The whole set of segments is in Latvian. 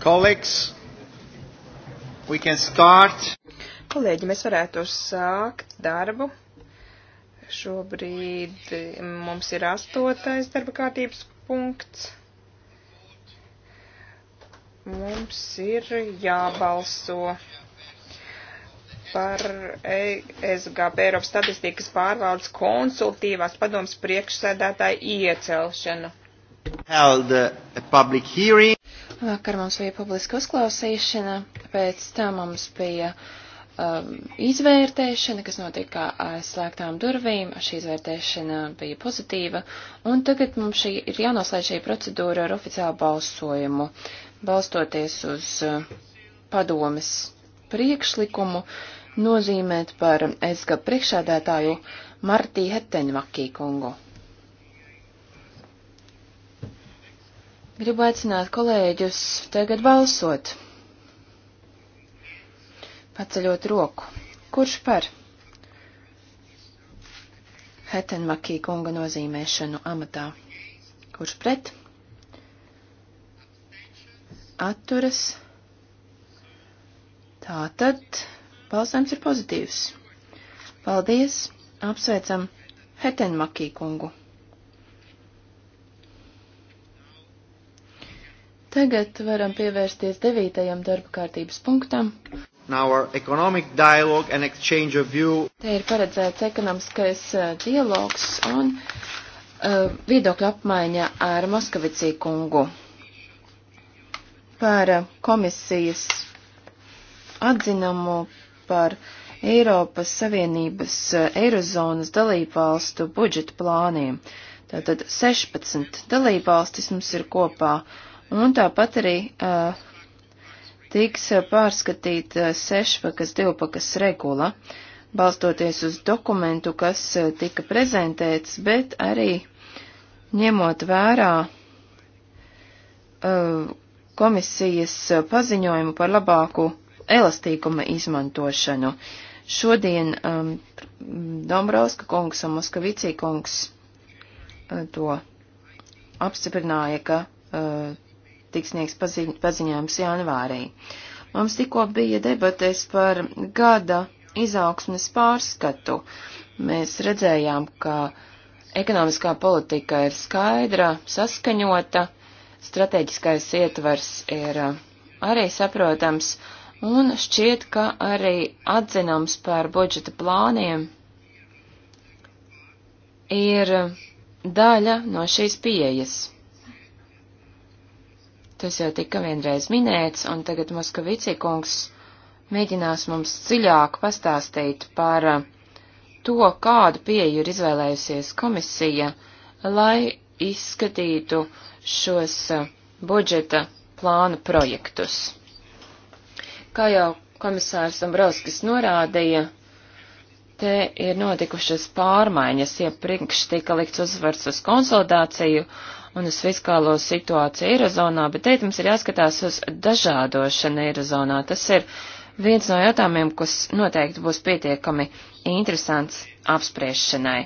Colleagues, we can start. Kolēģi, mēs varētu sākt darbu. Šobrīd eh, mums ir astotais darba kārtības punkts. Mums ir jābalso par e SGP Eiropas statistikas pārvaldes konsultīvās padomas priekšsēdētāju iecelšanu. Held a public hearing Vakar mums bija publiska uzklausīšana, pēc tam mums bija um, izvērtēšana, kas notika aizslēgtām durvīm. Šī izvērtēšana bija pozitīva, un tagad mums šī, ir jānoslēdz šī procedūra ar oficiālu balsojumu, balstoties uz uh, padomes priekšlikumu nozīmēt par SGP priekšādētāju Martī Heteņvakī kungu. Gribu aicināt kolēģus tagad balsot. Paceļot roku. Kurš par? Hetenmakī kunga nozīmēšanu amatā. Kurš pret? Atturas. Tātad balsojums ir pozitīvs. Paldies! Apsveicam Hetenmakī kungu! Tagad varam pievērsties devītajam darba kārtības punktam. Te ir paredzēts ekonomiskais dialogs un uh, viedokļa apmaiņa ar Moskavicī kungu par komisijas atzinumu par Eiropas Savienības Eirozonas dalībvalstu budžeta plāniem. Tātad 16 dalībvalstis mums ir kopā. Uh, Un tāpat arī uh, tiks uh, pārskatīta uh, sešpakas divpakas regula, balstoties uz dokumentu, kas uh, tika prezentēts, bet arī ņemot vērā uh, komisijas paziņojumu par labāku elastīguma izmantošanu. Šodien um, Dombrovska kungs un Moskavicī kungs uh, to apstiprināja, ka uh, tiks sniegs paziņ, paziņojums janvārī. Mums tikko bija debates par gada izaugsmes pārskatu. Mēs redzējām, ka ekonomiskā politika ir skaidra, saskaņota, strateģiskais ietvers ir uh, arī saprotams, un šķiet, ka arī atzinums par budžeta plāniem ir daļa no šīs pieejas. Tas jau tika vienreiz minēts, un tagad Moskavici kungs mēģinās mums dziļāk pastāstīt par uh, to, kādu pieeju ir izvēlējusies komisija, lai izskatītu šos uh, budžeta plānu projektus. Kā jau komisārs Ambrovskis norādīja, te ir notikušas pārmaiņas, iepriekš ja tika likts uzsvars uz konsolidāciju, un uz fiskālo situāciju Eirozonā, bet teikt mums ir jāskatās uz dažādošanu Eirozonā. Tas ir viens no jautājumiem, kas noteikti būs pietiekami interesants apspriešanai.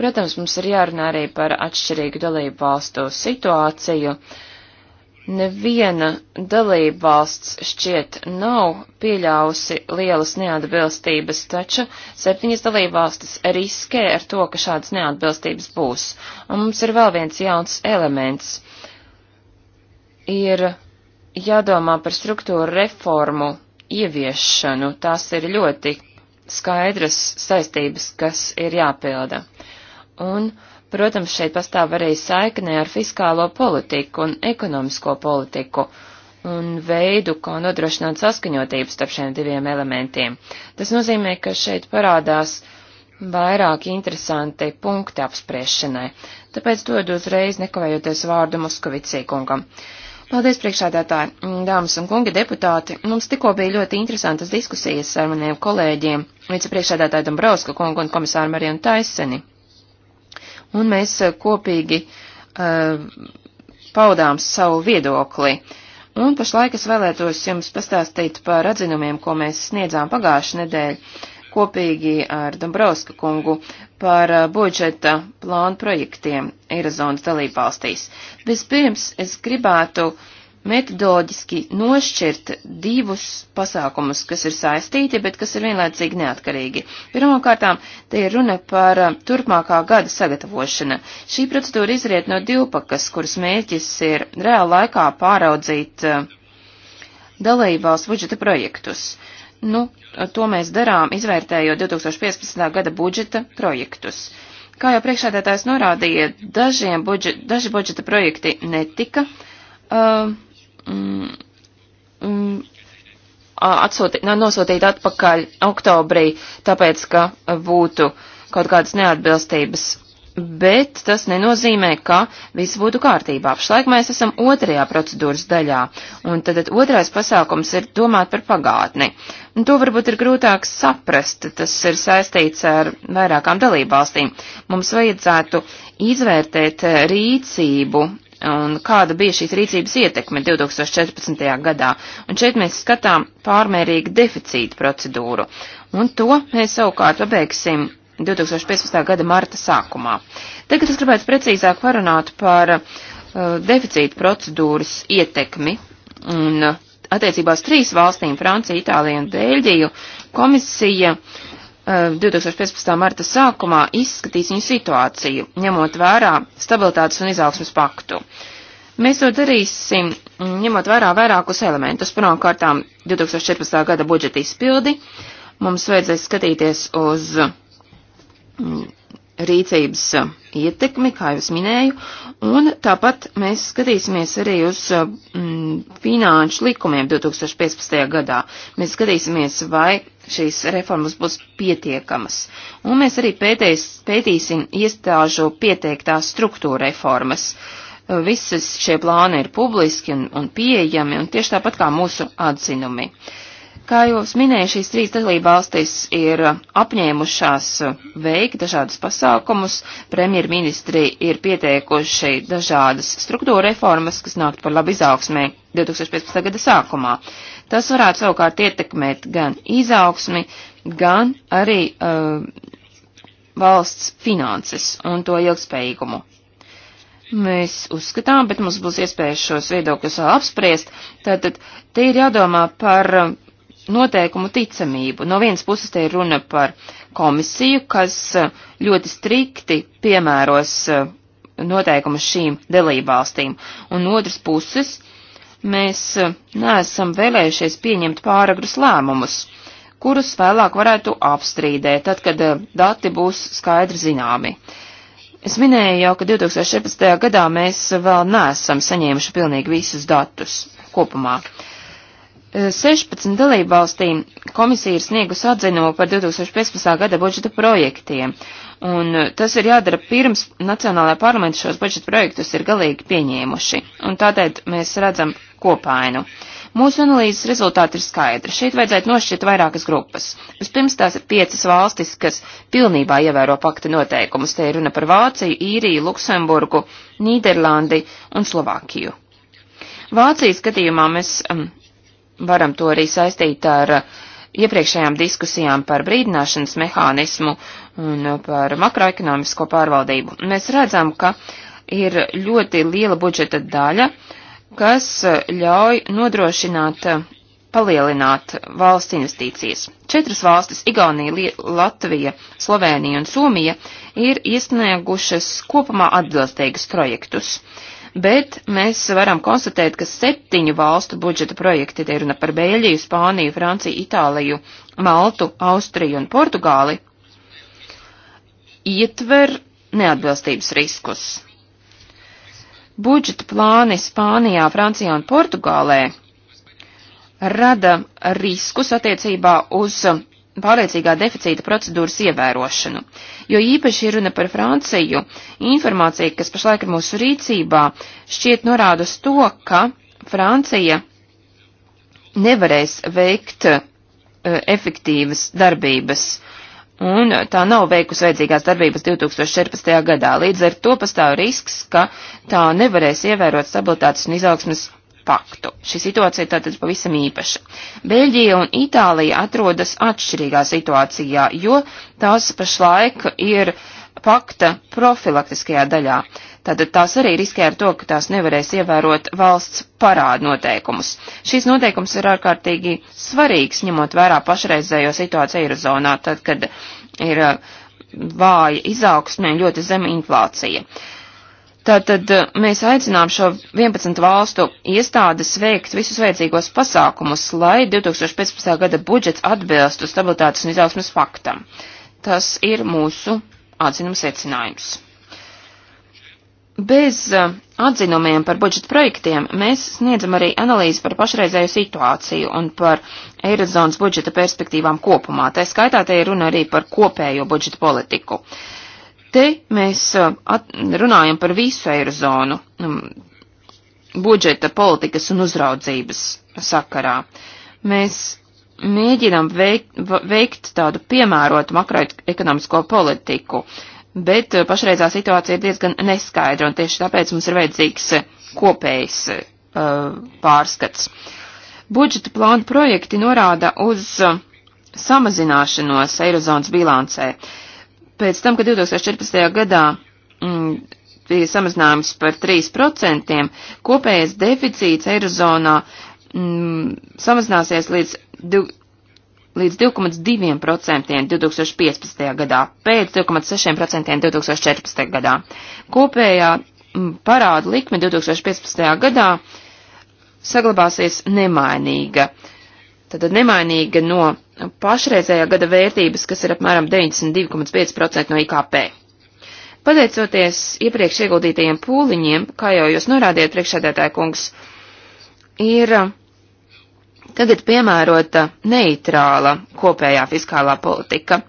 Protams, mums ir jārunā arī par atšķirīgu dalību valstu situāciju. Uh, Neviena dalībvalsts šķiet nav pieļāvusi lielas neatbilstības, taču septiņas dalībvalstis riskē ar to, ka šādas neatbilstības būs. Un mums ir vēl viens jauns elements. Ir jādomā par struktūru reformu ieviešanu. Tās ir ļoti skaidras saistības, kas ir jāpilda. Un uh, Protams, šeit pastāv arī saikne ar fiskālo politiku un ekonomisko politiku un veidu, kā nodrošināt saskaņotību starp šiem diviem elementiem. Tas nozīmē, ka šeit parādās vairāki interesanti punkti apspriešanai, tāpēc dodu uzreiz nekavējoties vārdu Muskovicī kungam. Paldies, priekšādātāji, dāmas un kungi deputāti. Mums tikko bija ļoti interesantas diskusijas ar maniem kolēģiem, vicepriekšādātāju Dombrovska kungu un komisāru Marionu Taiseni un mēs eh, kopīgi uh, paudām savu viedokli. Un pašlaik es vēlētos jums pastāstīt par atzinumiem, ko mēs sniedzām pagājušajā nedēļā kopīgi ar Dombrovska kungu par eh, budžeta plānu projektiem Eirozonas dalībvalstīs. Vispirms es gribētu uh, metodoloģiski nošķirt divus pasākumus, kas ir saistīti, bet kas ir vienlaicīgi neatkarīgi. Pirmkārtām, te ir runa par um, turpmākā gada sagatavošana. Šī procedūra izriet no divpakas, kuras mērķis ir reāli laikā pāraudzīt um, dalībās budžeta projektus. Nu, to mēs darām, izvērtējot 2015. gada budžeta projektus. Kā jau priekšādētājs norādīja, dažiem budžet, daži budžeta projekti netika uh, mm, mm, atsūti, nosūtīt atpakaļ oktobrī, tāpēc, ka būtu kaut kādas neatbilstības. Bet tas nenozīmē, ka viss būtu kārtībā. Pašlaik mēs esam otrajā procedūras daļā, un tad, tad otrais pasākums ir domāt par pagātni. Un to varbūt ir grūtāk saprast, tas ir saistīts ar vairākām dalībvalstīm. Mums vajadzētu izvērtēt rīcību un kāda bija šīs rīcības ietekme 2014. gadā. Un šeit mēs skatām pārmērīgu deficītu procedūru, un to mēs savukārt pabeigsim 2015. gada marta sākumā. Tagad es gribētu precīzāk parunāt par uh, deficītu procedūras ietekmi un uh, attiecībās trīs valstīm - Franciju, Itāliju un Dēļģiju - komisija uh, 2015. Eh, marta sākumā izskatīs viņu situāciju, ņemot vērā stabilitātes un izaugsmas paktu. Mēs to darīsim, ņemot vērā vairākus elementus. Pirmkārtām 2014. gada budžeta izpildi. Mums vajadzēs skatīties uz mm, rīcības ietekmi, kā jau es minēju, un tāpat mēs skatīsimies arī uz mm, finanšu likumiem 2015. gadā. Mēs skatīsimies, vai šīs reformas būs pietiekamas. Un mēs arī pētēs, pētīsim iestāžu pieteiktās struktūra reformas. Uh, visas šie plāni ir publiski un, un pieejami, un tieši tāpat kā mūsu atzinumi. Kā jau es minēju, šīs trīs dalībvalstis ir apņēmušās veikt dažādus pasākumus, premjerministri ir pieteikuši dažādas struktūra reformas, kas nākt par labu izaugsmē 2015. gada sākumā. Tas varētu savukārt ietekmēt gan izaugsmi, gan arī uh, valsts finanses un to ilgspējīgumu. Mēs uzskatām, bet mums būs iespēja šos viedokļus vēl apspriest, tātad te ir jādomā par uh, noteikumu ticamību. No vienas puses te ir runa par komisiju, kas uh, ļoti strikti piemēros uh, noteikumus šīm dalībvalstīm, un otras puses mēs e, neesam vēlējušies pieņemt pāragrus lēmumus, kurus vēlāk varētu apstrīdēt, tad, kad e, dati būs skaidri zināmi. Es minēju jau, ka 2017. gadā mēs vēl neesam saņēmuši pilnīgi visus datus kopumā. 16 e, dalībvalstīm komisija ir sniegusi atzinumu par 2015. gada budžeta projektiem, un tas ir jādara pirms Nacionālajā parlamenta šos budžeta projektus ir galīgi pieņēmuši. Un tādēļ mēs redzam, kopainu. Mūsu analīzes rezultāti ir skaidri. Šeit vajadzētu nošķirt vairākas grupas. Vispirms tās ir piecas valstis, kas pilnībā ievēro pakta noteikumus. Te ir runa par Vāciju, Īriju, Luksemburgu, Nīderlandi un Slovākiju. Vācijas skatījumā mēs um, varam to arī saistīt ar uh, iepriekšējām diskusijām par brīdināšanas mehānismu un uh, par makroekonomisko pārvaldību. Mēs redzam, ka ir ļoti liela budžeta daļa, uh, kas eh, ļauj nodrošināt eh, palielināt valsts investīcijas. Četras valstis - Igaunija, Latvija, Slovenija un Somija - ir iesniegušas kopumā atbilstīgus projektus. Bet mēs varam konstatēt, ka septiņu valstu budžeta projekti, te runa par Bēļiju, Spāniju, Franciju, Itāliju, Maltu, Austriju un Portugāli, ietver neatbilstības riskus budžeta plāni Spānijā, Francijā un Portugālē rada riskus attiecībā uz pārliecīgā deficīta procedūras ievērošanu. Jo īpaši runa par Franciju, informācija, kas pašlaik ir mūsu rīcībā, šķiet norāda uz to, ka Francija nevarēs veikt uh, efektīvas darbības uh, un tā nav veikusi vajadzīgās darbības 2014. gadā. Līdz ar to pastāv risks, ka tā nevarēs ievērot stabilitātes un izaugsmas paktu. Šī situācija tātad pavisam īpaša. Beļģija un Itālija atrodas atšķirīgā situācijā, jo tās pašlaik ir uh, pakta profilaktiskajā daļā. Tātad tās arī riskē ar to, ka tās nevarēs ievērot valsts parādu noteikumus. Šīs noteikums ir ārkārtīgi svarīgs, ņemot vērā pašreizējo situāciju Eirozonā, tad, kad ir uh, vāja izaugsme un ļoti zema inflācija. Tātad uh, mēs aicinām šo 11 valstu iestādes veikt visus vajadzīgos pasākumus, lai 2015. gada budžets atbilstu stabilitātes un izaugsmas faktam. Tas ir mūsu atzinumu secinājumus. Bez uh, atzinumiem par budžeta projektiem mēs sniedzam arī analīzi par pašreizēju situāciju un par Eirozonas budžeta perspektīvām kopumā. Tā skaitā te ir runa arī par kopējo budžeta politiku. Te mēs uh, runājam par visu Eirozonu um, budžeta politikas un uzraudzības sakarā. Mēs mēģinam veikt, veikt tādu piemērotu makroekonomisko politiku, bet uh, pašreizā situācija ir diezgan neskaidra, un tieši tāpēc mums ir vajadzīgs uh, kopējs uh, pārskats. Budžeta plāna projekti norāda uz uh, samazināšanos Eirozonas bilancē. Pēc tam, kad 2014. gadā mm, bija samazinājums par 3%, kopējais deficīts Eirozonā mm, samazināsies līdz div, līdz 2,2% 2015. gadā, pēc 2,6% 2014. gadā. Kopējā parāda likme 2015. gadā saglabāsies nemainīga. Tātad nemainīga no pašreizējā gada vērtības, kas ir apmēram 92,5% no IKP. Pateicoties iepriekš ieguldītajiem pūliņiem, kā jau jūs norādījāt, priekšsēdētāja kungs, ir tagad piemērota neitrāla kopējā fiskālā politika.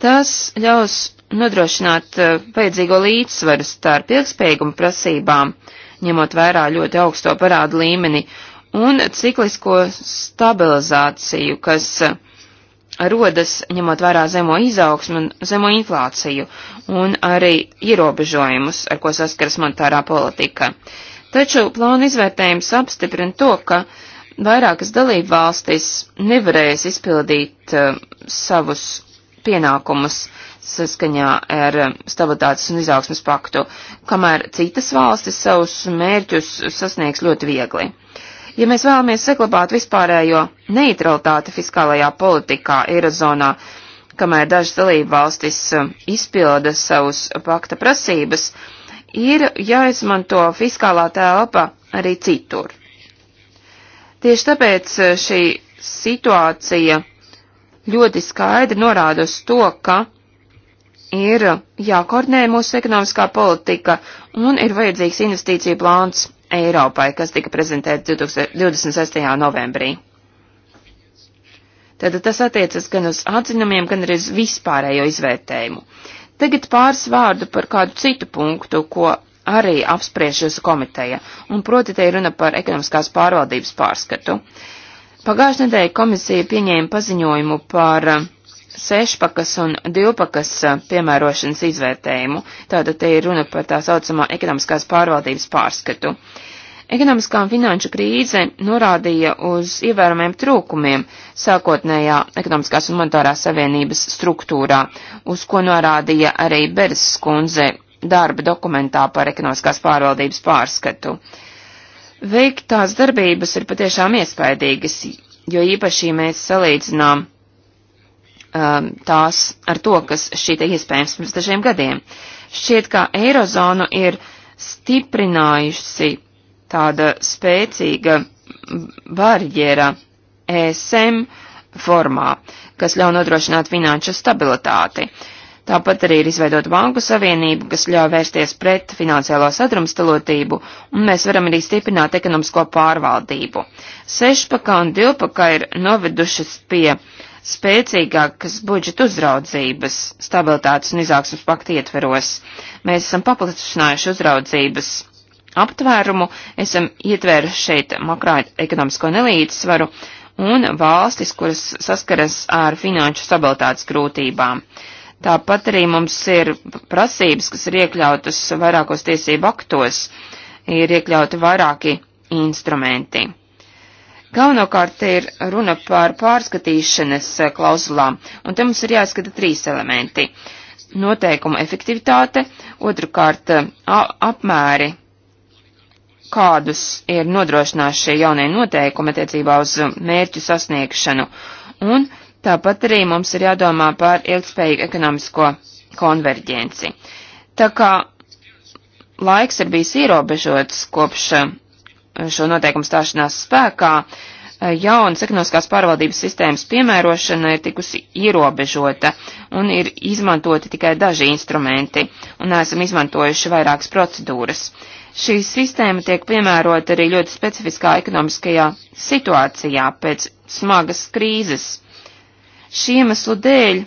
Tas ļaus nodrošināt eh, vajadzīgo līdzsvaru starp ilgspējīgumu prasībām, ņemot vērā ļoti augsto parādu līmeni, un ciklisko stabilizāciju, kas eh, rodas ņemot vērā zemo izaugsmu un zemo inflāciju, un arī ierobežojumus, ar ko saskaras monetārā politika. Taču plāna izvērtējums apstiprina to, ka vairākas dalību valstis nevarēs izpildīt uh, savus pienākumus saskaņā ar eh, stabilitātes un izaugsmas paktu, kamēr citas valstis savus mērķus sasniegs ļoti viegli. Ja mēs vēlamies saglabāt vispārējo neutralitāti fiskālajā politikā Eirozonā, kamēr dažas dalību valstis eh, izpilda savus pakta prasības, ir jāizmanto fiskālā telpa arī citur. Tieši tāpēc eh, šī situācija ļoti skaidri norāda uz to, ka ir jākoordinē mūsu ekonomiskā politika un ir vajadzīgs investīcija plāns Eiropai, kas tika prezentēts 26. novembrī. Tātad tas attiecas gan uz atzinumiem, gan arī uz vispārējo izvērtējumu. Tagad pāris vārdu par kādu citu punktu, ko arī apspriež jūsu komiteja, un proti te ir runa par ekonomiskās pārvaldības pārskatu. Pagājušajā nedēļā komisija pieņēma paziņojumu par eh, sešpakas un divpakas eh, piemērošanas izvērtējumu, tātad te ir runa par tā saucamā ekonomiskās pārvaldības pārskatu. Ekonomiskā un finanšu krīze norādīja uz ievērumiem trūkumiem sākotnējā ekonomiskās un monetārās savienības struktūrā, uz ko norādīja arī Beres skundze darba dokumentā par ekonomiskās pārvaldības pārskatu. Veiktās darbības ir patiešām iespaidīgas, jo īpaši mēs salīdzinām um, tās ar to, kas šī te iespējams pirms dažiem gadiem. Šķiet, ka Eirozonu ir stiprinājusi tāda spēcīga barjera ESM formā, kas ļauj nodrošināt finanšu stabilitāti. Uh, Tāpat arī ir izveidota banku savienība, kas ļauj vērsties pret finansiālo sadrumstalotību, un mēs varam arī stiprināt ekonomisko pārvaldību. Sešpakā un divpakā ir novedušas pie spēcīgākas budžeta uzraudzības stabilitātes un izaugsmas pakti ietveros. Mēs esam paplašinājuši uzraudzības aptvērumu, esam ietvēruši šeit makroekonomisko nelīdzsvaru un valstis, kuras saskaras ar finanšu stabilitātes grūtībām. Tāpat arī mums ir prasības, kas ir iekļautas vairākos tiesību aktos, ir iekļauti vairāki instrumenti. Galvenokārt ir runa par pārskatīšanas klauzulām, un te mums ir jāskata trīs elementi - noteikumu efektivitāte, otrukārt apmēri, kādus ir nodrošinājuši šie jaunie noteikumi attiecībā uz mērķu sasniegšanu, un Tāpat arī mums ir jādomā par ilgspējīgu ekonomisko konverģenci. Tā kā laiks ir bijis ierobežots kopš eh, šo noteikumu stāšanās spēkā, eh, jaunas ekonomiskās pārvaldības sistēmas piemērošana ir tikusi ierobežota un ir izmantoti tikai daži instrumenti un esam izmantojuši vairākas procedūras. Šī sistēma tiek piemērota arī ļoti specifiskā ekonomiskajā situācijā pēc smagas krīzes Šī iemeslu dēļ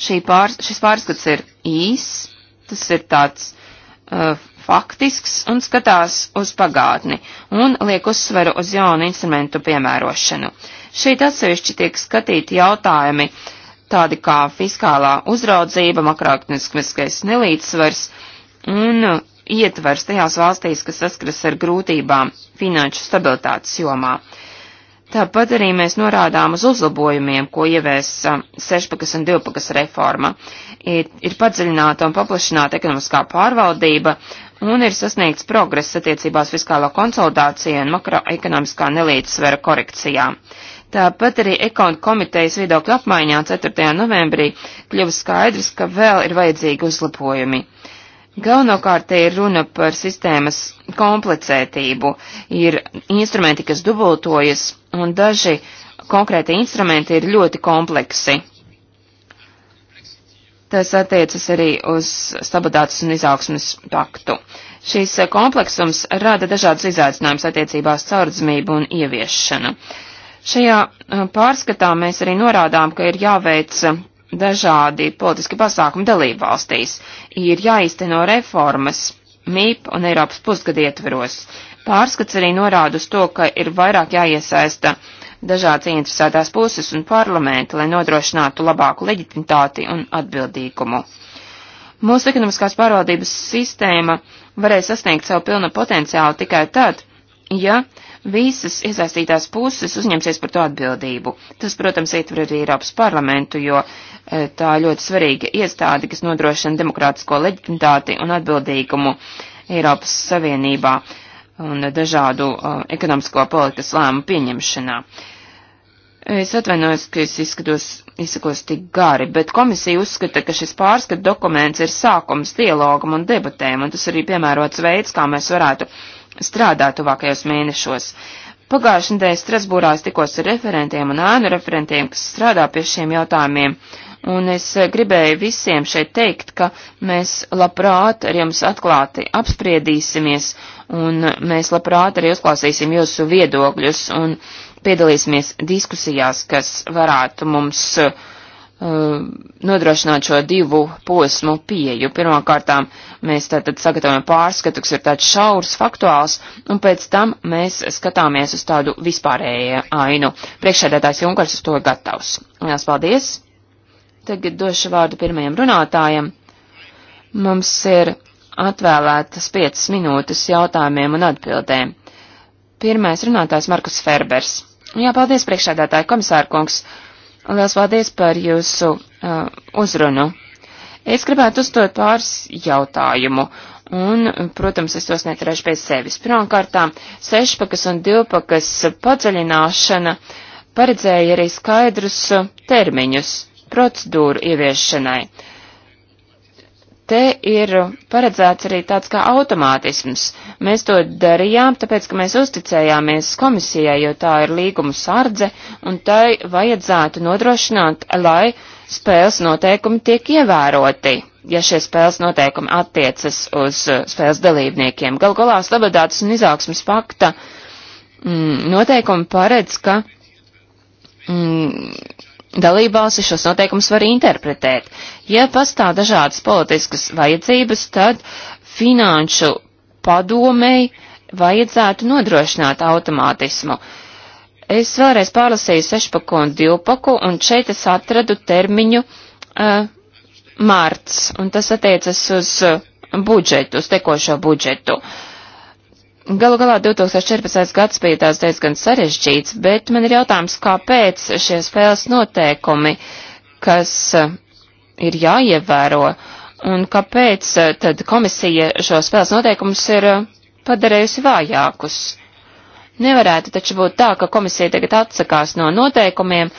šī pār, šis pārskats ir īs, tas ir tāds uh, faktisks un skatās uz pagātni un liek uzsveru uz jaunu instrumentu piemērošanu. Šeit atsevišķi tiek skatīti jautājumi tādi kā fiskālā uzraudzība, makroekonomiskais nelīdzsvars un ietvers tajās valstīs, kas saskaras ar grūtībām finanšu stabilitātes jomā. Uh, Tāpat arī mēs norādām uz uzlabojumiem, ko ievies sešpakas un divpakas reforma. Ir, ir padziļināta un paplašināta ekonomiskā pārvaldība un ir sasniegts progress attiecībās fiskālo konsolidāciju un makroekonomiskā nelīdzsvera korekcijā. Tāpat arī ekonu komitejas viedokļu apmaiņā 4. novembrī kļuva skaidrs, ka vēl ir vajadzīgi uzlabojumi. Galvenokārt te ir runa par sistēmas komplicētību, ir instrumenti, kas dubultojas, un daži konkrēti instrumenti ir ļoti kompleksi. Tas attiecas arī uz stabilitātes un izaugsmes paktu. Šīs kompleksums rada dažādas izaicinājumus attiecībās caurdzmību un ieviešanu. Šajā eh, pārskatā mēs arī norādām, ka ir jāveic dažādi politiski pasākumi dalību valstīs, ir jāīsteno reformas MIP un Eiropas pusgadu ietveros, Pārskats arī norāda uz to, ka ir vairāk jāiesaista dažādas interesētās puses un parlamenti, lai nodrošinātu labāku leģitimitāti un atbildīgumu. Mūsu ekonomiskās pārvaldības sistēma varēs sasniegt savu pilnu potenciālu tikai tad, ja visas iesaistītās puses uzņemsies par to atbildību. Tas, protams, ietver arī Eiropas parlamentu, jo e, tā ļoti svarīga iestāde, kas nodrošina demokrātisko leģitimitāti un atbildīgumu Eiropas Savienībā un dažādu uh, ekonomisko politikas lēmu pieņemšanā. Es atvainojos, ka es izskatos, izsakos tik gari, bet komisija uzskata, ka šis pārskat dokuments ir sākums dialogam un debatēm, un tas arī piemērots veids, kā mēs varētu strādāt tuvākajos mēnešos. Pagājušajā nedēļā Strasbūrā es tikos ar referentiem un ēnu referentiem, kas strādā pie šiem jautājumiem. Uh, un es eh, gribēju visiem šeit teikt, ka mēs labprāt ar jums atklāti apspriedīsimies, un eh, mēs labprāt arī uzklausīsim jūsu viedokļus un piedalīsimies diskusijās, kas varētu mums uh, nodrošināt šo divu posmu pieju. Pirmkārtām mēs tātad sagatavojam pārskatu, kas ir tāds šaurs, faktuāls, un pēc tam mēs skatāmies uz tādu vispārēju ainu. Priekšsēdētājs Junkars uz to ir gatavs. Lielas paldies! Tagad došu vārdu pirmajam runātājam. Mums ir atvēlētas 5 minūtes jautājumiem un atbildēm. Pirmais runātājs Markus Ferbers. Jā, paldies priekšādātāji komisārkungs. Liels paldies par jūsu uh, uzrunu. Es gribētu uzdot pāris jautājumu, un, protams, es tos neturēšu pēc sevis. Pirmkārtām, sešpakas un divpakas paceļināšana paredzēja arī skaidrus termiņus procedūru ieviešanai. Te ir paredzēts arī tāds kā automātisms. Mēs to darījām, tāpēc, ka mēs uzticējāmies komisijai, jo tā ir līgumu sardze, un tai vajadzētu nodrošināt, lai spēles noteikumi tiek ievēroti, ja šie spēles noteikumi attiecas uz uh, spēles dalībniekiem. Gal galā stabilitātes un izaugsmas pakta mm, noteikumi paredz, ka mm, Dalībvalstis šos noteikumus var interpretēt. Ja pastāv dažādas politiskas vajadzības, tad finanšu padomei vajadzētu nodrošināt automātismu. Es vēlreiz pārlasīju sešpaku un divpaku, un šeit es atradu termiņu uh, eh, mārts, un tas attiecas uz eh, budžetu, uz tekošo budžetu. Uh, Galu galā 2014. gads bija tās diezgan sarežģīts, bet man ir jautājums, kāpēc šie spēles noteikumi, kas eh, ir jāievēro, un kāpēc eh, tad komisija šo spēles noteikumus ir eh, padarījusi vājākus? Nevarētu taču būt tā, ka komisija tagad atsakās no noteikumiem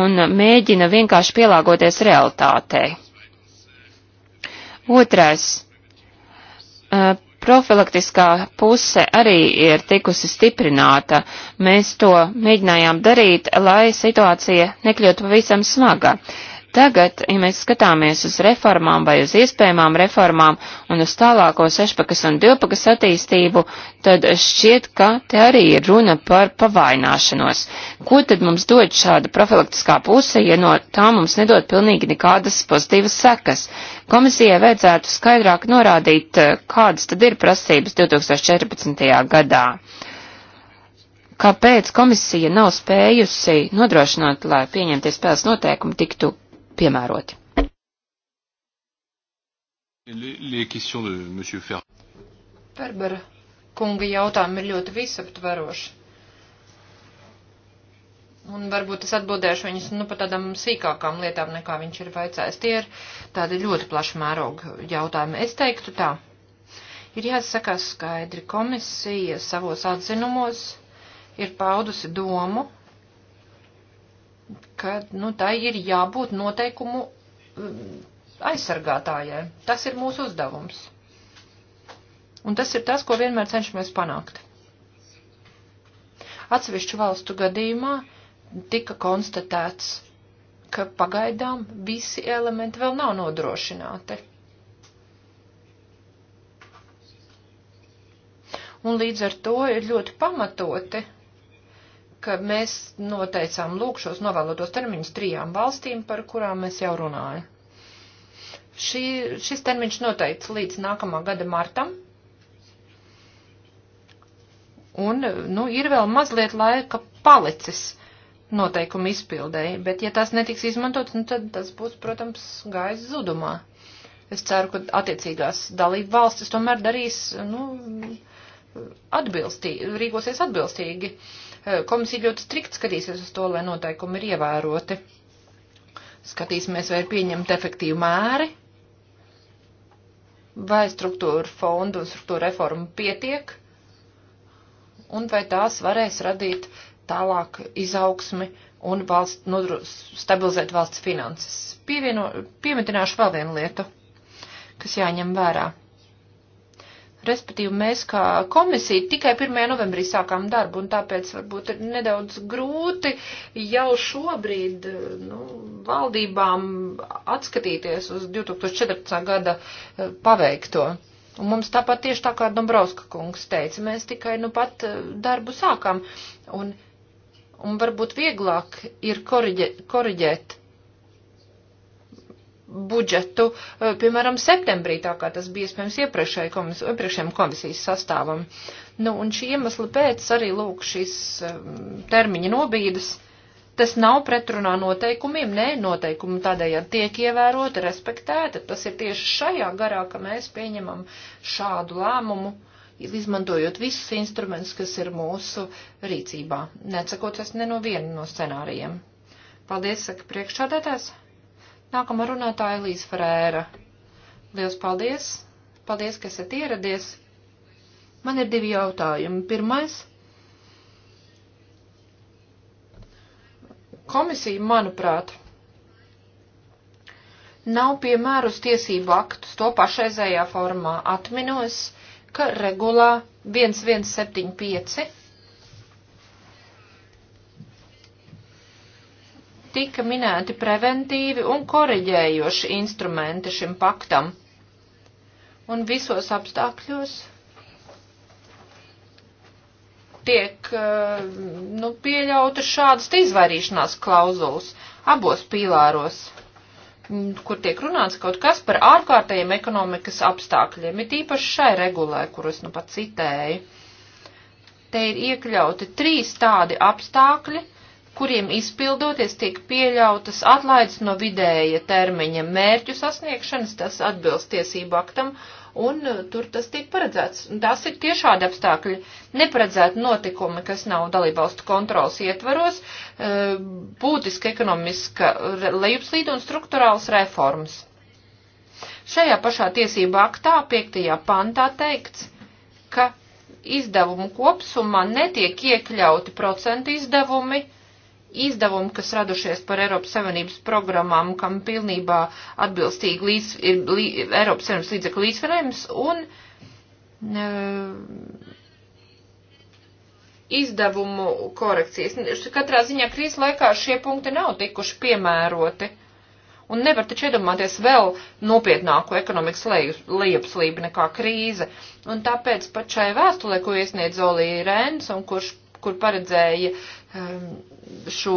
un mēģina vienkārši pielāgoties realitātei. Otrais profilaktiskā puse arī ir tikusi stiprināta. Mēs to mēģinājām darīt, lai situācija nekļūtu pavisam smaga. Uh, Tagad, ja mēs skatāmies uz reformām vai uz iespējamām reformām un uz tālāko sešpakas un divpakas attīstību, tad šķiet, ka te arī ir runa par pavaināšanos. Ko tad mums dod šāda profilaktiskā puse, ja no tā mums nedod pilnīgi nekādas pozitīvas sekas? Komisijai vajadzētu skaidrāk norādīt, eh, kādas tad ir prasības 2014. gadā kāpēc komisija nav spējusi nodrošināt, lai pieņemties spēles noteikumi tiktu piemēroti. Ferbera kunga jautājumi ir ļoti visaptveroši. Un varbūt es atbildēšu viņus nu, par tādām sīkākām lietām, nekā viņš ir vaicājis. Tie ir tādi ļoti plaši mēroga jautājumi. Es teiktu tā. Ir jāsaka skaidri, komisija savos atzinumos ir paudusi domu, ka, nu, tai ir jābūt noteikumu mm, aizsargātājai. Tas ir mūsu uzdevums. Un tas ir tas, ko vienmēr cenšamies panākt. Atsevišķu valstu gadījumā tika konstatēts, ka pagaidām visi elementi vēl nav nodrošināti. Un līdz ar to ir ļoti pamatoti ka mēs noteicām lūk šos novēlotos termiņus trijām valstīm, par kurām es jau runāju. Šī, šis termiņš noteikts līdz nākamā gada martam. Un, nu, ir vēl mazliet laika palicis noteikumu izpildēji, bet ja tas netiks izmantots, nu, tad tas būs, protams, gājis zudumā. Es ceru, ka attiecīgās dalība valstis tomēr darīs, nu, atbilstīgi, rīkosies atbilstīgi. Uh, Eh, komisija ļoti strikt skatīsies uz to, lai noteikumi ir ievēroti. Skatīsimies, vai ir pieņemta efektīva mēri, vai struktūra fondu un struktūra reforma pietiek, un vai tās varēs radīt tālāk izaugsmi un valsts, nodru, stabilizēt valsts finanses. Pievieno, piemetināšu vēl vienu lietu, kas jāņem vērā. Respektīvi, mēs kā komisija tikai 1. novembrī sākām darbu, un tāpēc varbūt ir nedaudz grūti jau šobrīd nu, valdībām atskatīties uz 2014. gada eh, paveikto. Un mums tāpat tieši tā kā Dombrovska kungs teica, mēs tikai nu pat eh, darbu sākam, un, un varbūt vieglāk ir koriģēt, koriģēt budžetu, e, piemēram, septembrī, tā kā tas bija iespējams iepriekšējiem komis, komisijas sastāvam. Nu, un šī iemesla pēc arī, lūk, šīs e, termiņa nobīdes, tas nav pretrunā noteikumiem, nē, noteikumi tādējādi tiek ievēroti, respektēti, tas ir tieši šajā garā, ka mēs pieņemam šādu lēmumu izmantojot visus instrumentus, kas ir mūsu rīcībā, necakoties ne no viena no scenārijiem. Paldies, saka priekšādētājs. Nākamā runātāja Elīze Ferēra. Lielas paldies! Paldies, ka esat ieradies! Man ir divi jautājumi. Pirmais. Komisija, manuprāt, nav piemērus tiesību aktus to pašreizējā formā. Atminos, ka regulā 1175 tika minēti preventīvi un koriģējoši instrumenti šim paktam. Un visos apstākļos tiek eh, nu, pieļauta šādas izvairīšanās klauzulas abos pīlāros, kur tiek runāts kaut kas par ārkārtējiem ekonomikas apstākļiem, ir īpaši šai regulē, kuras nu pat citēju. Te ir iekļauti trīs tādi apstākļi, kuriem izpildoties tiek pieļautas atlaides no vidēja termiņa mērķu sasniegšanas, tas atbilst tiesību aktam, un uh, tur tas tiek paredzēts. Tās ir tiešādi apstākļi, neparedzēti notikumi, kas nav dalībvalstu kontrols ietvaros, uh, būtiska ekonomiska lejupslīda un struktūrāls reformas. Šajā pašā tiesība aktā, 5. pantā teikts, ka izdevumu kopsumā netiek iekļauti procentu izdevumi, uh, izdevumi, kas radušies par Eiropas Savienības programmām, kam pilnībā atbilstīgi līdz, ir lī, Eiropas Savienības līdzekļu līdzfinējums un e, izdevumu korekcijas. Katrā ziņā krīzes laikā šie punkti nav tikuši piemēroti. Un nevar taču iedomāties vēl nopietnāku ekonomikas lejupslību nekā krīze. Un tāpēc pat šai vēstulē, ko iesniedz Olī Rēns un kurš, kur paredzēja um, šo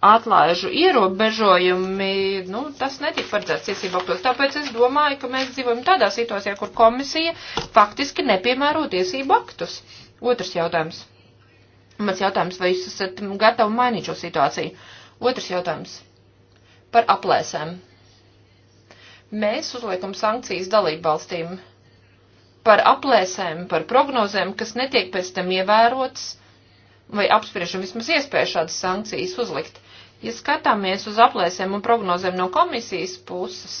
atlaižu ierobežojumi, nu, tas netika paredzēts tiesību aktos. Tāpēc es domāju, ka mēs dzīvojam tādā situācijā, kur komisija faktiski nepiemēro tiesību aktus. Otrs jautājums. Mans jautājums, vai jūs esat gatavi mainīt šo situāciju? Otrs jautājums. Par aplēsēm. Mēs uzliekam sankcijas dalību valstīm par aplēsēm, par prognozēm, kas netiek pēc tam ievērotas vai apspriešam vismaz iespēju šādas sankcijas uzlikt. Ja skatāmies uz aplēsēm un prognozēm no komisijas puses,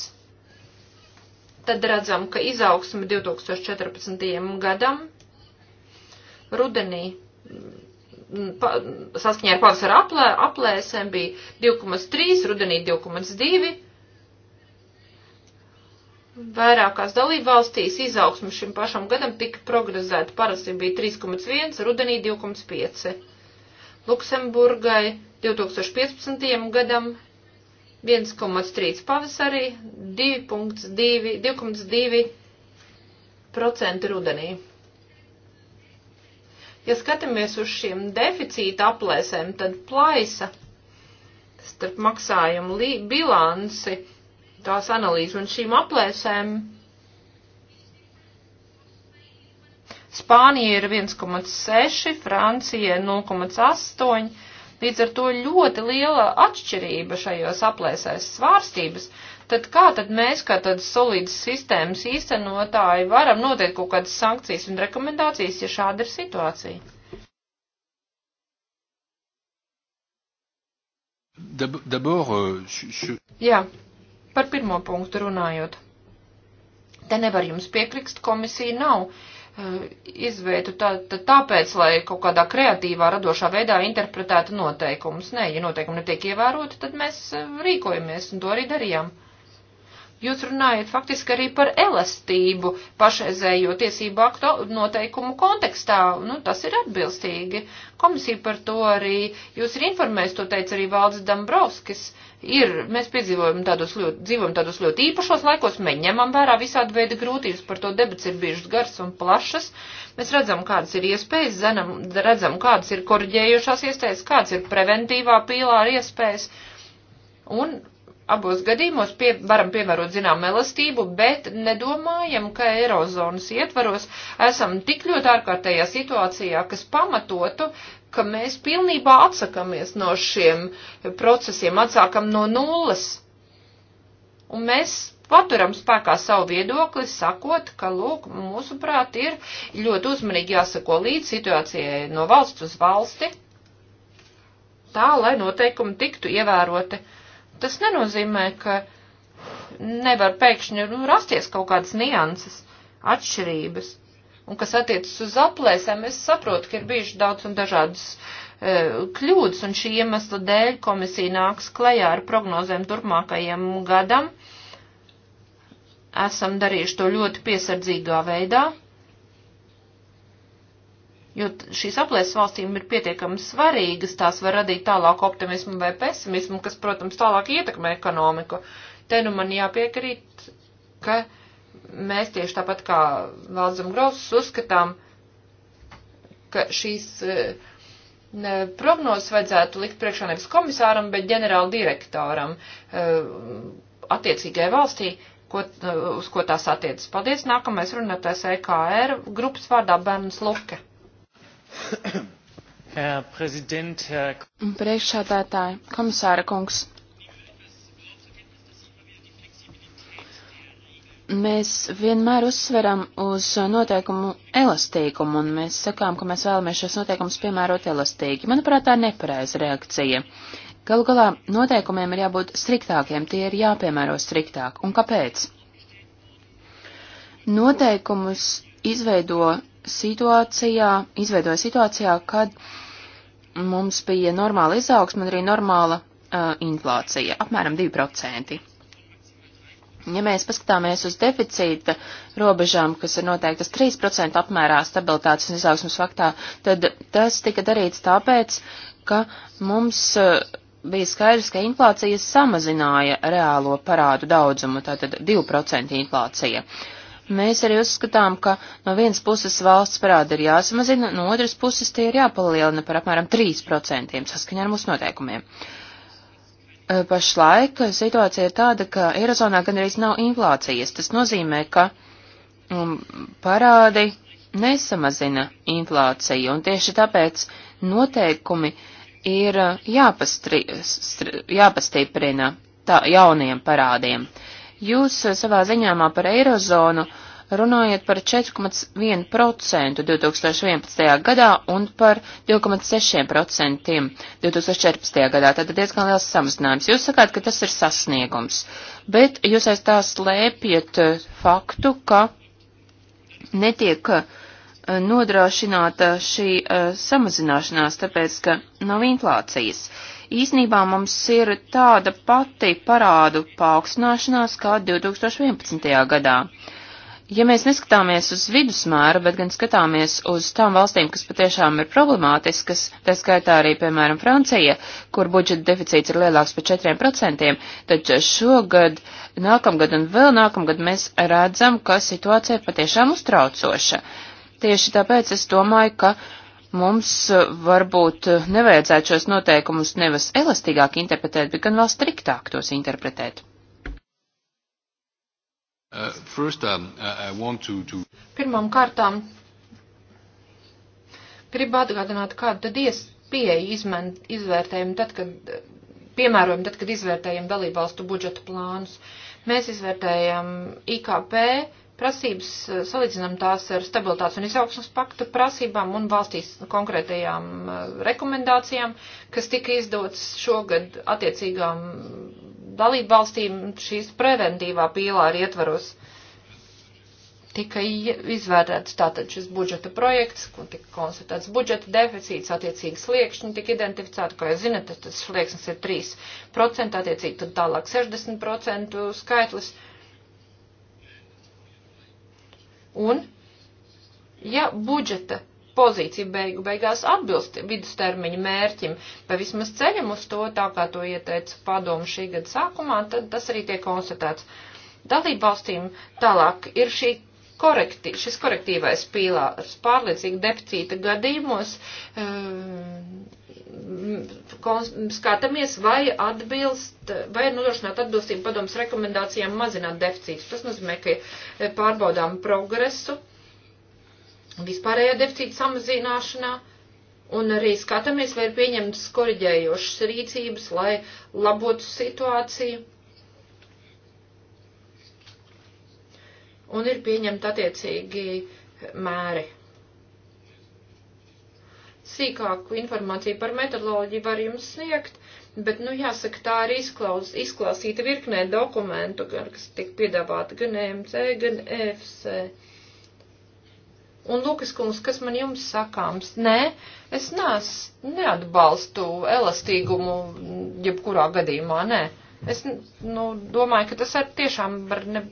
tad redzam, ka izaugsme 2014. gadam rudenī mm, pa, saskaņā ar pavasara aplē, aplēsēm bija 2,3, rudenī 2,2 Vairākās dalībvalstīs izaugsme šim pašam gadam tika progresēta. Parasti bija 3,1, rudenī 2,5. Luksemburgai 2015. gadam 1,3 pavasarī, 2,2% rudenī. Ja skatāmies uz šiem deficīta aplēsēm, tad plaisa starp maksājumu bilanci tās analīzi un šīm aplēsēm. Spānija ir 1,6, Francija 0,8, līdz ar to ļoti liela atšķirība šajos aplēsēs svārstības. Tad kā tad mēs, kā tad solīdas sistēmas īstenotāji, varam noteikt kaut kādas sankcijas un rekomendācijas, ja šāda ir situācija? D'abord, euh, je, je... Jā, Par pirmo punktu runājot. Te nevar jums piekrikst, komisija nav uh, eh, izvietu tā, tā, tāpēc, lai kaut kādā kreatīvā, radošā veidā interpretētu noteikumus. Nē, ja noteikumi netiek ievēroti, tad mēs eh, rīkojamies un to arī darījām. Uh, Jūs runājat faktiski arī par elastību pašreizējo tiesību aktu noteikumu kontekstā. Nu, tas ir atbilstīgi. Komisija par to arī jūs ir informējis, to teica arī valdes Dambrovskis. Ir, mēs piedzīvojam tādos ļoti, dzīvojam tādos ļoti īpašos laikos, mēs ņemam vērā visādi veidi grūtības, par to debats ir bijušas garas un plašas. Mēs redzam, kādas ir iespējas, zinam, redzam, kādas ir korģējušās iespējas, kādas ir preventīvā pīlā iespējas. Un Abos gadījumos pie, varam pievērot zinām elastību, bet nedomājam, ka Eirozonas ietvaros esam tik ļoti ārkārtējā situācijā, kas pamatotu, ka mēs pilnībā atsakamies no šiem procesiem, atsākam no nulles. Un mēs paturam spēkā savu viedokli, sakot, ka, lūk, mūsuprāt, ir ļoti uzmanīgi jāsako līdz situācijai no valsts uz valsti, tā, lai noteikumi tiktu ievēroti tas nenozīmē, ka nevar pēkšņi nu, rasties kaut kādas nianses, atšķirības. Un kas attiecas uz aplēsēm, es saprotu, ka ir bijuši daudz un dažādas e, kļūdas, un šī iemesla dēļ komisija nāks klajā ar prognozēm turpmākajam gadam. Esam darījuši to ļoti piesardzīgā veidā jo šīs aplēses valstīm ir pietiekami svarīgas, tās var radīt tālāku optimismu vai pesimismu, kas, protams, tālāk ietekmē ekonomiku. Te nu man jāpiekrīt, ka mēs tieši tāpat kā Valdzam Grausus uzskatām, ka šīs eh, prognozes vajadzētu likt priekšā nevis komisāram, bet ģenerāla direktoram eh, attiecīgai valstī, ko, eh, uz ko tās attiecas. Paldies, nākamais runātājs EKR grupas vārdā Bērns Luke. Priekšsādātāji, komisāra kungs. mēs vienmēr uzsveram uz noteikumu elastīgumu, un mēs sakām, ka mēs vēlamies šos noteikumus piemērot elastīgi. Manuprāt, tā ir nepareiza reakcija. Galu galā noteikumiem ir jābūt striktākiem, tie ir jāpiemēro striktāk. Un kāpēc? Noteikumus izveido situācijā, izveidoja situācijā, kad mums bija normāla izaugsme un arī normāla uh, inflācija, apmēram 2%. Ja mēs paskatāmies uz deficīta robežām, kas ir noteiktas 3% apmērā stabilitātes un izaugsmas faktā, tad tas tika darīts tāpēc, ka mums uh, bija skaidrs, ka inflācija samazināja reālo parādu daudzumu, tātad 2% inflācija. Uh, Mēs arī uzskatām, ka no vienas puses valsts parādi ir jāsamazina, no otras puses tie ir jāpalielina par apmēram 3% saskaņā ar mūsu noteikumiem. E, pašlaik situācija ir tāda, ka Eirozonā gandrīz nav inflācijas. Tas nozīmē, ka um, parādi nesamazina inflāciju, un tieši tāpēc noteikumi ir e, jāpastri, jāpastiprina tā, jauniem parādiem. Uh, Jūs eh, savā ziņāmā par eirozonu runājat par 4,1% 2011. gadā un par 2,6% 2014. gadā. Tātad diezgan liels samazinājums. Jūs sakāt, ka tas ir sasniegums, bet jūs aiz tā slēpjat eh, faktu, ka netiek eh, nodrošināta šī samazināšanās, tāpēc, ka nav inflācijas. Uh, Īsnībā mums ir tāda pati parādu paaugstināšanās kā 2011. gadā. Ja mēs neskatāmies uz vidusmēru, bet gan skatāmies uz tām valstīm, kas patiešām ir problemātiskas, tā skaitā arī, piemēram, Francija, kur budžeta deficīts ir lielāks par 4%, tad šogad, nākamgad un vēl nākamgad mēs redzam, ka situācija patiešām uztraucoša. Tieši tāpēc es domāju, ka Mums eh, varbūt eh, nevajadzētu šos noteikumus nevis elastīgāk interpretēt, bet gan vēl striktāk tos interpretēt. Uh, first, um, uh, to, to... Pirmām kārtām gribu atgādināt, kāda tad ies pieeja izmen, izvērtējumu tad, kad piemērojam, tad, kad izvērtējam dalībvalstu budžeta plānus. Mēs izvērtējam IKP, prasības, eh, salīdzinām tās ar stabilitātes un izaugsmas paktu prasībām un valstīs konkrētajām eh, rekomendācijām, kas tika izdots šogad attiecīgām dalību valstīm šīs preventīvā pīlāra ietvaros. Tika izvērtēts tātad šis budžeta projekts, un tika konstatēts budžeta deficīts, attiecīgi sliekšņi tika identificēti, kā jūs zinat, tas slieksnis ir 3%, attiecīgi tad tālāk 60% skaitlis. Uh, Un, ja budžeta pozīcija beigu beigās atbilst vidustermiņa mērķim, vai vismaz ceļam uz to, tā kā to ieteica padomu šī gada sākumā, tad tas arī tiek konstatēts. Dalību valstīm tālāk ir šī korekti, šis korektīvais pīlārs pārliecīgi deficīta gadījumos. Um, skatāmies, vai atbilst, vai ir nodrošināt atbilstību padomas rekomendācijām mazināt deficītus. Tas nozīmē, ka e, pārbaudām progresu vispārējā deficīta samazināšanā un arī skatāmies, vai ir pieņemtas koriģējošas rīcības, lai labotu situāciju. Un ir pieņemta attiecīgi mēri sīkāku informāciju par metodoloģiju var jums sniegt, bet, nu, jāsaka, tā ir izklaus, izklāsīta virknē dokumentu, kas tiek piedāvāta gan EMC, gan EFC. Un Lukas kungs, kas man jums sakāms? Nē, es nes, neatbalstu elastīgumu jebkurā gadījumā, nē. Es, nu, domāju, ka tas ar tiešām var ne,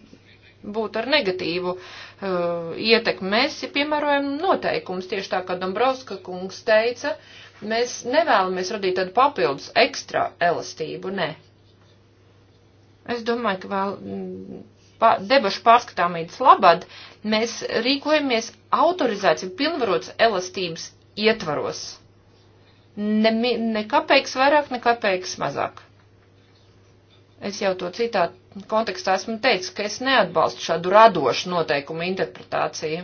būtu ar negatīvu uh, ietekmi. Mēs piemērojam noteikumus tieši tā, kā Dombrovska kungs teica, mēs nevēlamies radīt tādu papildus ekstra elastību, nē. Es domāju, ka vēl mm, pa, debašu pārskatāmības labad mēs rīkojamies autorizāciju pilnvarots elastības ietvaros. Ne, ne kapeiks vairāk, ne kapeiks mazāk. Es jau to citātu kontekstā esmu teicis, ka es neatbalstu šādu radošu noteikumu interpretāciju.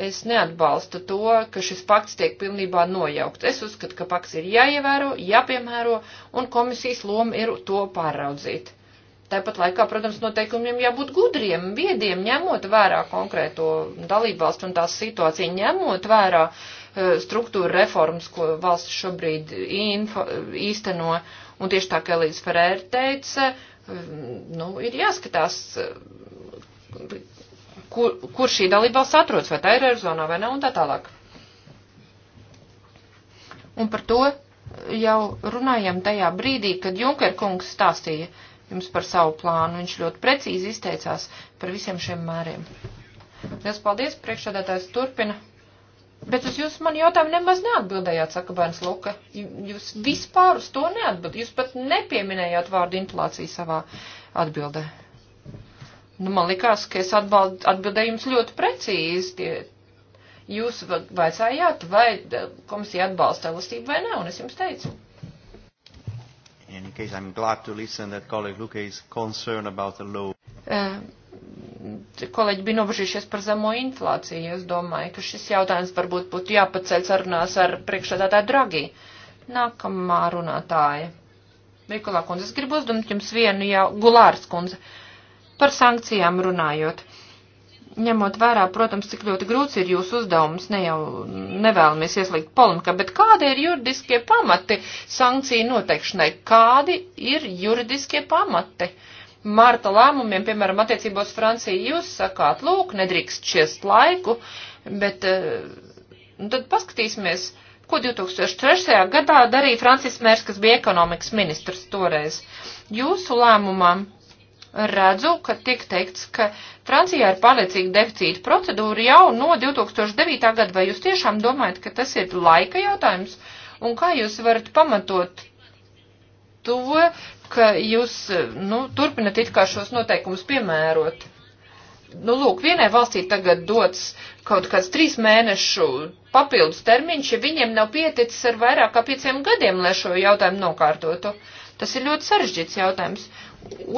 Es neatbalstu to, ka šis pakts tiek pilnībā nojaukts. Es uzskatu, ka pakts ir jāievēro, jāpiemēro, un komisijas loma ir to pāraudzīt. Tāpat laikā, protams, noteikumiem jābūt gudriem, viediem, ņemot vērā konkrēto dalībvalstu un tās situāciju, ņemot vērā e, struktūra reformas, ko valsts šobrīd info, īsteno. Un tieši tā, kā Elīze Ferēra teica, Mm, nu, ir jāskatās, kur, kur šī dalībvalsts atrodas, vai tā ir Eirozonā vai nav un tā tālāk. Un par to jau runājam tajā brīdī, kad Junker kungs stāstīja jums par savu plānu. Viņš ļoti precīzi izteicās par visiem šiem mēriem. Liels paldies, priekšādātājs turpina. Bet uz jūsu man jautājumu nemaz neatbildējāt, saka bērns Luka. Jūs vispār uz to neatbildējāt. Jūs pat nepieminējāt vārdu inflācija savā atbildē. Nu, man likās, ka es atbald, atbildēju jums ļoti precīzi. Tie, jūs vaicājāt, vai komisija atbalsta elastību vai nē, un es jums teicu. In any case, I'm glad to listen that colleague Luke is concerned about the law. Uh, kolēģi bija nobežījušies par zemo inflāciju. Es domāju, ka šis jautājums varbūt būtu jāpaceļ sarunās ar priekšsēdētāju Dragi. Nākamā runātāja. Mikulā kundze, es gribu uzdumt jums vienu jau, Gulārs kundze, par sankcijām runājot. Ņemot vērā, protams, cik ļoti grūts ir jūsu uzdevums, ne jau nevēlamies ieslīgt polemikā, bet kādi ir juridiskie pamati sankciju noteikšanai? Kādi ir juridiskie pamati? Uh, marta lēmumiem, piemēram, attiecībos Francija, jūs sakāt, lūk, nedrīkst šiest laiku, bet eh, nu, tad paskatīsimies, ko 2003. gadā darīja Francis Mērs, kas bija ekonomikas ministrs toreiz. Jūsu lēmumā redzu, ka tiek teikts, ka Francijā ir pārliecīga deficīta procedūra jau no 2009. gada. Vai jūs tiešām domājat, ka tas ir laika jautājums? Un kā jūs varat pamatot to, ka jūs, nu, turpinat it kā šos noteikumus piemērot. Nu, lūk, vienai valstī tagad dots kaut kāds trīs mēnešu papildus termiņš, ja viņiem nav pieticis ar vairāk kā pieciem gadiem, lai šo jautājumu nokārtotu. Tas ir ļoti sarežģīts jautājums.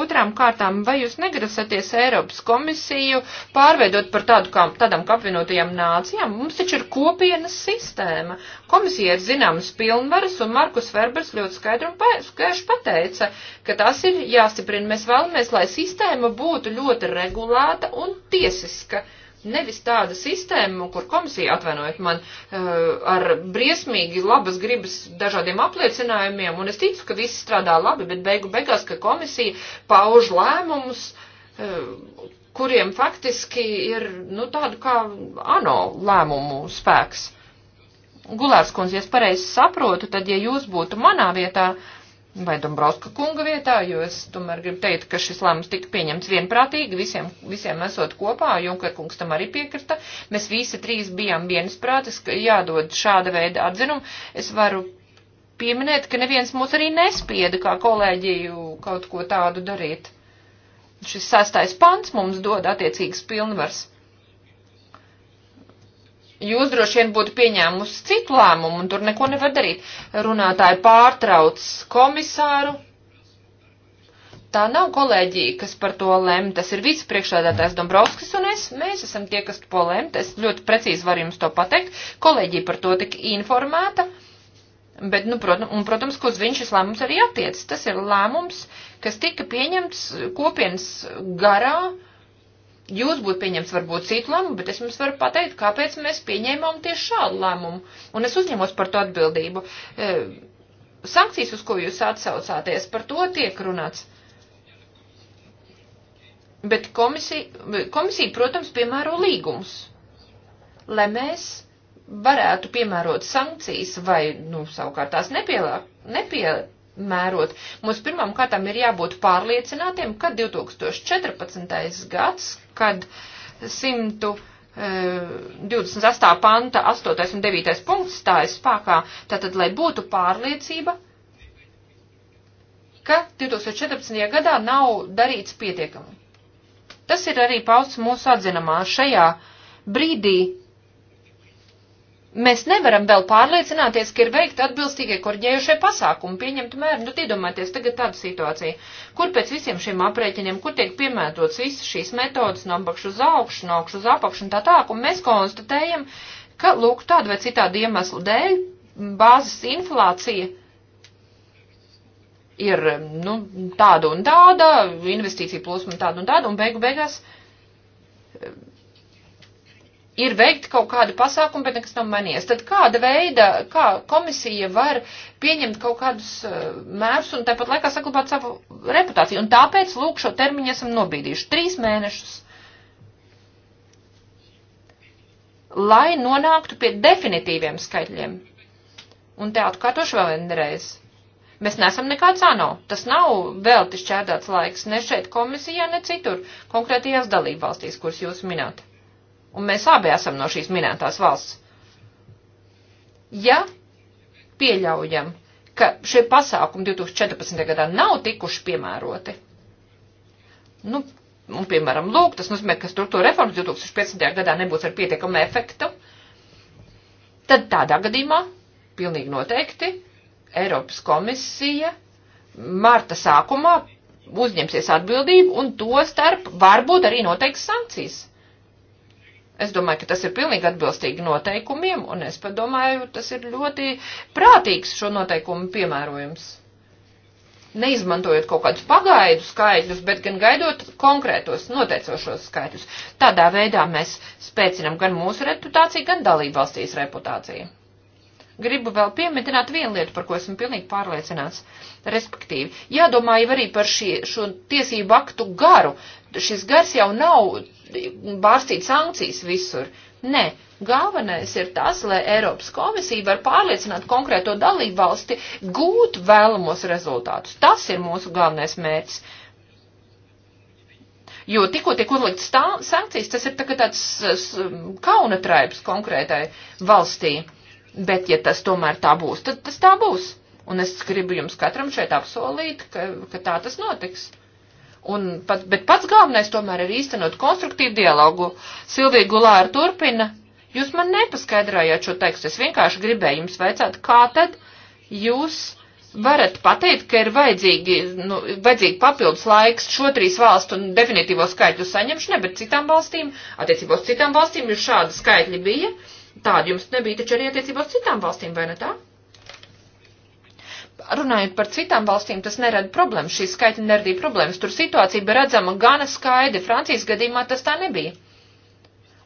Otrām kārtām, vai jūs negrasaties Eiropas komisiju pārveidot par tādu kā, tādām kā apvienotajām nācijām? Mums taču ir kopienas sistēma. Komisija ir zināmas pilnvaras, un Markus Verbers ļoti skaidri un skaidri pateica, ka tas ir jāstiprina. Mēs vēlamies, lai sistēma būtu ļoti regulēta un tiesiska. Uh, Nevis tāda sistēma, kur komisija, atvainojiet man, eh, ar briesmīgi labas gribas dažādiem apliecinājumiem, un es ticu, ka viss strādā labi, bet beigu beigās, ka komisija pauž lēmumus, eh, kuriem faktiski ir, nu, tādu kā ANO lēmumu spēks. Gulārs kundze, ja es pareizi saprotu, tad, ja jūs būtu manā vietā, uh, vai Dombrovska kunga vietā, jo es tomēr gribu teikt, ka šis lēmums tika pieņemts vienprātīgi, visiem, visiem esot kopā, Junker kungs tam arī piekrita. Mēs visi trīs bijām viensprātis, ka jādod šāda veida atzinumu. Es varu pieminēt, ka neviens mūs arī nespieda kā kolēģiju kaut ko tādu darīt. Šis sastais pants mums dod attiecīgas pilnvars jūs droši vien būtu pieņēmusi citu lēmumu un tur neko nevar darīt. Runātāji pārtrauc komisāru. Tā nav kolēģija, kas par to lem. Tas ir vicepriekšādātājs Dombrovskis un es. Mēs esam tie, kas to lem. Es ļoti precīzi varu jums to pateikt. Kolēģija par to tika informēta. Bet, nu, protams, un, protams, uz viņu šis lēmums arī attiecas. Tas ir lēmums, kas tika pieņemts kopienas garā uh, Jūs būtu pieņemts varbūt citu lēmumu, bet es jums varu pateikt, kāpēc mēs pieņēmām tieši šādu lēmumu. Un es uzņemos par to atbildību. E, sankcijas, uz ko jūs atsaucāties, par to tiek runāts. Bet komisija, komisija, protams, piemēro līgumus, lai mēs varētu piemērot sankcijas vai, nu, savukārt tās nepielāk, nepie, mērot. Mums pirmām kārtām ir jābūt pārliecinātiem, ka 2014. gads, kad 100. 28. E, panta 8. un 9. punkts stājas spēkā, tātad, lai būtu pārliecība, ka 2014. gadā nav darīts pietiekami. Tas ir arī pausts mūsu atzinamā šajā brīdī mēs nevaram vēl pārliecināties, ka ir veikti atbilstīgie korģējušie pasākumi, pieņemt mēri. Nu, iedomājieties tagad tādu situāciju, kur pēc visiem šiem aprēķiniem, kur tiek piemērots visas šīs metodas no apakšu uz augšu, no augšu uz apakšu un tā tālāk, un mēs konstatējam, ka, lūk, tādu vai citādu iemeslu dēļ bāzes inflācija ir, nu, tāda un tāda, investīcija plūsma tāda un tāda, un beigu beigās. Uh, ir veikti kaut kādi pasākumi, bet nekas nav mainījies. Tad kāda veida, kā komisija var pieņemt kaut kādus eh, mērus un tāpat laikā saglabāt savu reputāciju. Un tāpēc, lūk, šo termiņu esam nobīdījuši trīs mēnešus, lai nonāktu pie definitīviem skaitļiem. Un te atkārtošu vēl vienreiz. Mēs nesam nekāds ANO. Tas nav vēl tišķērdāts laiks ne šeit komisijā, ne citur konkrētajās dalībvalstīs, kuras jūs minat un mēs abi esam no šīs minētās valsts. Ja pieļaujam, ka šie pasākumi 2014. gadā nav tikuši piemēroti, nu, un, piemēram, lūk, tas nozīmē, ka struktūra reformas 2015. gadā nebūs ar pietiekamu efektu, tad tādā gadījumā pilnīgi noteikti Eiropas komisija marta sākumā uzņemsies atbildību un to starp varbūt arī noteiks sankcijas. Es domāju, ka tas ir pilnīgi atbilstīgi noteikumiem, un es padomāju, tas ir ļoti prātīgs šo noteikumu piemērojums. Neizmantojot kaut kādus pagaidu skaitļus, bet gan gaidot konkrētos noteicošos skaitļus. Tādā veidā mēs spēcinam gan mūsu reputāciju, gan dalību valstīs reputāciju. Gribu vēl pieminēt vienu lietu, par ko esmu pilnīgi pārliecināts. Respektīvi, jādomā jau arī par šī, šo tiesību aktu garu, šis gars jau nav bārstīt sankcijas visur. Nē, galvenais ir tas, lai Eiropas komisija var pārliecināt konkrēto dalību valsti gūt vēlamos rezultātus. Tas ir mūsu galvenais mērķis. Jo tikko tiek uzlikts sankcijas, tas ir tā, tāds kaunatraips konkrētai valstī. Bet, ja tas tomēr tā būs, tad tas tā būs. Un es gribu jums katram šeit apsolīt, ka, ka tā tas notiks. Un pat, bet pats galvenais tomēr ir īstenot konstruktīvu dialogu. Silvija Gulāra turpina. Jūs man nepaskaidrājāt šo tekstu. Es vienkārši gribēju jums veicāt, kā tad jūs varat pateikt, ka ir vajadzīgi, nu, vajadzīgi papildus laiks šo trīs valstu un definitīvo skaitļu saņemšanai, bet citām valstīm, attiecībos citām valstīm, jūs šādi skaitļi bija, tādi jums nebija taču arī attiecībos citām valstīm, vai ne tā? runājot par citām valstīm, tas nerada problēmas, šī skaita neradīja problēmas. Tur situācija bija redzama gana skaidri, Francijas gadījumā tas tā nebija.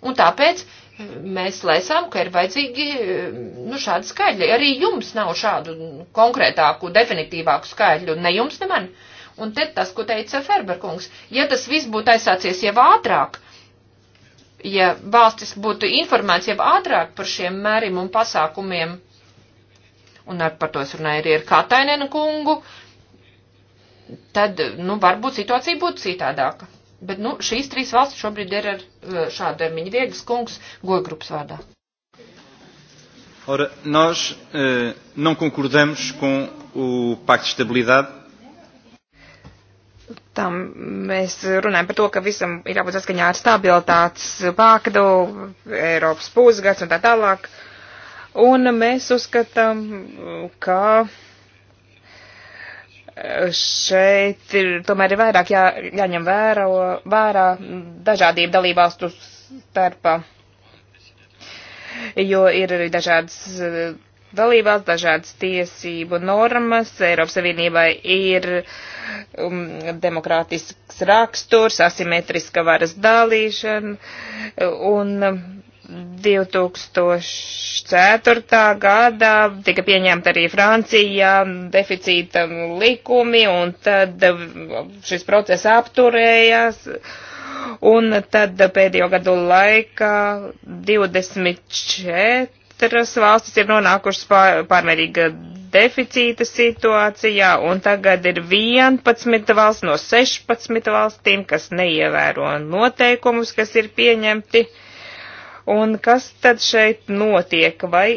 Un tāpēc eh, mēs lēsām, ka ir vajadzīgi eh, nu, šādi skaidri. Arī jums nav šādu konkrētāku, definitīvāku skaidru, ne jums, ne man. Un te tas, ko teica Ferberkungs, ja tas viss būtu aizsācies jau ātrāk, ja valstis būtu informēts jau ātrāk par šiem mēriem un pasākumiem, un ar, par to es runāju arī ar Katainenu kungu, tad, nu, varbūt situācija būtu citādāka. Bet, nu, šīs trīs valstis šobrīd ir ar uh, šādu ermiņu viegas kungs gojgrupas vārdā. Ora, nós uh, não concordamos com o Pacto de Estabilidade. Tam mēs runājam par to, ka visam ir jābūt saskaņā ar stabilitātes paktu, Eiropas pusgads un tā tālāk. Uh, Un mēs uzskatām, ka eh, šeit ir, tomēr ir vairāk jā, jāņem vērā, vērā dažādība dalībvalstu starpā, jo ir arī dažādas eh, dalībās dažādas tiesību normas. Eiropas Savienībai ir um, demokrātisks raksturs, asimetriska varas dalīšana, un 2004. gadā tika pieņemta arī Francijā deficīta likumi, un tad šis process apturējās. Un tad pēdējo gadu laikā 24 valstis ir nonākušas pārmērīga deficīta situācijā, un tagad ir 11 valsts no 16 valstīm, kas neievēro noteikumus, kas ir pieņemti. Uh, Un kas tad šeit notiek? Vai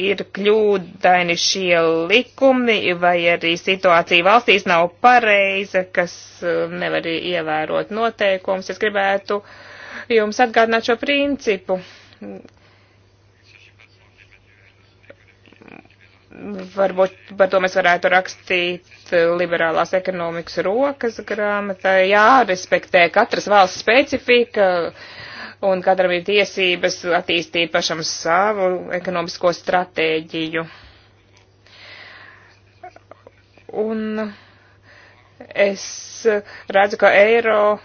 ir kļūdaini šie likumi, vai arī situācija valstīs nav pareiza, kas um, nevar ievērot noteikumus? Es gribētu jums atgādināt šo principu. Varbūt par to mēs varētu rakstīt liberālās ekonomikas rokas grāmatā. Jā, respektē katras valsts specifika. Uh, un katram ir tiesības attīstīt pašam savu ekonomisko stratēģiju. Un es redzu, ka eiro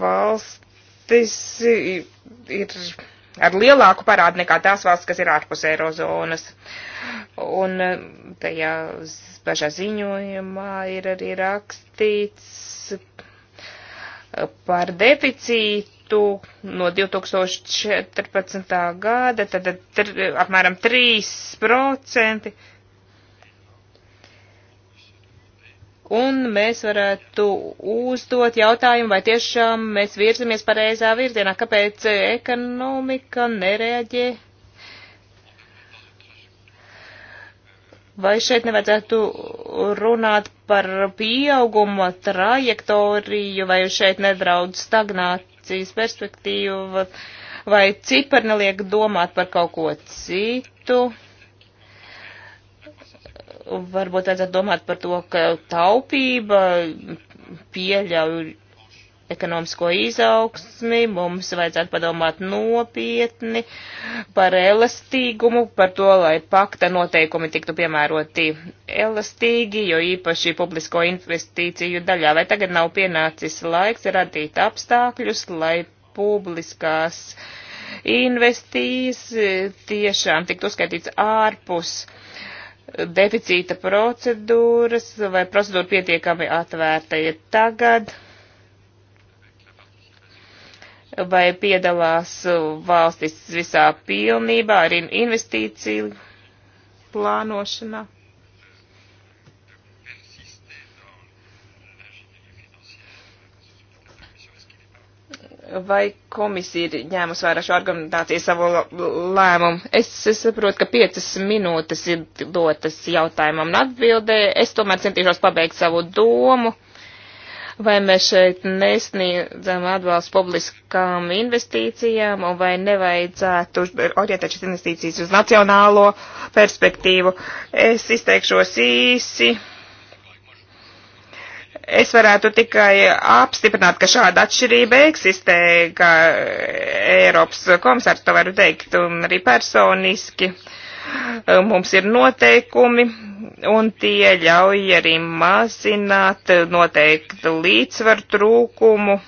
valstis ir ar lielāku parādu nekā tās valsts, kas ir ārpus eirozonas. Un tajā pašā ziņojumā ir arī rakstīts par deficītu budžetu no 2014. gada, tad tr, apmēram 3%. Un mēs varētu uzdot jautājumu, vai tiešām mēs virzamies pareizā virzienā, kāpēc ekonomika nereaģē Vai šeit nevajadzētu runāt par pieauguma trajektoriju, vai šeit nedraudz stagnāt redakcijas perspektīva vai cipari neliek domāt par kaut ko citu. Varbūt vajadzētu domāt par to, ka taupība pieļauj ekonomisko izaugsmi, mums vajadzētu padomāt nopietni par elastīgumu, par to, lai pakta noteikumi tiktu piemēroti elastīgi, jo īpaši publisko investīciju daļā. Vai tagad nav pienācis laiks radīt apstākļus, lai publiskās investīcijas tiešām tiktu uzskaitīts ārpus deficīta procedūras vai procedūra pietiekami atvērta ir tagad vai piedalās uh, valstis visā pilnībā ar investīciju plānošanā? Vai komisija ir ņēmusi vērā šo argumentāciju savu lēmumu? Es, es saprotu, ka piecas minūtes ir dotas jautājumam un atbildē. Es tomēr centīšos pabeigt savu domu vai mēs šeit nesniedzam atbalstu publiskām investīcijām, un vai nevajadzētu orientēt šīs investīcijas uz nacionālo perspektīvu. Es izteikšos īsi. Es varētu tikai apstiprināt, ka šāda atšķirība eksistē, ka Eiropas komisārs to varu teikt, un arī personiski. Uh, mums ir noteikumi, un tie ļauj arī mazināt noteiktu līdzsvaru trūkumu.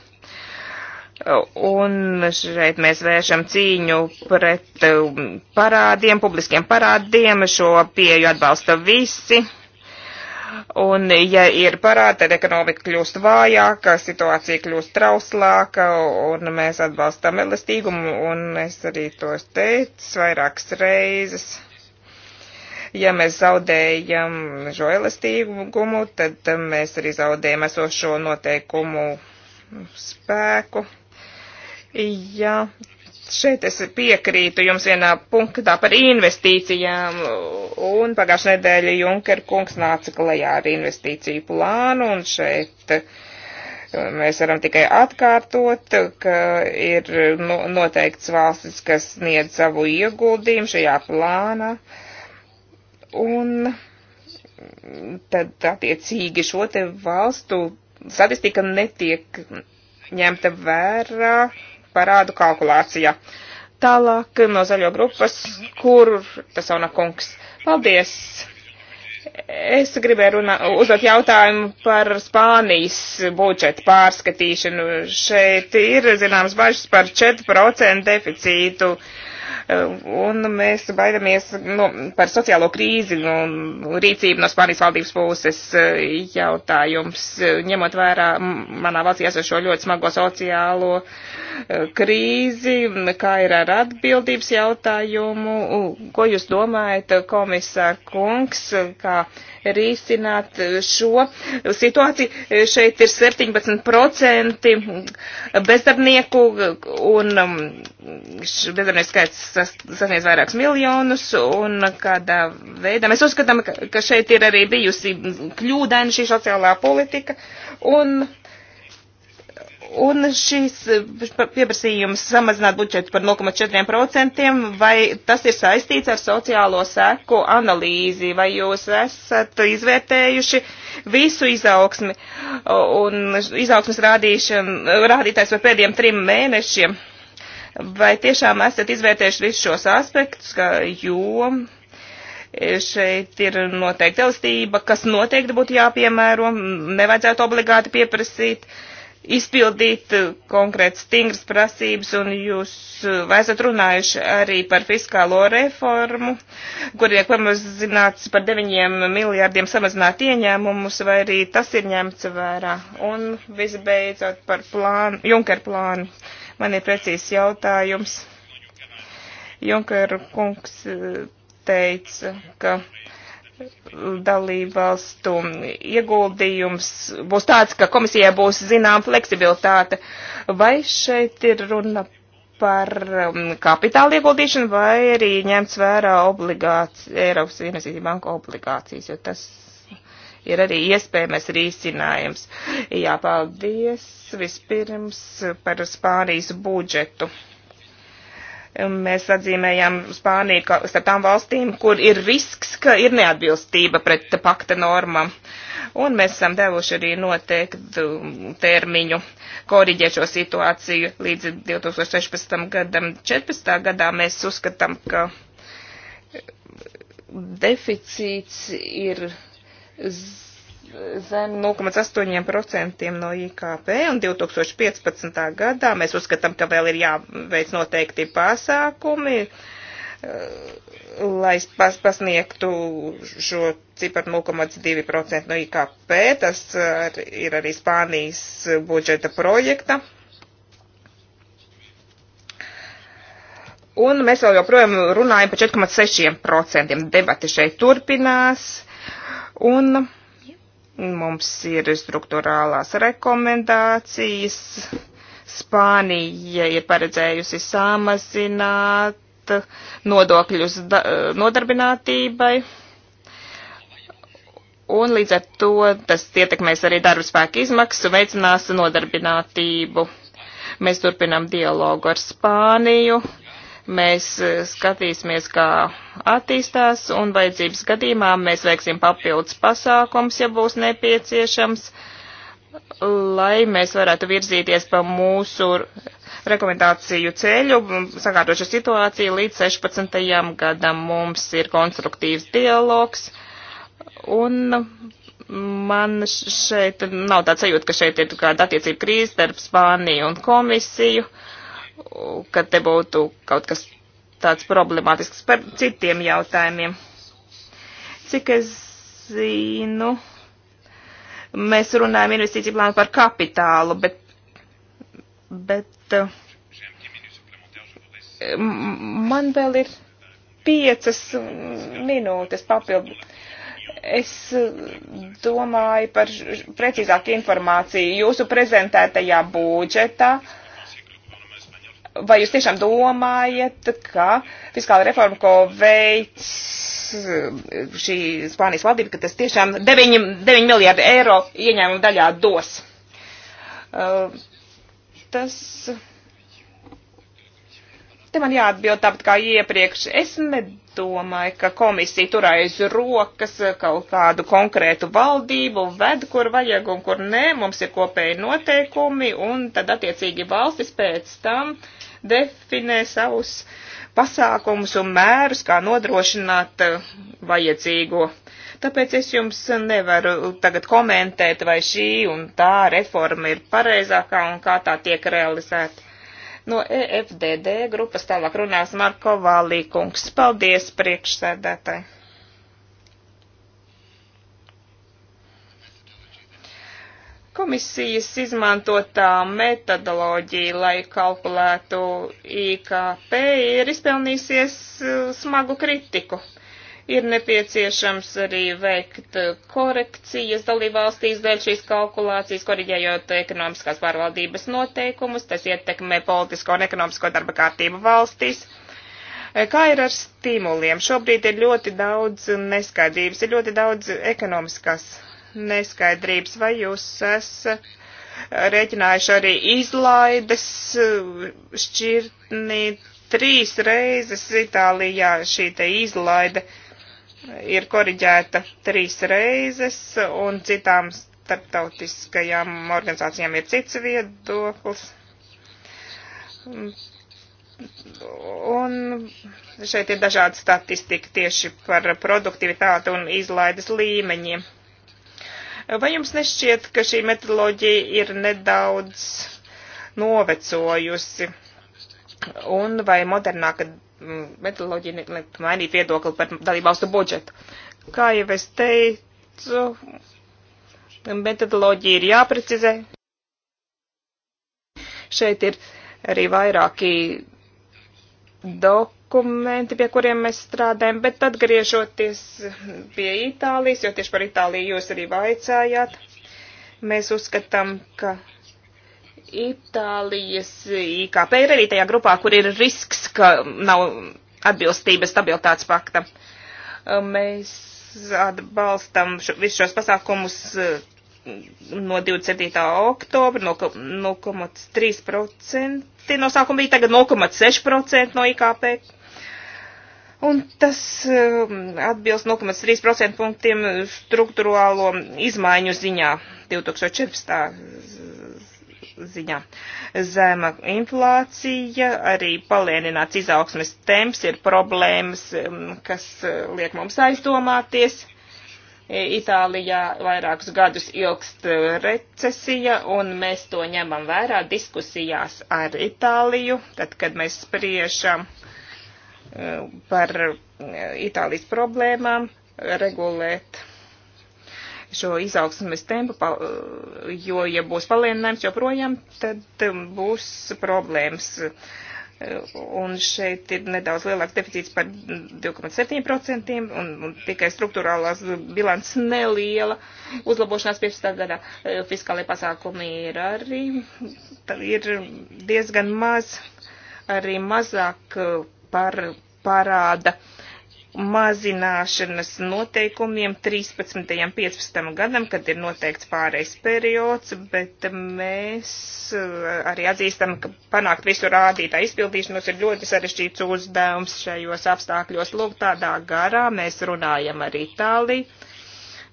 Un šeit mēs vēršam cīņu pret um, parādiem, publiskiem parādiem, šo pieju atbalsta visi. Un, ja ir parādi, tad ekonomika kļūst vājāka, situācija kļūst trauslāka, un mēs atbalstam elastīgumu, un es arī tos teicu vairākas reizes Ja mēs zaudējam šo elastīgumu, tad mēs arī zaudējam esošo noteikumu spēku. Jā, šeit es piekrītu jums vienā punktā par investīcijām, un pagājušajā nedēļā Junker kungs nāca klajā ar investīciju plānu, un šeit uh, mēs varam tikai atkārtot, ka ir noteikts valstis, kas sniedz savu ieguldījumu šajā plānā. Uh, Un tad, attiecīgi, šo te valstu statistika netiek ņemta vērā parādu kalkulācijā. Tālāk no zaļo grupas, kur tas nav kungs. Paldies! Es gribēju runā, uzdot jautājumu par Spānijas budžetu pārskatīšanu. Šeit ir zināms bažas par 4% deficītu. Uh, Eh, un mēs baidamies nu, par sociālo krīzi un nu, rīcību no Spānijas valdības puses eh, jautājums, eh, ņemot vērā manā valstī esošo ļoti smago sociālo krīzi, kā ir ar atbildības jautājumu, ko jūs domājat, komisār kungs, kā risināt eh, šo situāciju. Eh, šeit ir 17% bezdarbnieku eh, un um, bezdarbnieku skaits sasniedz vairākus miljonus un kādā veidā. Mēs uzskatām, ka šeit ir arī bijusi kļūdaina šī sociālā politika un Un šīs pieprasījums samazināt budžetu par 0,4%, vai tas ir saistīts ar sociālo seku analīzi, vai jūs esat izvērtējuši visu izaugsmi un izaugsmas rādītājs par pēdējiem trim mēnešiem? Vai tiešām esat izvērtējuši visus šos aspektus, ka, jo šeit ir noteikti elastība, kas noteikti būtu jāpiemēro, nevajadzētu obligāti pieprasīt. Uh, izpildīt eh, konkrēti stingras prasības, un jūs eh, esat runājuši arī par fiskālo reformu, kur tiek pamazināts par 9 miljārdiem samazināt ieņēmumus, vai arī tas ir ņemts vērā. Un visbeidzot par plānu, Junker plānu. Man ir precīzs jautājums. Junker kungs eh, teica, ka dalībvalstu ieguldījums būs tāds, ka komisijai būs zinām fleksibilitāte. Vai šeit ir runa par um, kapitāla ieguldīšanu vai arī ņemts vērā obligācijas, Eiropas Investīcija banka obligācijas, jo tas ir arī iespējams risinājums. Jā, paldies vispirms par Spānijas budžetu. Mēs atzīmējam Spāniju kā starp tām valstīm, kur ir risks, ka ir neatbilstība pret pakta normām. Un mēs esam devuši arī noteiktu termiņu koriģēt šo situāciju līdz 2016. gadam. 14. gadā mēs uzskatām, ka deficīts ir zem 0,8% no IKP, un 2015. gadā mēs uzskatām, ka vēl ir jāveic noteikti pasākumi, lai pas, pasniegtu šo ciparu 0,2% no IKP. Tas uh, ir arī Spānijas budžeta projekta. Un mēs vēl joprojām runājam par 4,6%. Debati šeit turpinās. Un Mums ir struktūrālās rekomendācijas. Spānija ir paredzējusi samazināt nodokļus nodarbinātībai. Un līdz ar to tas ietekmēs arī darba spēka izmaksas un veicinās nodarbinātību. Mēs turpinām dialogu ar Spāniju. Uh, Mēs e, skatīsimies, kā attīstās, un vajadzības gadījumā mēs veiksim papildus pasākums, ja būs nepieciešams, lai mēs varētu virzīties pa mūsu rekomendāciju ceļu, sakārtošu situāciju līdz 16. gadam. Mums ir konstruktīvs dialogs, un man šeit nav tāds sajūta, ka šeit ir kāda attiecība krīze starp Spāniju un komisiju. Uh, ka te būtu kaut kas tāds problemātisks par citiem jautājumiem. Cik es zinu, mēs runājam investīciju plānu par kapitālu, bet, bet man vēl ir piecas minūtes papildu. Es domāju par precīzāku informāciju jūsu prezentētajā budžetā. Uh, vai jūs tiešām domājat, ka fiskāla reforma, ko veids eh, šī Spānijas valdība, ka tas tiešām 9, 9 miljārdu eiro ieņēmumu daļā dos? Eh, tas. Te man jāatbild tāpat kā iepriekš. Es nedomāju, ka komisija turējas rokas kaut kādu konkrētu valdību, ved, kur vajag un kur nē. Mums ir kopēji noteikumi, un tad attiecīgi valstis pēc tam uh, definē savus pasākumus un mērus, kā nodrošināt eh, vajadzīgo. Tāpēc es jums nevaru tagad komentēt, vai šī un tā reforma ir pareizākā un kā tā tiek realizēta. No EFDD grupas tālāk runās Marko Vālīkungs. Paldies priekšsēdētāji! komisijas izmantotā metodoloģija, lai kalkulētu IKP, ir izpelnīsies uh, smagu kritiku. Ir nepieciešams arī veikt uh, korekcijas dalībvalstīs dēļ šīs kalkulācijas, koriģējot ekonomiskās pārvaldības noteikumus, tas ietekmē politisko un ekonomisko darba kārtību valstīs. Eh, kā ir ar stimuliem? Šobrīd ir ļoti daudz neskaidrības, ir ļoti daudz ekonomiskās neskaidrības, vai jūs esat rēķinājuši arī izlaides šķirtnī trīs reizes Itālijā šī te izlaide ir koriģēta trīs reizes un citām starptautiskajām organizācijām ir cits viedoklis. Un šeit ir dažāda statistika tieši par produktivitāti un izlaides līmeņiem. Vai jums nešķiet, ka šī metodoloģija ir nedaudz novecojusi? Un vai modernāka mm, metodoloģija liek mainīt viedokli par dalībvalstu budžetu? Kā jau es teicu, metodoloģija ir jāprecizē. Šeit ir arī vairāki dokumentu dokumenti, pie kuriem mēs strādājam, bet atgriežoties pie Itālijas, jo tieši par Itāliju jūs arī vaicājāt, mēs uzskatām, ka Itālijas IKP ir arī tajā grupā, kur ir risks, ka nav atbilstības stabilitātes pakta. Mēs atbalstam šo, visus šos pasākumus uh, no 27. oktobra 0,3% no sākuma bija tagad 0,6% no IKP, Un tas um, atbilst 0,3% punktiem struktūrālo izmaiņu ziņā 2014 ziņā. Zema inflācija, arī palēnināts izaugsmes temps ir problēmas, um, kas uh, liek mums aizdomāties. Itālijā vairākus gadus ilgst uh, recesija, un mēs to ņemam vērā diskusijās ar Itāliju, tad, kad mēs spriešam par eh, Itālijas problēmām, regulēt šo izaugsmes tempu, eh, jo, ja būs palielinājums joprojām, tad eh, būs problēmas. Un šeit ir nedaudz lielāks deficīts par 2,7% un, un tikai struktūrālās bilants neliela uzlabošanās 15. gadā. Fiskālai pasākumi ir arī, ir diezgan maz, arī mazāk par parāda mazināšanas noteikumiem 13. un 15. gadam, kad ir noteikts pārejas periods, bet mēs eh, arī atzīstam, ka panākt visu rādītāju izpildīšanos ir ļoti sarežģīts uzdevums šajos apstākļos. Lūk, tādā garā mēs runājam ar Itāliju.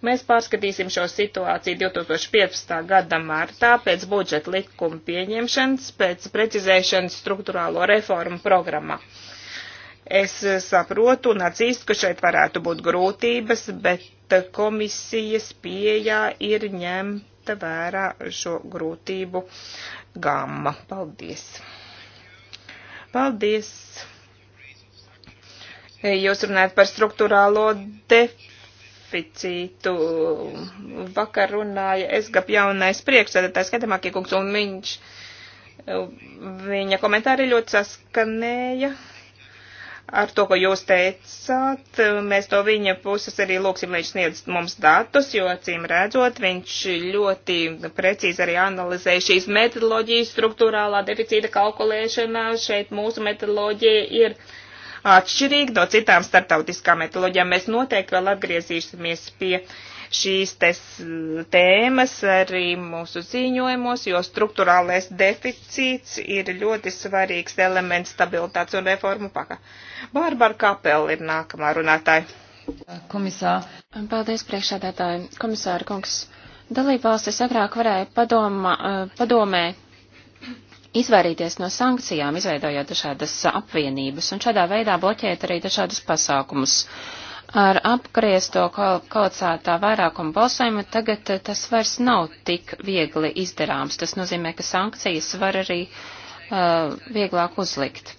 Mēs pārskatīsim šo situāciju 2015. gada martā pēc budžeta likuma pieņemšanas, pēc precizēšanas struktūrālo reformu programmā. Es saprotu un atzīstu, ka šeit varētu būt grūtības, bet komisijas pieejā ir ņemta vērā šo grūtību gamma. Paldies! Paldies! Jūs runājat par struktūrālo deficītu. Vakar runāja Esgap jaunais priekšsēdētājs Kedemākie kungs, un viņš, viņa komentāri ļoti saskanēja ar to, ko jūs teicāt. Mēs to viņa puses arī lūksim, lai viņš sniedz mums datus, jo, acīm redzot, viņš ļoti precīzi arī analizē šīs metodoloģijas struktūrālā deficīta kalkulēšanā. Šeit mūsu metodoloģija ir atšķirīga no citām startautiskām metodoloģijām. Mēs noteikti vēl atgriezīsimies pie. Uh, šīs tes, tēmas arī mūsu ziņojumos, jo struktūrālais deficīts ir ļoti svarīgs elements stabilitātes un reformu pakā. Bārbara Kapela ir nākamā runātāja. Komisār. Paldies priekšādātāji. Komisāra kungs, dalībvalstis agrāk varēja padoma, eh, padomē izvairīties no sankcijām, izveidojot dažādas apvienības un šādā veidā bloķēt arī dažādus pasākumus. Uh, Ar apgriezto kalcētā vairākumu balsojumu tagad eh, tas vairs nav tik viegli izdarāms. Tas nozīmē, ka sankcijas var arī uh, vieglāk uzlikt.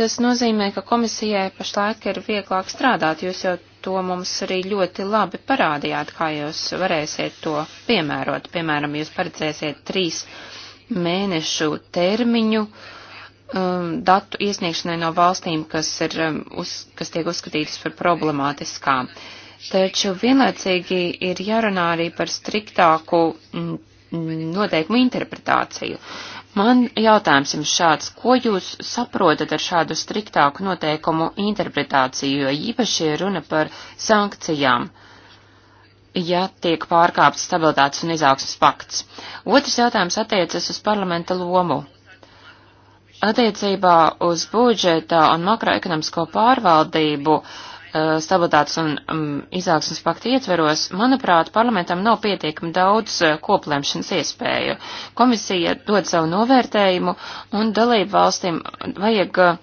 Tas nozīmē, ka komisijai pašlaik ir vieglāk strādāt. Jūs jau to mums arī ļoti labi parādījāt, kā jūs varēsiet to piemērot. Piemēram, jūs paredzēsiet trīs mēnešu termiņu. Uh, um, datu iesniegšanai no valstīm, kas, ir, um, uz, kas tiek uzskatītas par problemātiskām. Taču vienlaicīgi ir jārunā arī par striktāku m, mm, mm, noteikumu interpretāciju. Man jautājums jums šāds, ko jūs saprotat ar šādu striktāku noteikumu interpretāciju, jo īpaši runa par sankcijām, ja tiek pārkāpts stabilitātes un izaugsmas pakts. Otrs jautājums attiecas uz parlamenta lomu Attiecībā uz budžeta un makroekonomisko pārvaldību eh, stabilitātes un um, izaugsmas pakti ietveros, manuprāt, parlamentam nav pietiekami daudz eh, koplēmšanas iespēju. Komisija dod savu novērtējumu un dalību valstīm vajag eh,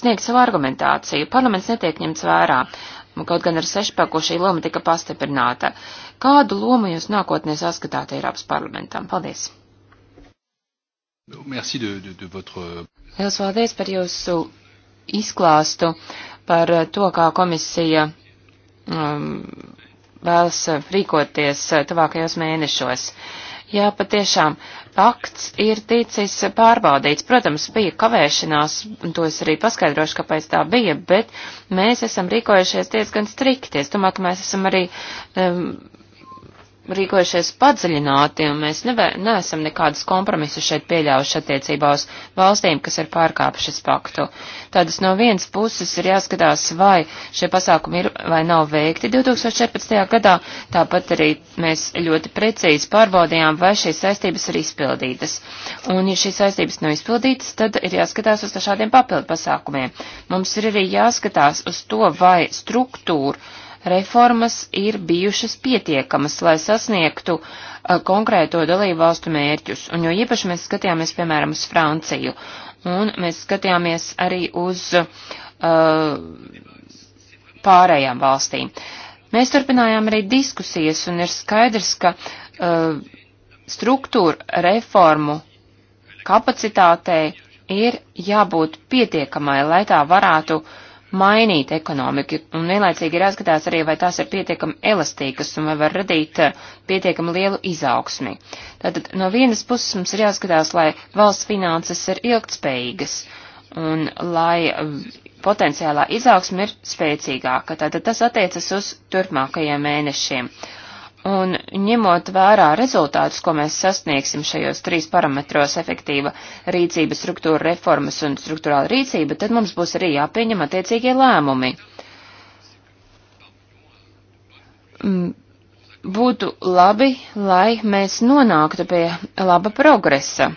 sniegt savu argumentāciju. Parlaments netiek ņemts vērā. Kaut gan ar sešpaku šī loma tika pastiprināta. Kādu lomu jūs nākotnē saskatāt Eiropas parlamentam? Paldies! Merci de, de, de votre... Lielas paldies par jūsu izklāstu, par eh, to, kā komisija um, vēlas eh, rīkoties eh, tuvākajos mēnešos. Jā, patiešām, pakts ir ticis pārbaudīts. Protams, bija kavēšanās, un to es arī paskaidrošu, kāpēc tā bija, bet mēs esam rīkojušies diezgan strikti. Es domāju, ka mēs esam arī um, rīkojušies padziļināti, un mēs nevē, neesam nekādus kompromisus šeit pieļāvuši attiecībā uz valstīm, kas ir pārkāpušas paktu. Tādas no vienas puses ir jāskatās, vai šie pasākumi ir vai nav veikti 2014. gadā, tāpat arī mēs ļoti precīzi pārbaudījām, vai šīs saistības ir izpildītas. Un, ja šīs saistības nav izpildītas, tad ir jāskatās uz šādiem papildu pasākumiem. Mums ir arī jāskatās uz to, vai struktūra, reformas ir bijušas pietiekamas, lai sasniegtu uh, konkrēto dalību valstu mērķus, un jo īpaši mēs skatījāmies, piemēram, uz Franciju, un mēs skatījāmies arī uz uh, pārējām valstīm. Mēs turpinājām arī diskusijas, un ir skaidrs, ka uh, struktūra reformu kapacitātei ir jābūt pietiekamai, lai tā varētu uh, mainīt ekonomiku, un vienlaicīgi ir jāskatās arī, vai tās ir pietiekami elastīgas un vai var radīt eh, pietiekami lielu izaugsmi. Tātad no vienas puses mums ir jāskatās, lai valsts finanses ir ilgtspējīgas un lai eh, potenciālā izaugsme ir spēcīgāka. Tātad tas attiecas uz turpmākajiem mēnešiem. Uh, Un ņemot vērā rezultātus, ko mēs sasniegsim šajos trīs parametros - efektīva rīcība, struktūra reformas un struktūrāla rīcība, tad mums būs arī jāpieņem attiecīgie lēmumi. Mm, būtu labi, lai mēs nonāktu pie laba progresa.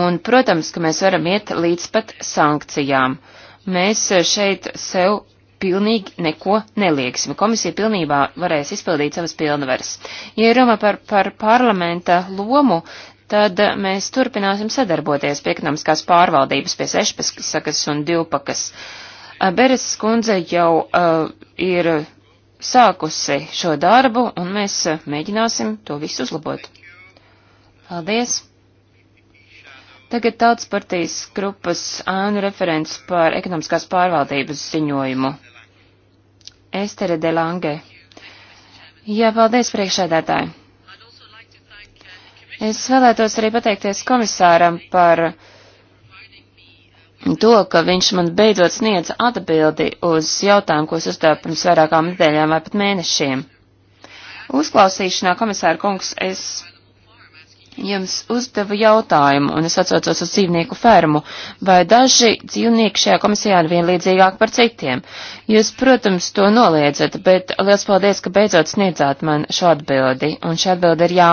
Un, protams, ka mēs varam iet līdz pat sankcijām. Mēs šeit sev pilnīgi neko nelieksim. Komisija pilnībā varēs izpildīt savas pilnvaras. Ja runa par, par parlamenta lomu, tad mēs turpināsim sadarboties pie ekonomiskās pārvaldības, pie sešpasakas un divpakas. Beres skundze jau uh, ir sākusi šo darbu, un mēs mēģināsim to visu uzlabot. Paldies! Tagad tautas partijas grupas ānu referents par ekonomiskās pārvaldības ziņojumu. Estere de Lange. Jā, paldies priekšēdētāji. Es vēlētos arī pateikties komisāram par to, ka viņš man beidzot sniedza atbildi uz jautājumu, ko es uzdevu pirms vairākām nedēļām vai pat mēnešiem. Uzklausīšanā, komisāra kungs, es jums uzdeva jautājumu, un es atsaucos uz dzīvnieku fermu, vai daži dzīvnieki šajā komisijā ir vienlīdzīgāki par citiem. Jūs, protams, to noliedzat, bet liels paldies, ka beidzot sniedzāt man šo atbildi, un šī atbildi ir jā.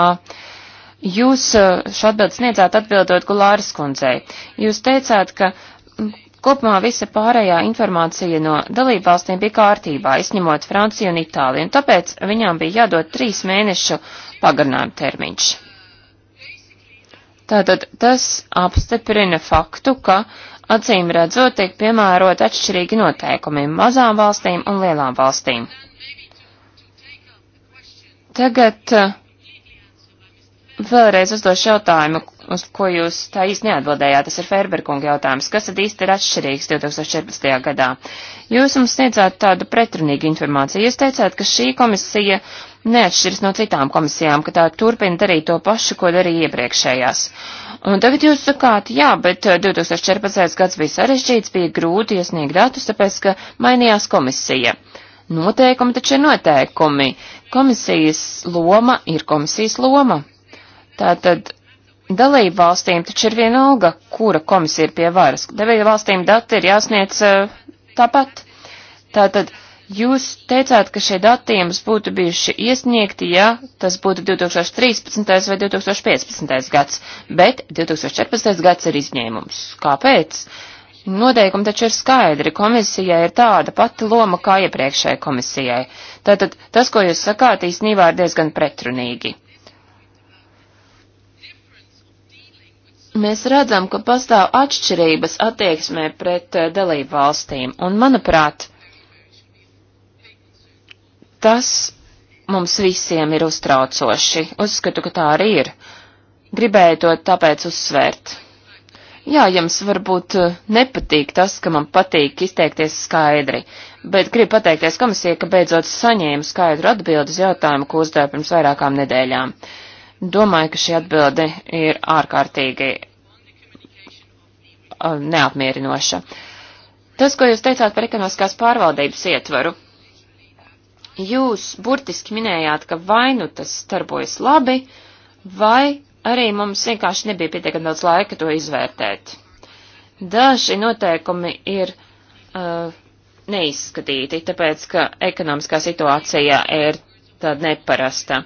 Jūs eh, šo atbildi sniedzāt atbildot Gulāras kundzei. Jūs teicāt, ka Kopumā visa pārējā informācija no dalībvalstīm bija kārtībā, izņemot Franciju un Itāliju, un tāpēc viņām bija jādod trīs mēnešu pagarinājuma termiņš. Tātad tas apstiprina faktu, ka acīm redzot tiek piemērot atšķirīgi noteikumi mazām valstīm un lielām valstīm. Tagad eh, vēlreiz uzdošu jautājumu, uz ko jūs tā īsti neatbildējāt. Tas ir Ferberkunga jautājums. Kas tad īsti ir atšķirīgs 2014. gadā? Jūs mums sniedzāt tādu pretrunīgu informāciju. Jūs teicāt, ka šī komisija uh, neatšķiras no citām komisijām, ka tā turpina darīt to pašu, ko darīja iepriekšējās. Un tagad jūs sakāt, jā, bet 2014. Eh, gads bija sarežģīts, bija grūti iesniegt datus, tāpēc, ka mainījās komisija. Noteikumi taču ir noteikumi. Komisijas loma ir komisijas loma. Tātad dalību valstīm taču ir vienalga, kura komisija ir pie varas. Dalību valstīm dati ir jāsniedz eh, tāpat. Tātad Jūs teicāt, ka šie dati jums būtu bijuši iesniegti, ja tas būtu 2013. vai 2015. gads, bet 2014. gads ir izņēmums. Kāpēc? Noteikumi taču ir skaidri. Komisijai ir tāda pati loma kā iepriekšējai komisijai. Tātad tas, ko jūs sakāt, īstenībā ir diezgan pretrunīgi. Mēs redzam, ka pastāv atšķirības attieksmē pret eh, dalību valstīm, un, manuprāt, Tas mums visiem ir uztraucoši. Uzskatu, ka tā arī ir. Gribēju to tāpēc uzsvērt. Jā, jums varbūt eh, nepatīk tas, ka man patīk izteikties skaidri, bet gribu pateikties komisijai, ka beidzot saņēmu skaidru atbildi uz jautājumu, ko uzdevu pirms vairākām nedēļām. Domāju, ka šī atbilde ir ārkārtīgi eh, neapmierinoša. Tas, ko jūs teicāt par ekonomiskās pārvaldības ietvaru, Jūs burtiski minējāt, ka vai nu tas darbojas labi, vai arī mums vienkārši nebija pietiekami daudz laika to izvērtēt. Daži noteikumi ir uh, neizskatīti, tāpēc, ka ekonomiskā situācija ir tāda neparasta.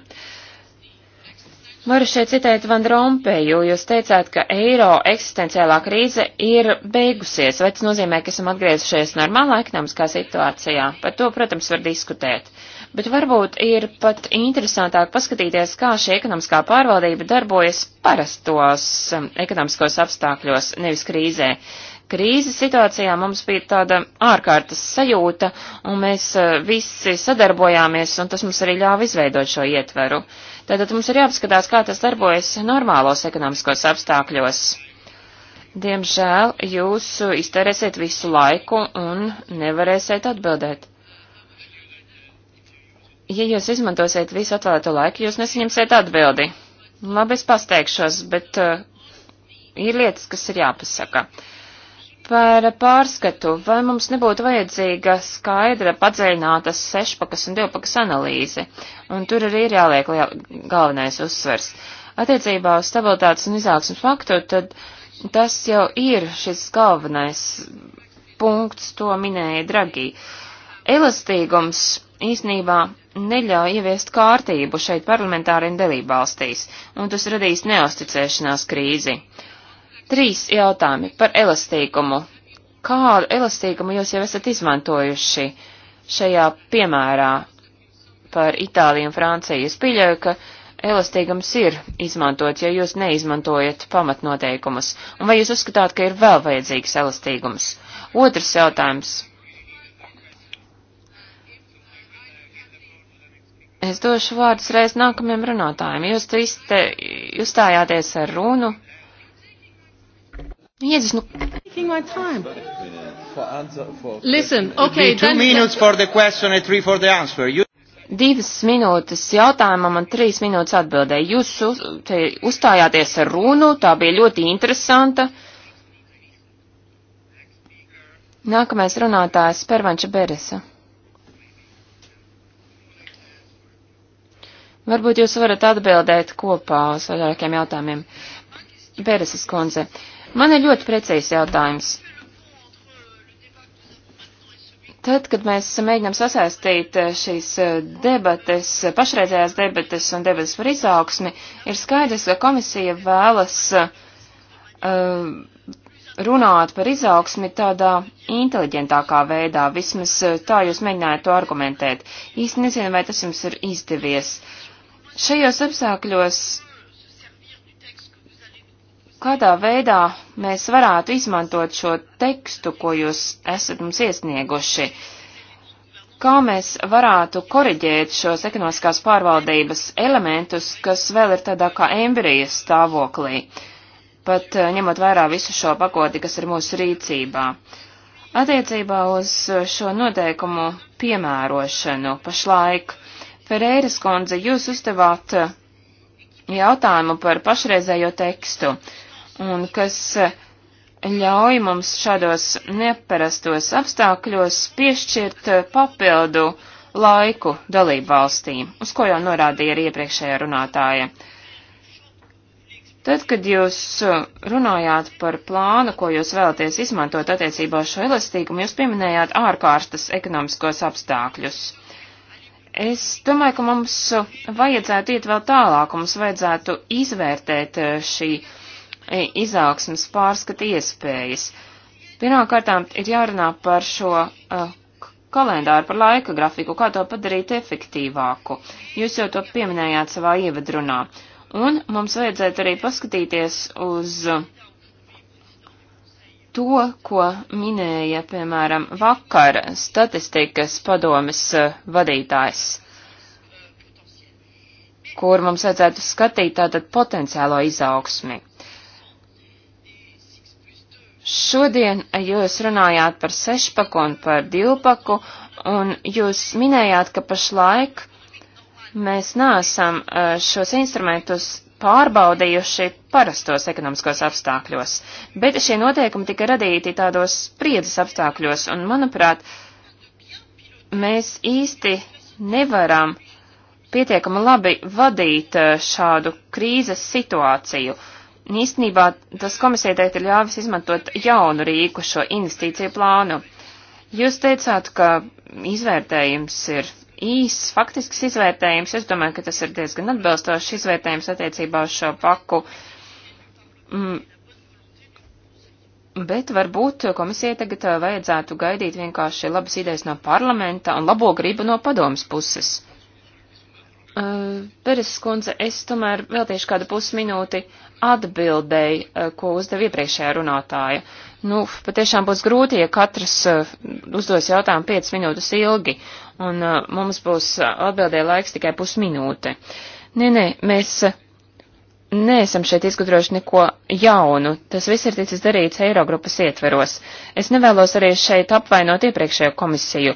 Varu šeit citēt Van Rompēju, jūs teicāt, ka eiro eksistenciālā krīze ir beigusies, vai tas nozīmē, ka esam atgriezušies normālā ekonomiskā situācijā? Par to, protams, var diskutēt bet varbūt ir pat interesantāk paskatīties, kā šī ekonomiskā pārvaldība darbojas parastos um, ekonomiskos apstākļos, nevis krīzē. Krīzes situācijā mums bija tāda ārkārtas sajūta, un mēs uh, visi sadarbojāmies, un tas mums arī ļāva izveidot šo ietveru. Tātad mums ir jāapskatās, kā tas darbojas normālos ekonomiskos apstākļos. Diemžēl jūs iztērēsiet visu laiku un nevarēsiet atbildēt ja jūs izmantosiet visu atvēlēto laiku, jūs nesaņemsiet atbildi. Labi, es pasteikšos, bet uh, ir lietas, kas ir jāpasaka. Par pārskatu, vai mums nebūtu vajadzīga skaidra padziļinātas sešpakas un divpakas analīze, un tur arī ir jāliek liel, galvenais uzsvers. Attiecībā uz stabilitātes un izaugsmas faktu, tad tas jau ir šis galvenais punkts, to minēja Dragī. Elastīgums īsnībā neļauj ieviest kārtību šeit parlamentāriem dalībvalstīs, un tas radīs neusticēšanās krīzi. Trīs jautājumi par elastīgumu. Kādu elastīgumu jūs jau esat izmantojuši šajā piemērā par Itāliju un Franciju? Es pieļauju, ka elastīgums ir izmantots, ja jūs neizmantojat pamatnoteikumus. Un vai jūs uzskatāt, ka ir vēl vajadzīgs elastīgums? Otrs jautājums Es došu vārdus reiz nākamajam runātājiem. Jūs te izte, uzstājāties ar runu. Jēzus, nu. Listen, okay, two then... minutes for the question and three for the answer. You... Divas minūtes jautājumam un trīs minūtes atbildēji. Jūs uz, te uzstājāties ar runu, tā bija ļoti interesanta. Nākamais runātājs Pervanča Beresa. Varbūt jūs varat atbildēt kopā uz vairākiem jautājumiem. Pēreses kundze, man ir ļoti precīzs jautājums. Tad, kad mēs mēģinām sasaistīt eh, šīs eh, debates, pašreizējās debates un debates par izaugsmi, ir skaidrs, ka komisija vēlas uh, runāt par izaugsmi tādā inteliģentākā veidā, vismaz tā jūs mēģinājāt to argumentēt. Īsti nezinu, vai tas jums ir izdevies. Uh, Šajos apstākļos kādā veidā mēs varētu izmantot šo tekstu, ko jūs esat mums iesnieguši? Kā mēs varētu koriģēt šos ekonomiskās pārvaldības elementus, kas vēl ir tādā kā embrijas stāvoklī, pat eh, ņemot vērā visu šo pakoti, kas ir mūsu rīcībā? Attiecībā uz šo noteikumu piemērošanu pašlaik Ferēras kundze, jūs uzdevāt eh, jautājumu par pašreizējo tekstu, un kas eh, ļauj mums šādos neparastos apstākļos piešķirt eh, papildu laiku dalību valstīm, uz ko jau norādīja arī iepriekšējā runātāja. Tad, kad jūs runājāt par plānu, ko jūs vēlaties izmantot attiecībā uz šo elastīgumu, jūs pieminējāt ārkārtas ekonomiskos apstākļus. Es domāju, ka mums vajadzētu iet vēl tālāk, mums vajadzētu izvērtēt eh, šī eh, izaugsmas pārskata iespējas. Pirmkārtām ir jārunā par šo uh, kalendāru, par laika grafiku, kā to padarīt efektīvāku. Jūs jau to pieminējāt savā ievadrunā. Un mums vajadzētu arī paskatīties uz uh, to, ko minēja, piemēram, vakar statistikas padomes eh, vadītājs, kur mums vajadzētu skatīt tātad potenciālo izaugsmi. Šodien jūs runājāt par sešpaku un par divpaku, un jūs minējāt, ka pašlaik mēs neesam eh, šos instrumentus pārbaudījuši parastos ekonomiskos apstākļos, bet šie noteikumi tika radīti tādos spriedzes apstākļos, un, manuprāt, mēs īsti nevaram pietiekami labi vadīt eh, šādu krīzes situāciju. Īstenībā tas komisija teikt ir ļāvis izmantot jaunu rīku šo investīciju plānu. Jūs teicāt, ka izvērtējums ir īss faktisks izvērtējums. Es domāju, ka tas ir diezgan atbilstošs izvērtējums attiecībā uz šo paku. Mm. Bet varbūt komisijai tagad uh, vajadzētu gaidīt vienkārši labas idejas no parlamenta un labo gribu no padomas puses. Uh, Peres skundze, es tomēr veltīšu kādu pusminūti atbildēji, uh, ko uzdeva iepriekšējā runātāja. Nu, patiešām būs grūti, ja katrs uh, uzdos jautājumu 5 minūtes ilgi, un uh, mums būs uh, atbildē laiks tikai pusminūte. Nē, nē, mēs uh, neesam šeit izgudrojuši neko jaunu. Tas viss ir ticis darīts Eirogrupas ietveros. Es nevēlos arī šeit apvainot iepriekšējo komisiju.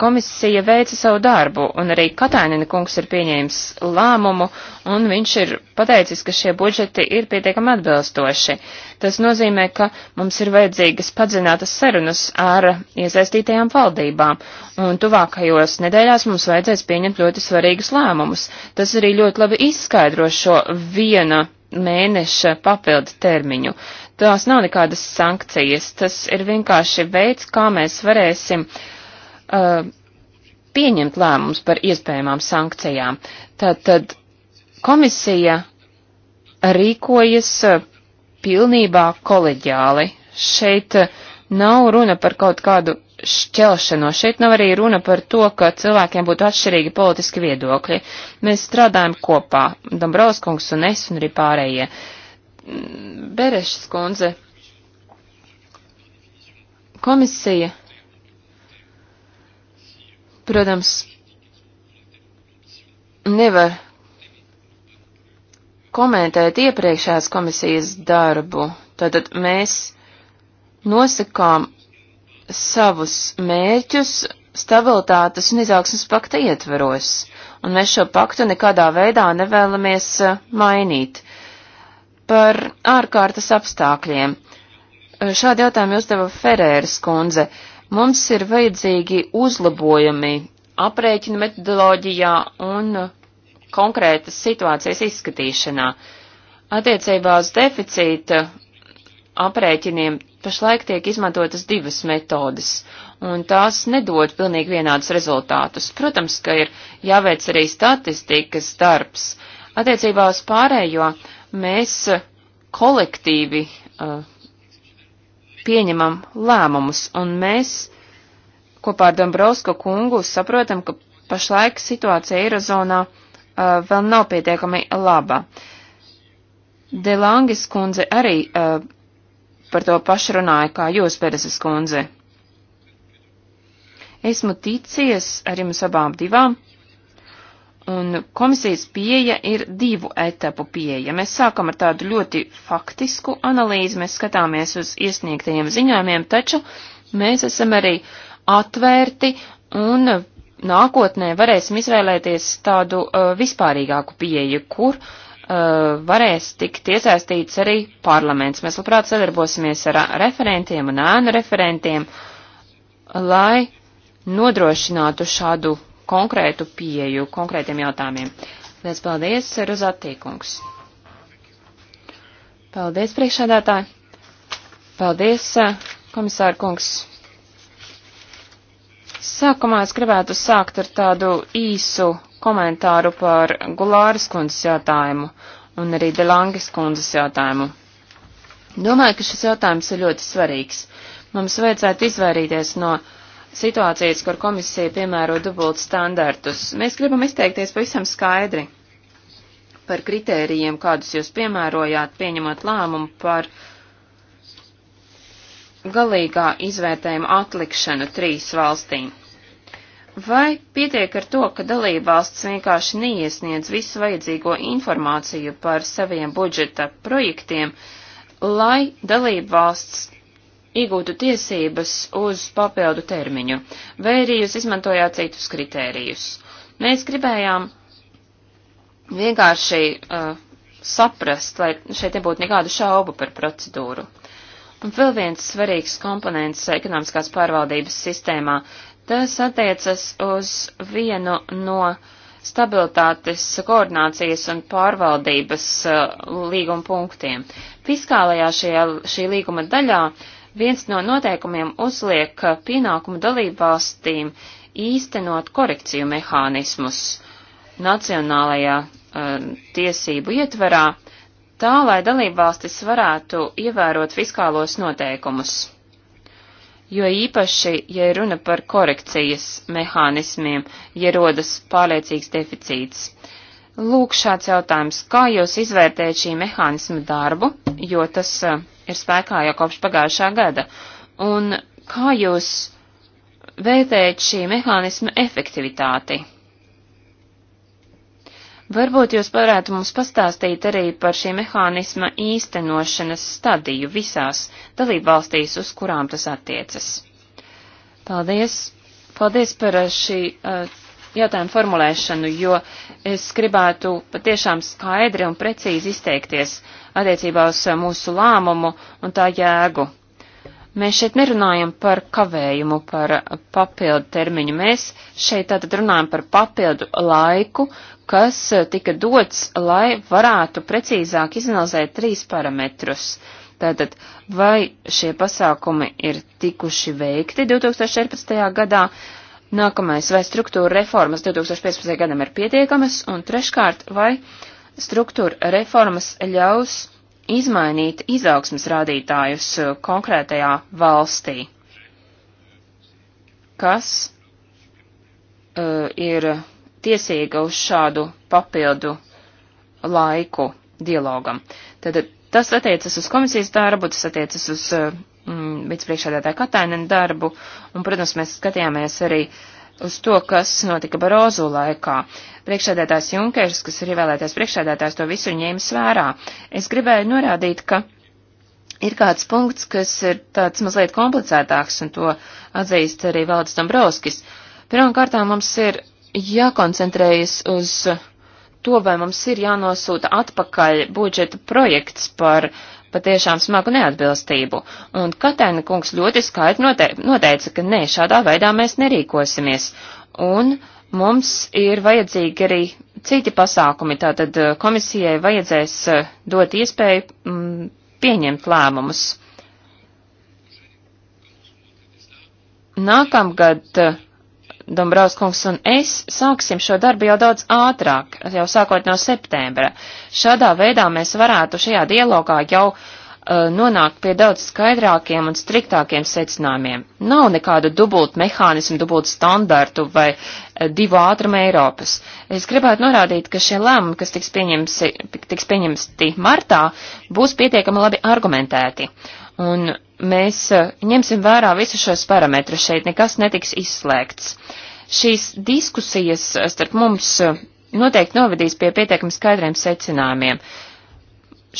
Komisija veica savu darbu, un arī Katainina kungs ir pieņēmis lēmumu, un viņš ir pateicis, ka šie budžeti ir pietiekami atbilstoši. Tas nozīmē, ka mums ir vajadzīgas padzinātas sarunas ar iesaistītajām valdībām, Un tuvākajos nedēļās mums vajadzēs pieņemt ļoti svarīgus lēmumus. Tas arī ļoti labi izskaidro šo viena mēneša papildu termiņu. Tās nav nekādas sankcijas, tas ir vienkārši veids, kā mēs varēsim uh, pieņemt lēmumus par iespējamām sankcijām. Tātad komisija rīkojas uh, pilnībā koleģiāli. Šeit uh, nav runa par kaut kādu šķelšanos. Šeit nav arī runa par to, ka cilvēkiem būtu atšķirīgi politiski viedokļi. Mēs strādājam kopā, Dombrovskungs un es un arī pārējie. Berešas kundze, komisija, protams, nevar komentēt iepriekšējās komisijas darbu. Tātad mēs nosakām savus mērķus stabilitātes un izaugsmas pakta ietveros, un mēs šo paktu nekādā veidā nevēlamies eh, mainīt. Par ārkārtas apstākļiem. Eh, šādi jautājumi uzdeva Ferēras kundze. Mums ir vajadzīgi uzlabojumi aprēķina metodoloģijā un eh, konkrētas situācijas izskatīšanā. Attiecībā uz deficīta aprēķiniem pašlaik tiek izmantotas divas metodes, un tās nedod pilnīgi vienādus rezultātus. Protams, ka ir jāveic arī statistikas darbs. Attiecībā uz pārējo mēs kolektīvi uh, pieņemam lēmumus, un mēs kopā ar Dombrovsko kungu saprotam, ka pašlaik situācija Eirozonā uh, vēl nav pietiekami laba. Delangis kundze arī uh, par to pašu runāju kā jūs, Pereses kundze. Esmu ticies ar jums abām divām, un komisijas pieeja ir divu etapu pieeja. Mēs sākam ar tādu ļoti faktisku analīzi, mēs skatāmies uz iesniegtajiem ziņojumiem, taču mēs esam arī atvērti un nākotnē varēsim izvēlēties tādu uh, vispārīgāku pieeju, kur uh, Uh, varēs tikt iesaistīts arī parlaments. Mēs labprāt sadarbosimies ar referentiem un ēnu referentiem, lai nodrošinātu šādu konkrētu pieju konkrētiem jautājumiem. Liels paldies, Rozatīkungs. Paldies, priekšādātāji. Paldies, komisāra kungs. Sākumā es gribētu sākt ar tādu īsu komentāru par Gulāras kundzes jautājumu un arī Delangas kundzes jautājumu. Domāju, ka šis jautājums ir ļoti svarīgs. Mums vajadzētu izvairīties no situācijas, kur komisija piemēro dubult standartus. Mēs gribam izteikties pavisam skaidri par kritērijiem, kādus jūs piemērojāt, pieņemot lēmumu par galīgā izvērtējuma atlikšanu trīs valstīm. Vai pietiek ar to, ka dalībvalsts vienkārši neiesniedz visu vajadzīgo informāciju par saviem budžeta projektiem, lai dalībvalsts iegūtu tiesības uz papildu termiņu, vai arī jūs izmantojāt citus kritērijus? Mēs gribējām vienkārši uh, saprast, lai šeit nebūtu nekādu šaubu par procedūru. Un vēl viens svarīgs komponents ekonomiskās pārvaldības sistēmā Tas attiecas uz vienu no stabilitātes, koordinācijas un pārvaldības uh, līguma punktiem. Fiskālajā šajā, šī līguma daļā viens no noteikumiem uzliek pienākumu dalībvalstīm īstenot korekciju mehānismus nacionālajā uh, tiesību ietverā, tā lai dalībvalstis varētu ievērot fiskālos noteikumus jo īpaši, ja runa par korekcijas mehānismiem, ja rodas pārliecīgs deficīts. Lūk, šāds jautājums, kā jūs izvērtējat šī mehānisma darbu, jo tas eh, ir spēkā jau kopš pagājušā gada, un kā jūs vērtējat šī mehānisma efektivitāti? Varbūt jūs varētu mums pastāstīt arī par šī mehānisma īstenošanas stadiju visās dalībvalstīs, uz kurām tas attiecas. Paldies! Paldies par uh, šī uh, jautājuma formulēšanu, jo es gribētu patiešām skaidri un precīzi izteikties attiecībā uz uh, mūsu lēmumu un tā jēgu. Mēs šeit nerunājam par kavējumu, par papildu termiņu. Mēs šeit tātad runājam par papildu laiku, kas tika dots, lai varētu precīzāk izanalizēt trīs parametrus. Tātad, vai šie pasākumi ir tikuši veikti 2014. gadā, nākamais, vai struktūra reformas 2015. gadam ir pietiekamas, un treškārt, vai struktūra reformas ļaus izmainīt izaugsmas rādītājus uh, konkrētajā valstī, kas uh, ir tiesīga uz šādu papildu laiku dialogam. Tad tas attiecas uz komisijas darbu, tas attiecas uz uh, mm, vicepriekšādātāja Katainen darbu, un, protams, mēs skatījāmies arī uh, uz to, kas notika Barozu laikā. Priekšsēdētājs Junkers, kas ir ievēlētais priekšsēdētājs, to visu ņēma svērā. Es gribēju norādīt, ka ir kāds punkts, kas ir tāds mazliet komplicētāks, un to atzīst arī Valdis Dombrovskis. Pirmkārt, mums ir jākoncentrējas uz to, vai mums ir jānosūta atpakaļ budžeta projekts par patiešām smagu neatbilstību, un Katēna kungs ļoti skaidri noteica, ka nē, šādā veidā mēs nerīkosimies, un mums ir vajadzīgi arī citi pasākumi, tātad eh, komisijai vajadzēs eh, dot iespēju m, mm, pieņemt lēmumus. Nākamgad uh, Dombrovskungs un es sāksim šo darbu jau daudz ātrāk, jau sākot no septembra. Šādā veidā mēs varētu šajā dialogā jau uh, nonākt pie daudz skaidrākiem un striktākiem secinājumiem. Nav nekādu dubult mehānismu, dubult standartu vai uh, divu ātrumu Eiropas. Es gribētu norādīt, ka šie lēmumi, kas tiks, pieņemsi, tiks pieņemti martā, būs pietiekami labi argumentēti. Un mēs uh, ņemsim vērā visus šos parametrus šeit, nekas netiks izslēgts. Šīs diskusijas starp mums eh, noteikti novedīs pie pietiekami skaidriem secinājumiem.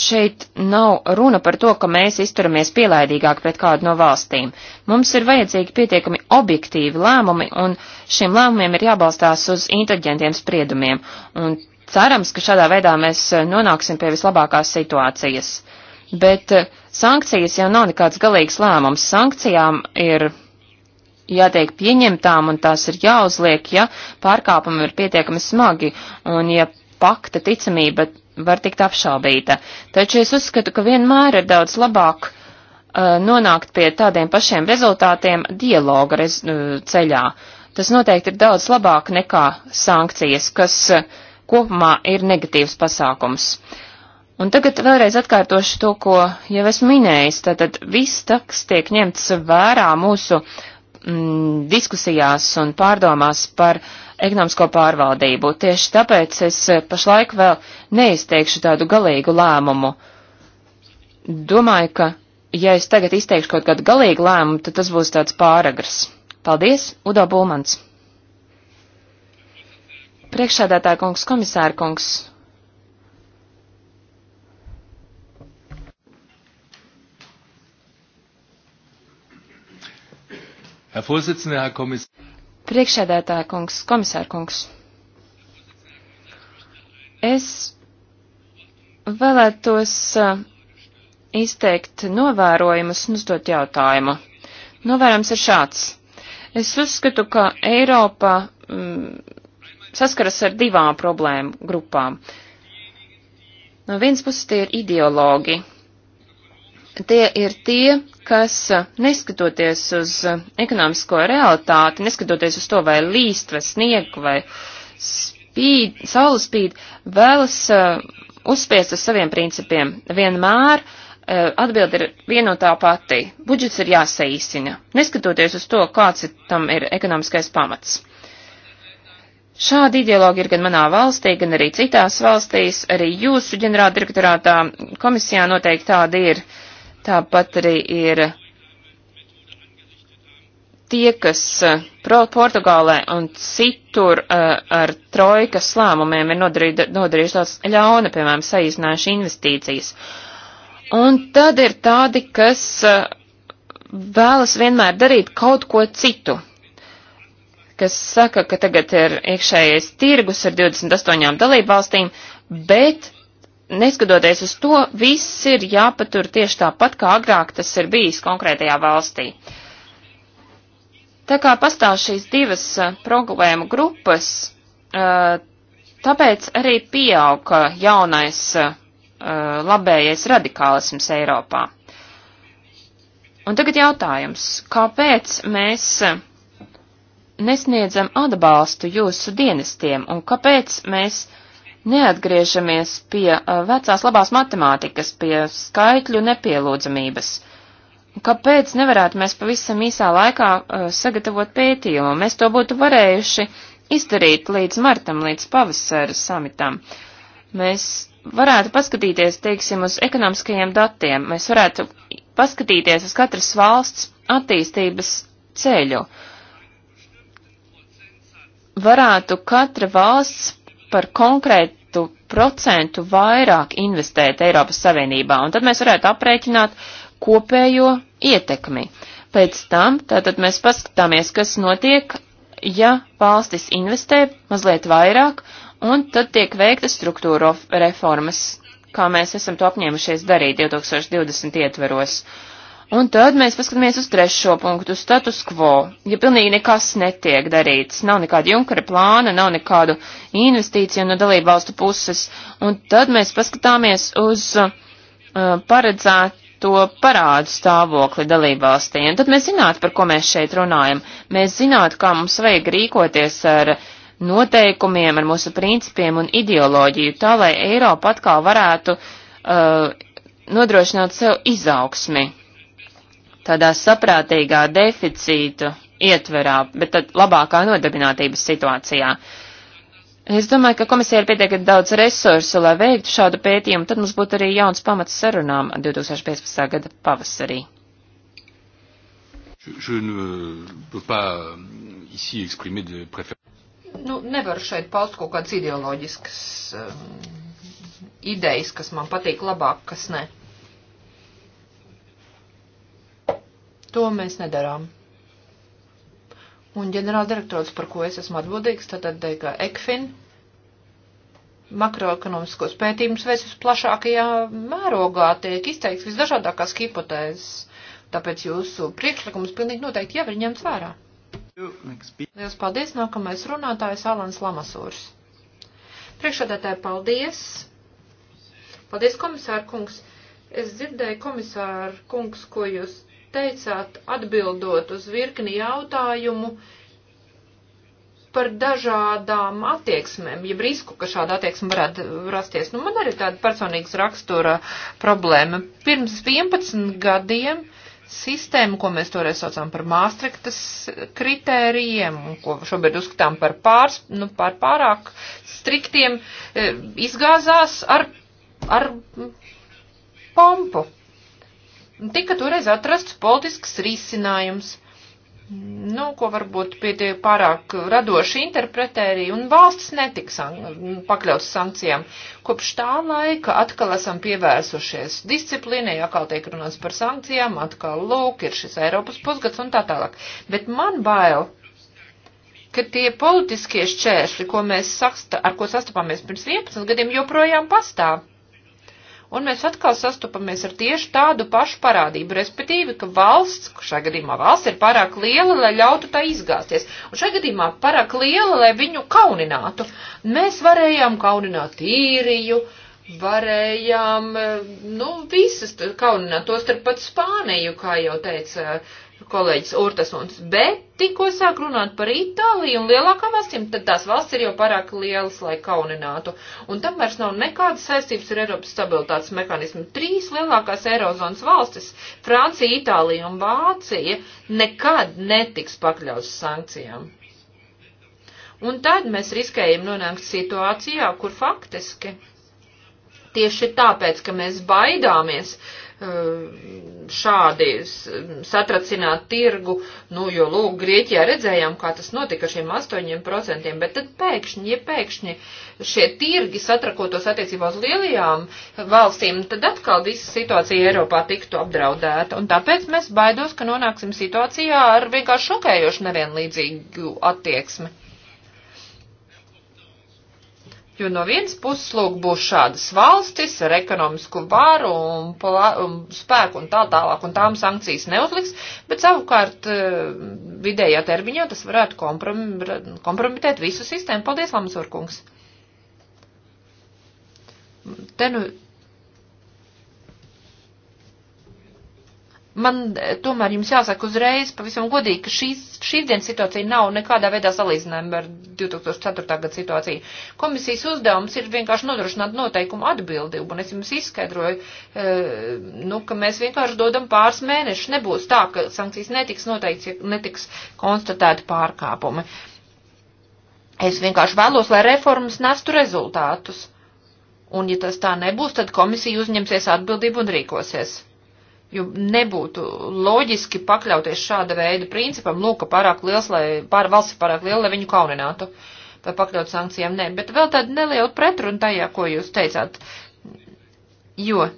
Šeit nav runa par to, ka mēs izturamies pielaidīgāk pret kādu no valstīm. Mums ir vajadzīgi pietiekami objektīvi lēmumi, un šiem lēmumiem ir jābalstās uz inteliģentiem spriedumiem, un cerams, ka šādā veidā mēs eh, nonāksim pie vislabākās situācijas. Bet eh, sankcijas jau nav nekāds galīgs lēmums. Sankcijām ir jātiek pieņemtām un tās ir jāuzliek, ja pārkāpumi ir pietiekami smagi un ja pakta ticamība var tikt apšaubīta. Taču es uzskatu, ka vienmēr ir daudz labāk uh, nonākt pie tādiem pašiem rezultātiem dialoga rez uh, ceļā. Tas noteikti ir daudz labāk nekā sankcijas, kas uh, kopumā ir negatīvs pasākums. Un tagad vēlreiz atkārtošu to, ko jau esmu minējis. Tātad viss taks tiek ņemts vērā mūsu mm, diskusijās un pārdomās par ekonomisko pārvaldību. Tieši tāpēc es eh, pašlaik vēl neizteikšu tādu galīgu lēmumu. Domāju, ka, ja es tagad izteikšu kaut kādu galīgu lēmumu, tad tas būs tāds pāragrs. Paldies, Udo Bulmans. Priekšsēdētāja kungs, komisāra kungs, Herr Vorsitzende, Herr Kommissar. Priekšsēdētāja kungs, komisāra kungs. Es vēlētos eh, izteikt novērojumus un uzdot jautājumu. Novērojums ir šāds. Es uzskatu, ka Eiropa mm, saskaras ar divām problēmu grupām. No vienas puses tie ir ideologi. Tie ir tie, kas, eh, neskatoties uz eh, ekonomisko realitāti, neskatoties uz to, vai līst, vai sniegu, vai spīd, saules spīd, vēlas uh, uzspiest uz saviem principiem. Vienmēr uh, atbild ir vienotā pati. Budžets ir jāsaīsina, neskatoties uz to, kāds ir, tam ir ekonomiskais pamats. Šādi ideologi ir gan manā valstī, gan arī citās valstīs, arī jūsu ģenerāldirektorātā komisijā noteikti tādi ir. Uh, Tāpat arī ir tie, kas eh, Portugālē un citur eh, ar trojkas lēmumiem ir nodarījuši daudz ļauna, piemēram, saīsinājuši investīcijas. Un tad ir tādi, kas eh, vēlas vienmēr darīt kaut ko citu, kas saka, ka tagad ir iekšējais tirgus ar 28 dalībvalstīm, bet neskatoties uz to, viss ir jāpatur tieši tāpat, kā agrāk tas ir bijis konkrētajā valstī. Tā kā pastāv šīs divas problēmu grupas, tāpēc arī pieauga jaunais labējais radikālisms Eiropā. Un tagad jautājums, kāpēc mēs nesniedzam atbalstu jūsu dienestiem un kāpēc mēs uh, neatgriežamies pie uh, vecās labās matemātikas, pie skaitļu nepielūdzamības. Kāpēc nevarētu mēs pavisam īsā laikā uh, sagatavot pētījumu? Mēs to būtu varējuši izdarīt līdz martam, līdz pavasara samitam. Mēs varētu paskatīties, teiksim, uz ekonomiskajiem datiem. Mēs varētu paskatīties uz katras valsts attīstības ceļu. Varētu katra valsts par konkrētu procentu vairāk investēt Eiropas Savienībā, un tad mēs varētu aprēķināt kopējo ietekmi. Pēc tam tātad mēs paskatāmies, kas notiek, ja valstis investē mazliet vairāk, un tad tiek veikta struktūra reformas, kā mēs esam to apņēmušies darīt 2020 ietveros. Uh, Un tad mēs paskatāmies uz trešo punktu, status quo. Ja pilnīgi nekas netiek darīts, nav nekāda Junkara plāna, nav nekādu investīciju no dalību valstu puses, un tad mēs paskatāmies uz uh, paredzēto parādu stāvokli dalību valstī. Un tad mēs zinātu, par ko mēs šeit runājam. Mēs zinātu, kā mums vajag rīkoties ar noteikumiem, ar mūsu principiem un ideoloģiju, tā lai Eiropa atkal varētu uh, nodrošināt sev izaugsmi tādā saprātīgā deficītu ietverā, bet tad labākā nodarbinātības situācijā. Es domāju, ka komisija ir pietiekami daudz resursu, lai veiktu šādu pētījumu, tad mums būtu arī jauns pamats sarunām 2015. gada pavasarī. Je, je ne peux pas euh, ici exprimer de préférence. Nu, nevaru šeit paust kaut kādas ideoloģiskas um, idejas, kas man patīk labāk, kas ne. Uh, To mēs nedarām. Un ģenerāldirektors, par ko es esmu atbildīgs, tad atdeigā ECFIN makroekonomiskos pētījumus veids visplašākajā mērogā, tiek izteikts visdažādākās hipotēzes. Tāpēc jūsu priekšlikums pilnīgi noteikti jau ir ņemts vērā. Lielas paldies, nākamais runātājs Alans Lamasūrs. Priekšādātāji, paldies! Paldies, komisāra kungs! Es dzirdēju, komisāra kungs, ko jūs teicāt, atbildot uz virkni jautājumu par dažādām attieksmēm, jeb risku, ka šāda attieksme varētu rasties. Nu, man arī tāda personīgas rakstura problēma. Pirms 11 gadiem sistēma, ko mēs toreiz saucām par māstriktas kritērijiem, un ko šobrīd uzskatām par, pārs, nu, par pārāk striktiem, eh, izgāzās ar, ar pompu tika toreiz atrasts politisks risinājums, nu, ko varbūt pietiek pārāk radoši interpretē arī, un valstis netiks san pakļauts sankcijām. Kopš tā laika atkal esam pievērsušies disciplīnai, atkal tiek runāts par sankcijām, atkal lūk, ir šis Eiropas pusgads un tā tālāk. Bet man bail, ka tie politiskie šķēršļi, ko mēs saksta, ar ko sastapamies pirms 11 gadiem, joprojām pastāv. Un mēs atkal sastopamies ar tieši tādu pašu parādību, respektīvi, ka valsts, šajā gadījumā valsts ir pārāk liela, lai ļautu tā izgāzties, un šajā gadījumā pārāk liela, lai viņu kauninātu. Mēs varējām kaunināt īriju, varējām, eh, nu, visas kaunināt, tos starp pat Spāniju, kā jau teica kolēģis Urtasuns, bet tikko sāk runāt par Itāliju un lielākām valstīm, tad tās valsts ir jau pārāk lielas, lai kauninātu. Un tam vairs nav nekādas saistības ar Eiropas stabilitātes mekanismu. Trīs lielākās Eirozonas valstis - Francija, Itālija un Vācija - nekad netiks pakļauts sankcijām. Un tad mēs riskējam nonākt situācijā, kur faktiski tieši tāpēc, ka mēs baidāmies, uh, Um, šādi satracināt tirgu, nu, jo, lūk, Grieķijā redzējām, kā tas notika ar šiem 8%, bet tad pēkšņi, ja pēkšņi šie tirgi satrakotos attiecībā uz lielajām valstīm, tad atkal visa situācija Eiropā tiktu apdraudēta. Un tāpēc mēs baidos, ka nonāksim situācijā ar vienkārši šokējošu nevienlīdzīgu attieksmi. Jo no vienas puses, lūk, būs šādas valstis ar ekonomisku varu un, pala, un spēku un tā tālāk, un tām sankcijas neuzliks, bet savukārt eh, vidējā termiņā tas varētu komprom, kompromitēt visu sistēmu. Paldies, Lamsur kungs! Te nu man tomēr jums jāsaka uzreiz, pavisam godīgi, ka šīs, šī dienas situācija nav nekādā veidā salīdzinājuma ar 2004. gada situāciju. Komisijas uzdevums ir vienkārši nodrošināt noteikumu atbildību, un es jums izskaidroju, e, nu, ka mēs vienkārši dodam pāris mēnešus. Nebūs tā, ka sankcijas netiks noteikts, ja netiks konstatēti pārkāpumi. Es vienkārši vēlos, lai reformas nestu rezultātus. Un, ja tas tā nebūs, tad komisija uzņemsies atbildību un rīkosies jo nebūtu loģiski pakļauties šāda veida principam, lūk, ka pārāk liels, lai pār, valsts ir pārāk liela, lai viņu kauninātu vai pakļaut sankcijām. Nē, bet vēl tāda neliela pretruna tajā, ko jūs teicāt. Jo,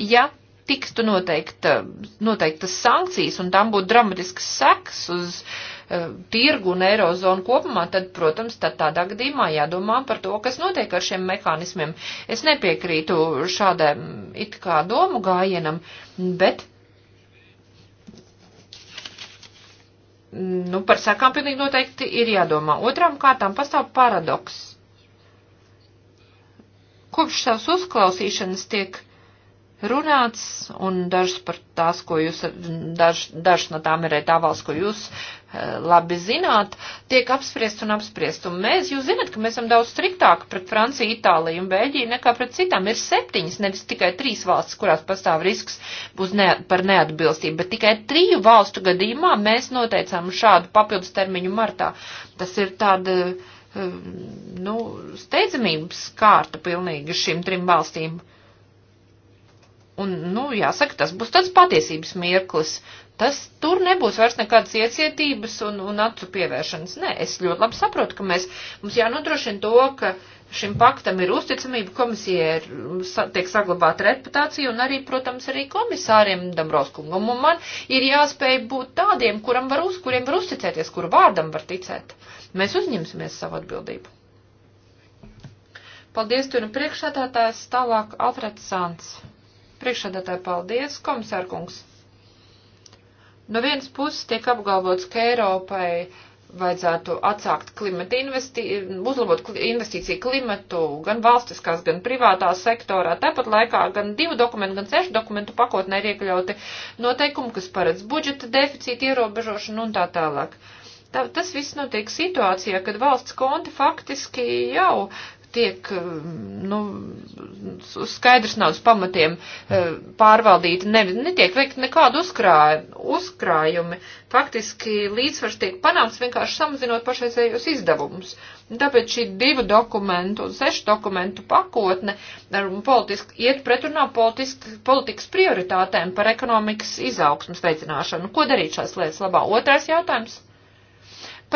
ja tikstu noteikta, noteiktas sankcijas un tam būtu dramatiskas seks uz uh, Eh, tirgu un eirozonu kopumā, tad, protams, tad tādā gadījumā jādomā par to, kas notiek ar šiem mehānismiem. Es nepiekrītu šādai it kā domu gājienam, bet. Nu, par sekām pilnīgi noteikti ir jādomā. Otrām kārtām pastāv paradoks. Kopš savas uzklausīšanas tiek runāts, un dažas par tās, ko jūs, daž, dažas no tām ir arī tā valsts, ko jūs Eh, labi zināt, tiek apspriest un apspriest. Un mēs, jūs zinat, ka mēs esam daudz striktāki pret Franciju, Itāliju un Bēļģiju nekā pret citām. Ir septiņas, nevis tikai trīs valstis, kurās pastāv risks būs ne, par neatbilstību, bet tikai triju valstu gadījumā mēs noteicām šādu papildus termiņu martā. Tas ir tāda, eh, nu, steidzamības kārta pilnīgi šīm trim valstīm. Un, nu, jāsaka, tas būs tāds patiesības mirklis. Tas tur nebūs vairs nekādas iecietības un, un acu pievēršanas. Nē, es ļoti labi saprotu, ka mēs, mums jānodrošina to, ka šim paktam ir uzticamība, komisijai ir, mm, tiek saglabāta reputācija un arī, protams, arī komisāriem Dambrauskungam. Un man ir jāspēj būt tādiem, kuram var uz, kuriem var uzticēties, kuru vārdam var ticēt. Mēs uzņemsimies savu atbildību. Paldies, tur priekšādātājs tālāk Alfreds Sants. Priekšādātāji, paldies, komisārkungs. No vienas puses tiek apgalvots, ka Eiropai vajadzētu atsākt klimata investi uzlabot investīciju klimatu gan valstiskās, gan privātā sektorā. Tāpat laikā gan divu dokumentu, gan sešu dokumentu pakotnē ir iekļauti noteikumi, kas paredz budžeta deficīta ierobežošanu un tā tālāk. Tā, tas viss notiek situācijā, kad valsts konti faktiski jau tiek, eh, nu, skaidrs naudas pamatiem eh, pārvaldīti, ne, netiek veikt nekādu uzkrāju, uzkrājumi. Faktiski līdzsvars tiek panāks vienkārši samazinot pašreizējos izdevumus. Tāpēc šī divu dokumentu, sešu dokumentu pakotne politiski, iet pretrunā politiski, politikas prioritātēm par ekonomikas izaugsmas veicināšanu. Ko darīt šās lietas labā? Otrais jautājums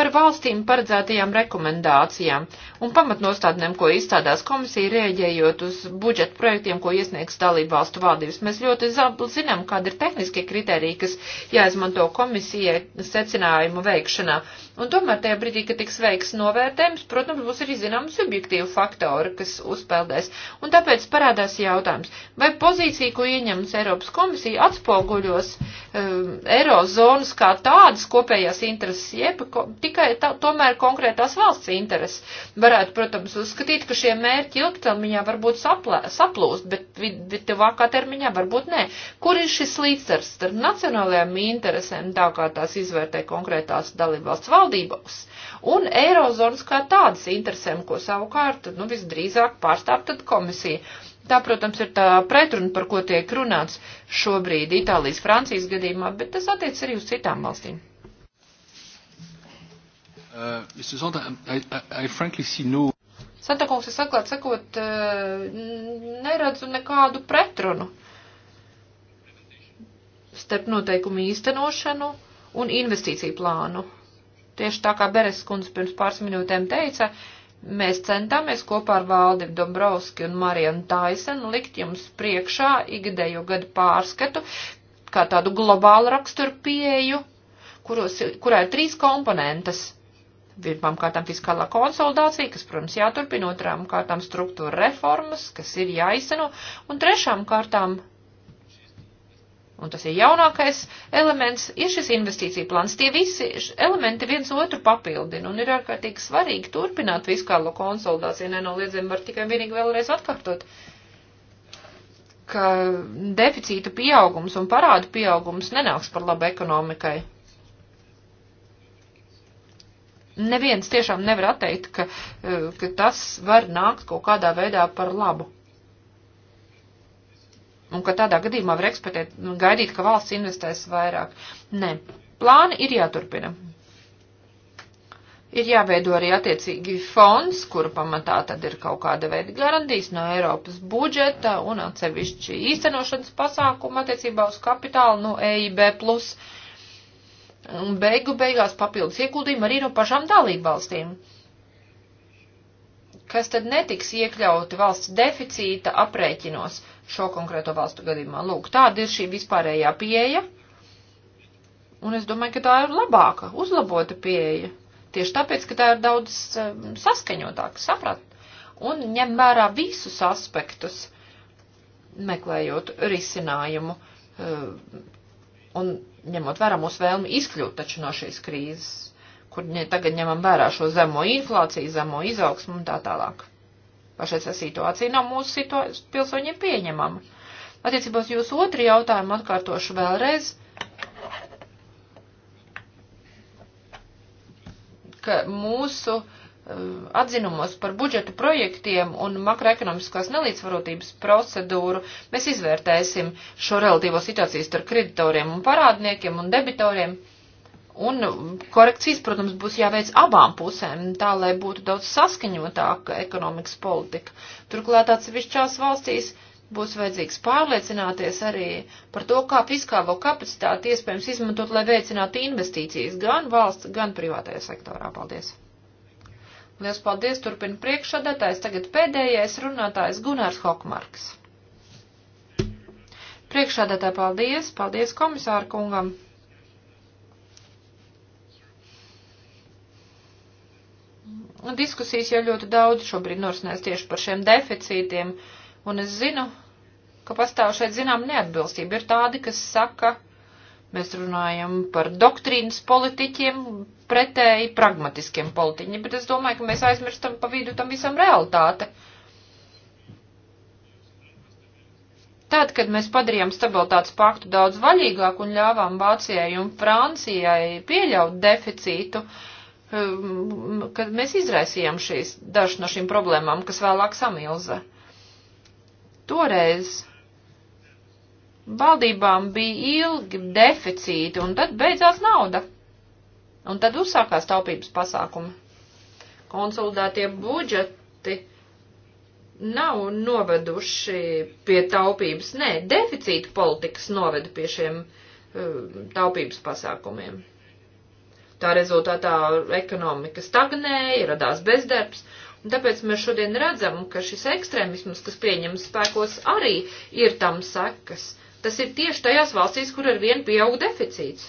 par valstīm paredzētajām rekomendācijām un pamatnostādnēm, ko izstādās komisija rēģējot uz budžeta projektiem, ko iesniegs dalību valstu valdības. Mēs ļoti zinām, kāda ir tehniskie kriteriji, kas jāizmanto komisijai secinājumu veikšanā. Un tomēr tajā brīdī, kad tiks veiks novērtējums, protams, būs arī zināmi subjektīvi faktori, kas uzpeldēs. Un tāpēc parādās jautājums, vai pozīcija, ko ieņems Eiropas komisija, atspoguļos um, Eirozonas kā tādas kopējās intereses, jeb tik tikai tā, tomēr konkrētās valsts intereses. Varētu, protams, uzskatīt, ka šie mērķi ilgtermiņā varbūt saplē, saplūst, bet tuvākā termiņā varbūt nē. Kur ir šis līdzsvars starp nacionālajām interesēm, tā kā tās izvērtē konkrētās dalībvalsts valdībās, un eirozonas kā tādas interesēm, ko savukārt, nu, visdrīzāk pārstāv tad komisija. Tā, protams, ir tā pretruna, par ko tiek runāts šobrīd Itālijas, Francijas gadījumā, bet tas attiec arī uz citām valstīm. Uh, Zonda, um, I, I, I frankly see no. Santakungs, es atklāt sakot, uh, neredzu nekādu pretrunu starp noteikumu īstenošanu un investīciju plānu. Tieši tā kā Beres kundze pirms pāris minūtēm teica, mēs centāmies kopā ar Valdi Dombrovski un Marianu Taisenu likt jums priekšā ikgadējo gadu pārskatu, kā tādu globālu raksturu pieeju, kuros, kurā ir trīs komponentes Pirmām kārtām fiskālā konsolidācija, kas, protams, jāturpina, otrām kārtām struktūra reformas, kas ir jāizseno, un trešām kārtām, un tas ir jaunākais elements, ir šis investīcija plāns. Tie visi elementi viens otru papildina, un ir ārkārtīgi svarīgi turpināt fiskālo konsolidāciju, nenoliedzami var tikai vienīgi vēlreiz atkārtot ka deficīta pieaugums un parādu pieaugums nenāks par labu ekonomikai neviens tiešām nevar atteikt, ka, e, ka tas var nākt kaut kādā veidā par labu. Un ka tādā gadījumā var ekspektēt, nu, gaidīt, ka valsts investēs vairāk. Nē, plāni ir jāturpina. Ir jāveido arī attiecīgi fonds, kura pamatā tad ir kaut kāda veida garantijas no Eiropas budžeta un atsevišķi īstenošanas pasākuma attiecībā uz kapitālu no nu, EIB. Plus. Uh, un beigu beigās papildus ieguldījumu arī no pašām dalību valstīm. Kas tad netiks iekļauti valsts deficīta aprēķinos šo konkrēto valstu gadījumā? Lūk, tāda ir šī vispārējā pieeja, un es domāju, ka tā ir labāka, uzlabota pieeja. Tieši tāpēc, ka tā ir daudz um, saskaņotāka, saprat, un ņem vērā visus aspektus, meklējot risinājumu uh, Un ņemot vērā mūsu vēlmi izkļūt taču no šīs krīzes, kur ne, tagad ņemam vērā šo zemo inflāciju, zemo izaugsmu un tā tālāk. Pašreizā situācija nav mūsu pilsoņiem pieņemama. Attiecībos jūsu otru jautājumu atkārtošu vēlreiz. ka mūsu uh, Eh, atzinumos par budžetu projektiem un makroekonomiskās nelīdzvarotības procedūru mēs izvērtēsim šo relatīvo situāciju starp kreditoriem un parādniekiem un debitoriem. Un korekcijas, protams, būs jāveic abām pusēm, tā lai būtu daudz saskaņotāka ekonomikas politika. Turklāt atsevišķās valstīs būs vajadzīgs pārliecināties arī par to, kā fiskālo kapacitāti iespējams izmantot, lai veicinātu investīcijas gan valsts, gan privātajā sektorā. Paldies! Liels paldies, turpina priekšsādātājs. Tagad pēdējais runātājs Gunārs Hokmarks. Priekšsādātāji, paldies, paldies komisāru kungam. Diskusijas jau ļoti daudz šobrīd norisinās tieši par šiem deficītiem, un es zinu, ka pastāv šeit zinām neatbilstība. Ir tādi, kas saka, ka Mēs runājam par doktrīnas politiķiem, pretēji pragmatiskiem politiķiem, bet es domāju, ka mēs aizmirstam pa vidu tam visam realitāte. Tad, kad mēs padarījām stabilitātes paktu daudz vaļīgāku un ļāvām Vācijai un Francijai pieļaut deficītu, um, kad mēs izraisījām šīs, dažas no šīm problēmām, kas vēlāk samilza. Toreiz valdībām bija ilgi deficīti, un tad beidzās nauda. Un tad uzsākās taupības pasākumi. Konsolidētie budžeti nav noveduši pie taupības, nē, deficīta politikas noveda pie šiem uh, taupības pasākumiem. Tā rezultātā ekonomika stagnēja, radās bezdarbs, Un tāpēc mēs šodien redzam, ka šis ekstrēmisms, kas pieņems spēkos, arī ir tam sekas. Tas ir tieši tajās valstīs, kur ar vienu pieaug deficīts.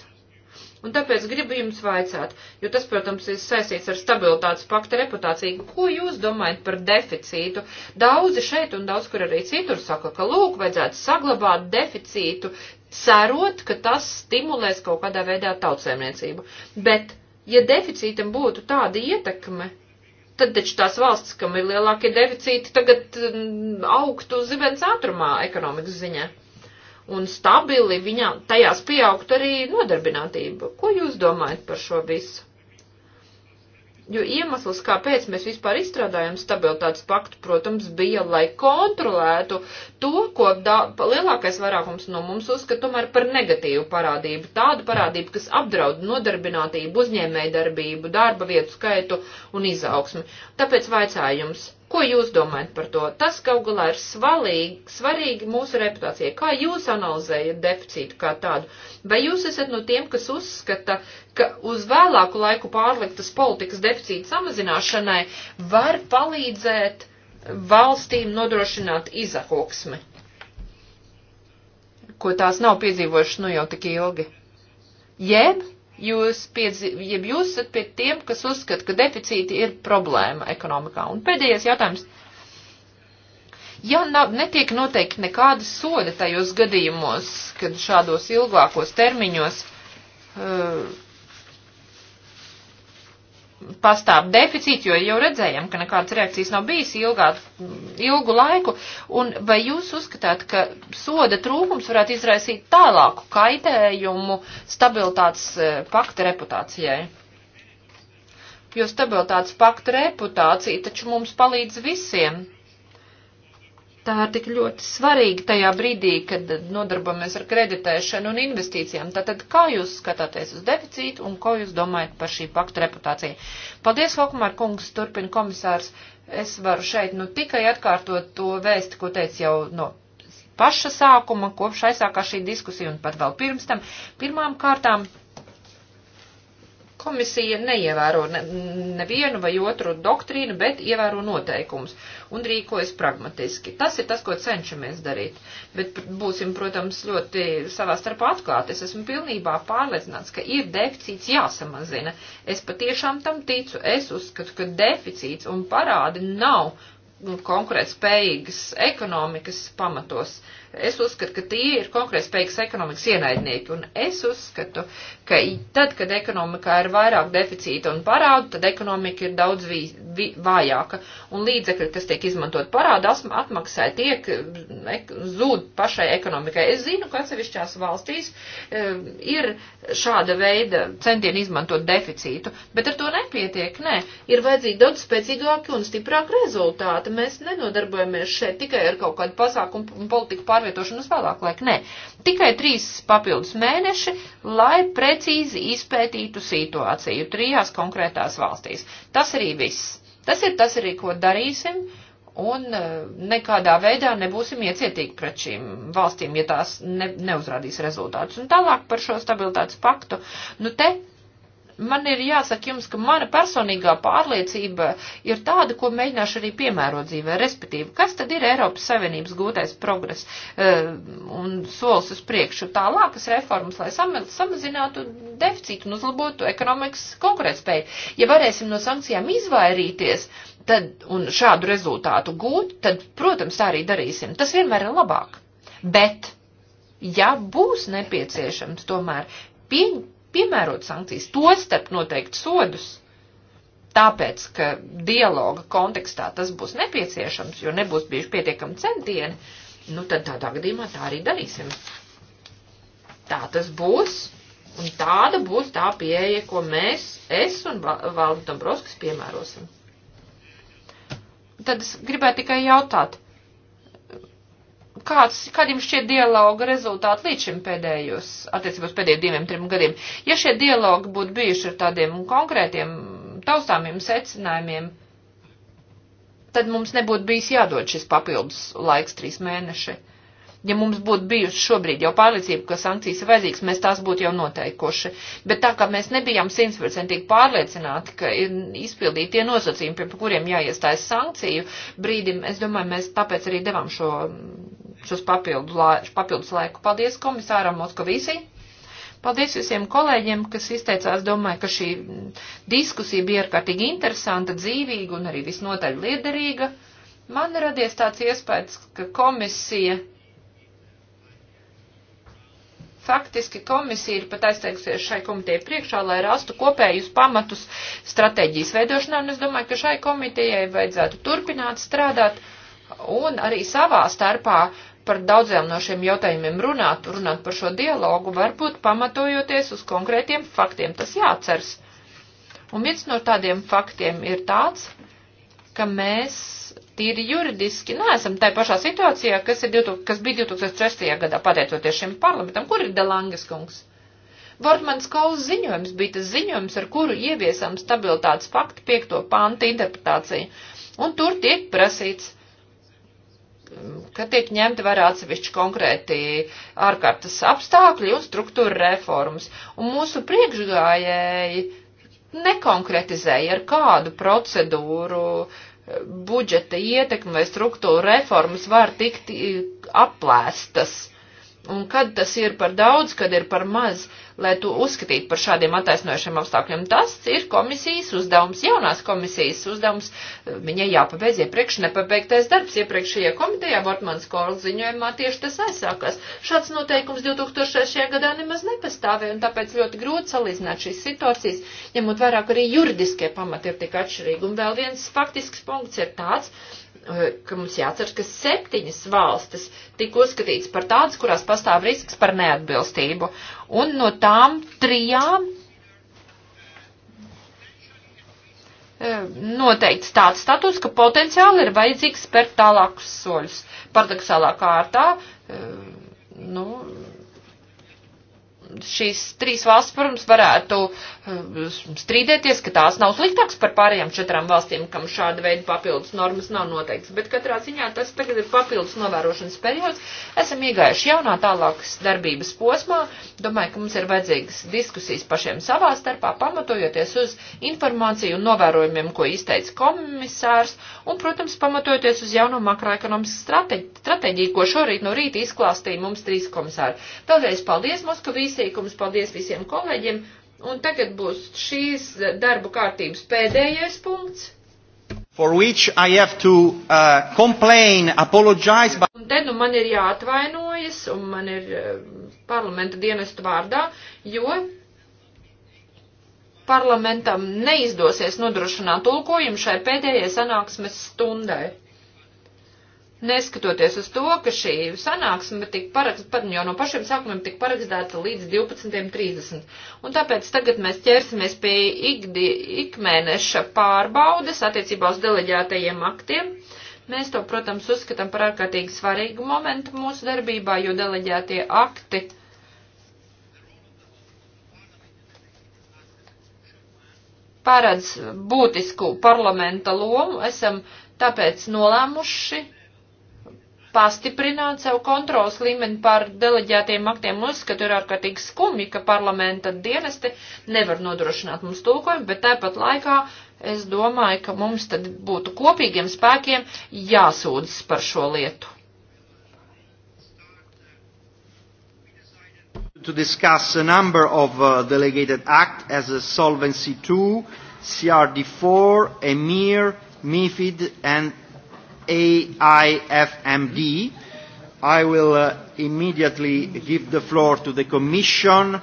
Un tāpēc gribu jums vaicāt, jo tas, protams, ir saistīts ar stabilitātes pakta reputāciju. Ko jūs domājat par deficītu? Daudzi šeit un daudz kur arī citur saka, ka lūk, vajadzētu saglabāt deficītu, cerot, ka tas stimulēs kaut kādā veidā tautsēmniecību. Bet, ja deficītam būtu tāda ietekme, tad taču tās valsts, kam ir lielākie deficīti, tagad mm, augtu zibens ātrumā ekonomikas ziņā un stabili viņā, tajās pieaugt arī nodarbinātība. Ko jūs domājat par šo visu? Jo iemesls, kāpēc mēs vispār izstrādājam stabilitātes paktu, protams, bija, lai kontrolētu to, ko da, lielākais vairākums no mums uzskata tomēr par negatīvu parādību. Tādu parādību, kas apdraud nodarbinātību, uzņēmējdarbību, darba vietu skaitu un izaugsmi. Tāpēc vaicājums. jums Ko jūs domājat par to? Tas kaut galā ir svalīgi, svarīgi mūsu reputācijai. Kā jūs analizējat deficītu kā tādu? Vai jūs esat no tiem, kas uzskata, ka uz vēlāku laiku pārliktas politikas deficīta samazināšanai var palīdzēt valstīm nodrošināt izahoksmi? Ko tās nav piedzīvojušas nu jau tik ilgi? Jeb jūs, piedzi, jeb jūs esat pie tiem, kas uzskata, ka deficīti ir problēma ekonomikā. Un pēdējais jautājums. Ja nav, netiek noteikti nekāda soda tajos gadījumos, kad šādos ilgākos termiņos uh, pastāv deficīts, jo jau redzējām, ka nekādas reakcijas nav bijis ilgāt, ilgu laiku, un vai jūs uzskatāt, ka soda trūkums varētu izraisīt tālāku kaitējumu stabilitātes e, pakta reputācijai? Jo stabilitātes pakta reputācija taču mums palīdz visiem tā ir tik ļoti svarīga tajā brīdī, kad nodarbojamies ar kreditēšanu un investīcijām. Tātad, kā jūs skatāties uz deficītu un ko jūs domājat par šī paktu reputāciju? Paldies, Hokmār kungs, turpina komisārs. Es varu šeit nu tikai atkārtot to vēsti, ko teicu jau no paša sākuma, kopš aizsākā šī diskusija un pat vēl pirms tam. Pirmām kārtām Komisija neievēro nevienu ne vai otru doktrīnu, bet ievēro noteikumus un rīkojas pragmatiski. Tas ir tas, ko cenšamies darīt. Bet būsim, protams, ļoti savā starpā atklāti. Es esmu pilnībā pārliecināts, ka ir deficīts jāsamazina. Es patiešām tam ticu. Es uzskatu, ka deficīts un parādi nav nu, konkurētspējīgas ekonomikas pamatos. Uh, Es uzskatu, ka tie ir konkrēti spējīgas ekonomikas ienaidnieki, un es uzskatu, ka tad, kad ekonomikā ir vairāk deficīta un parādu, tad ekonomika ir daudz vi, vi, vājāka, un līdzekļi, kas tiek izmantot parādu atmaksai, tiek ek, zūd pašai ekonomikai. Es zinu, ka atsevišķās valstīs e, ir šāda veida centieni izmantot deficītu, bet ar to nepietiek, nē, ir vajadzīgi daudz spēcīgāki un stiprāki rezultāti. Mēs nenodarbojamies šeit tikai ar kaut kādu pasākumu politiku pārējumu pārvietošanu uz vēlāku laiku. Nē, tikai trīs papildus mēneši, lai precīzi izpētītu situāciju trijās konkrētās valstīs. Tas arī viss. Tas ir tas arī, ko darīsim un e, nekādā veidā nebūsim iecietīgi pret šīm valstīm, ja tās ne, neuzrādīs rezultātus. Un tālāk par šo stabilitātes paktu. Nu te man ir jāsaka jums, ka mana personīgā pārliecība ir tāda, ko mēģināšu arī piemērot dzīvē, respektīvi, kas tad ir Eiropas Savienības gūtais progress uh, un solis uz priekšu tālākas reformas, lai samazinātu deficītu un uzlabotu ekonomikas konkurētspēju. Ja varēsim no sankcijām izvairīties, tad, un šādu rezultātu gūt, tad, protams, tā arī darīsim. Tas vienmēr ir labāk. Bet, ja būs nepieciešams tomēr pieņemt piemērot sankcijas, to starp noteikt sodus, tāpēc, ka dialoga kontekstā tas būs nepieciešams, jo nebūs bijuši pietiekami centieni, nu tad tādā gadījumā tā arī darīsim. Tā tas būs, un tāda būs tā pieeja, ko mēs, es un Valdis Dombrovskis piemērosim. Tad es gribētu tikai jautāt, kāds, kādiem šie dialoga rezultāti līdz šim pēdējos, attiecībos pēdējiem diviem, trim gadiem. Ja šie dialogi būtu bijuši ar tādiem konkrētiem taustāmiem secinājumiem, tad mums nebūtu bijis jādod šis papildus laiks trīs mēneši. Ja mums būtu bijusi šobrīd jau pārliecība, ka sankcijas ir vajadzīgas, mēs tās būtu jau noteikuši. Bet tā kā mēs nebijām simtprocentīgi pārliecināti, ka ir izpildīti tie nosacījumi, pie kuriem jāiestājas sankciju brīdim, es domāju, mēs tāpēc arī devām šo šos papildu lai, papildus laiku. Paldies komisāram Moskovīsī. Paldies visiem kolēģiem, kas izteicās. Domāju, ka šī diskusija bija ārkārtīgi interesanta, dzīvīga un arī visnotaļ liederīga. Man radies tāds iespējas, ka komisija, faktiski komisija ir pat aizteikusies šai komitejai priekšā, lai rastu kopējus pamatus stratēģijas veidošanā, un es domāju, ka šai komitejai vajadzētu turpināt strādāt un arī savā starpā par daudziem no šiem jautājumiem runāt, runāt par šo dialogu, varbūt pamatojoties uz konkrētiem faktiem. Tas jāatceras. Un viens no tādiem faktiem ir tāds, ka mēs tīri juridiski neesam tā pašā situācijā, kas, ir, 2000, kas bija 2006. gadā, pateicoties šim parlamentam. Kur ir Delangas kungs? Vortmans Kols ziņojums bija tas ziņojums, ar kuru ieviesam stabilitātes paktu piekto pānta interpretāciju. Un tur tiek prasīts, ka tiek ņemti vērā atsevišķi konkrēti ārkārtas apstākļi un struktūra reformas. Un mūsu priekšgājēji nekonkretizēja, ar kādu procedūru eh, budžeta ietekme vai struktūra reformas var tikt eh, aplēstas. Un kad tas ir par daudz, kad ir par maz, lai to uzskatītu par šādiem attaisnojušiem apstākļiem. Tas ir komisijas uzdevums, jaunās komisijas uzdevums. Viņai jāpabeidz iepriekš nepabeigtais darbs. Iepriekšējā komitejā Bortmanas Korla ziņojumā tieši tas aizsākās. Šāds noteikums 2006. gadā nemaz nepastāvēja, un tāpēc ļoti grūti salīdzināt šīs situācijas, ņemot vairāk arī juridiskie pamati ir tik atšķirīgi. Un vēl viens faktisks punkts ir tāds, Eh, ka mums jāatceras, ka septiņas valstis tika uzskatīts par tādas, kurās pastāv risks par neatbilstību. Un no tām trijām eh, noteikts tāds status, ka potenciāli ir vajadzīgs spērt tālākus soļus. Paradoxālā kārtā, eh, nu, šīs trīs valsts, protams, varētu eh, strīdēties, ka tās nav sliktākas par pārējām četrām valstīm, kam šāda veida papildus normas nav noteikts. Bet katrā ziņā tas tagad ir papildus novērošanas periods. Esam iegājuši jaunā tālākas darbības posmā. Domāju, ka mums ir vajadzīgas diskusijas pašiem savā starpā, pamatojoties uz informāciju un novērojumiem, ko izteica komisārs, un, protams, pamatojoties uz jauno makroekonomisku stratēģiju, ko šorīt no rīta izklāstīja mums trīs komisāri. Tālreiz paldies Moskavīsī pateikums, paldies visiem kolēģiem. Un tagad būs šīs darbu kārtības pēdējais punkts. For which I have to uh, complain, apologize. But... Un te nu man ir jāatvainojas, un man ir uh, parlamenta dienestu vārdā, jo parlamentam neizdosies nodrošināt tulkojumu šai pēdējai sanāksmes stundai neskatoties uz to, ka šī sanāksme tika parakstīta, jau no pašiem sākumiem tika parakstīta līdz 12.30. Un tāpēc tagad mēs ķersimies pie ikdi, ikmēneša pārbaudes attiecībā uz deleģētajiem aktiem. Mēs to, protams, uzskatām par ārkārtīgi svarīgu momentu mūsu darbībā, jo deleģētie akti. Paredz būtisku parlamenta lomu, esam tāpēc nolēmuši pastiprināt savu kontrols līmeni pār deleģētiem aktiem. Uzskatu ir ārkārtīgi skumji, ka parlamenta dienesti nevar nodrošināt mums tulkojumu, bet tāpat laikā es domāju, ka mums tad būtu kopīgiem spēkiem jāsūdzas par šo lietu. to discuss a number of uh, delegated acts as a Solvency II, CRD4, EMIR, MIFID and AIFMD. I will uh, immediately give the floor to the Commission uh,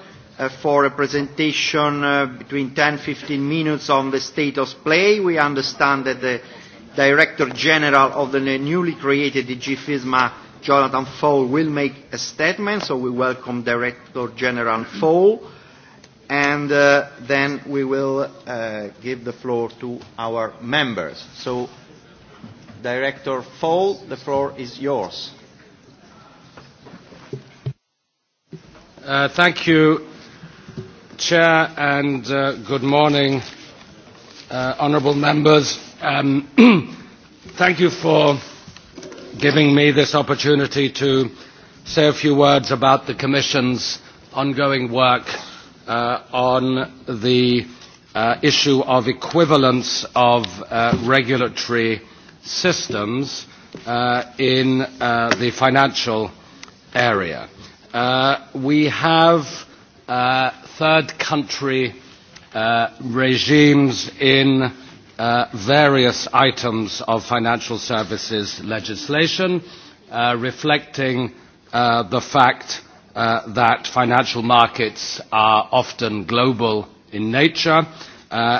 for a presentation uh, between 10-15 minutes on the state of play. We understand that the Director General of the newly created DG FISMA, Jonathan Fowle, will make a statement, so we welcome Director General Fowle. And uh, then we will uh, give the floor to our members. So Director Fall, the floor is yours. Uh, thank you, Chair, and uh, good morning, uh, honourable members. Um, thank you for giving me this opportunity to say a few words about the Commission's ongoing work uh, on the uh, issue of equivalence of uh, regulatory systems uh, in uh, the financial area. Uh, we have uh, third country uh, regimes in uh, various items of financial services legislation, uh, reflecting uh, the fact uh, that financial markets are often global in nature uh,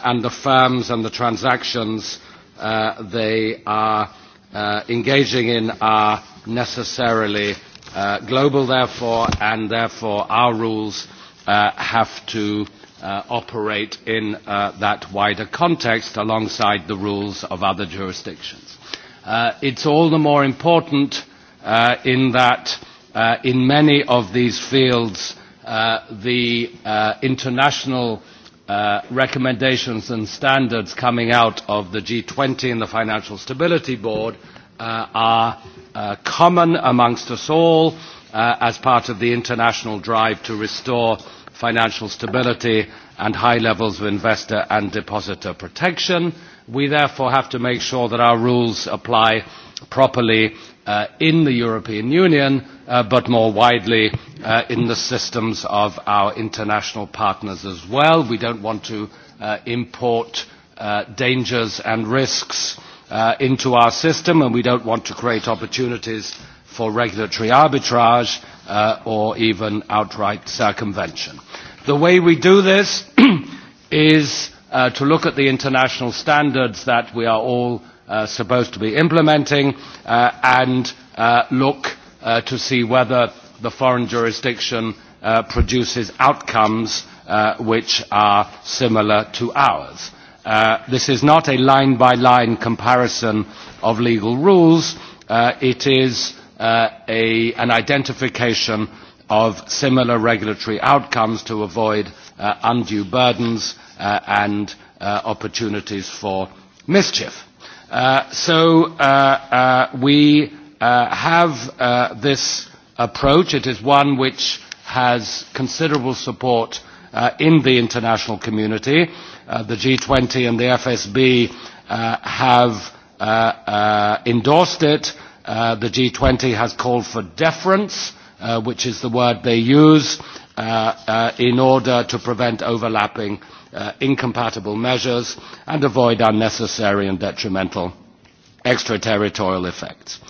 and the firms and the transactions uh, uh, they are uh, engaging in are necessarily uh, global, therefore, and therefore our rules uh, have to uh, operate in uh, that wider context alongside the rules of other jurisdictions. Uh, it's all the more important uh, in that uh, in many of these fields uh, the uh, international uh, recommendations and standards coming out of the G20 and the Financial Stability Board uh, are uh, common amongst us all uh, as part of the international drive to restore financial stability and high levels of investor and depositor protection. Uh, We therefore have to make sure that our rules apply properly uh, in the European Union, uh, but more widely uh, in the systems of our international partners as well. We don't want to uh, import uh, dangers and risks uh, into our system, and we don't want to create opportunities for regulatory arbitrage uh, or even outright circumvention. The way we do this is uh, to look at the international standards that we are all uh, supposed to be implementing uh, and uh, look uh, to see whether the foreign jurisdiction uh, produces outcomes uh, which are similar to ours. Uh, this is not a line-by-line -line comparison of legal rules. Uh, it is uh, a, an identification of similar regulatory outcomes to avoid uh, undue burdens uh, and uh, opportunities for mischief. Uh, so uh, uh, we uh, have uh, this approach. It is one which has considerable support uh, in the international community. Uh, the G20 and the FSB uh, have uh, uh, endorsed it. Uh, the G20 has called for deference, uh, which is the word they use, uh, uh, in order to prevent overlapping uh, uh, incompatible measures and avoid unnecessary and detrimental extraterritorial effects.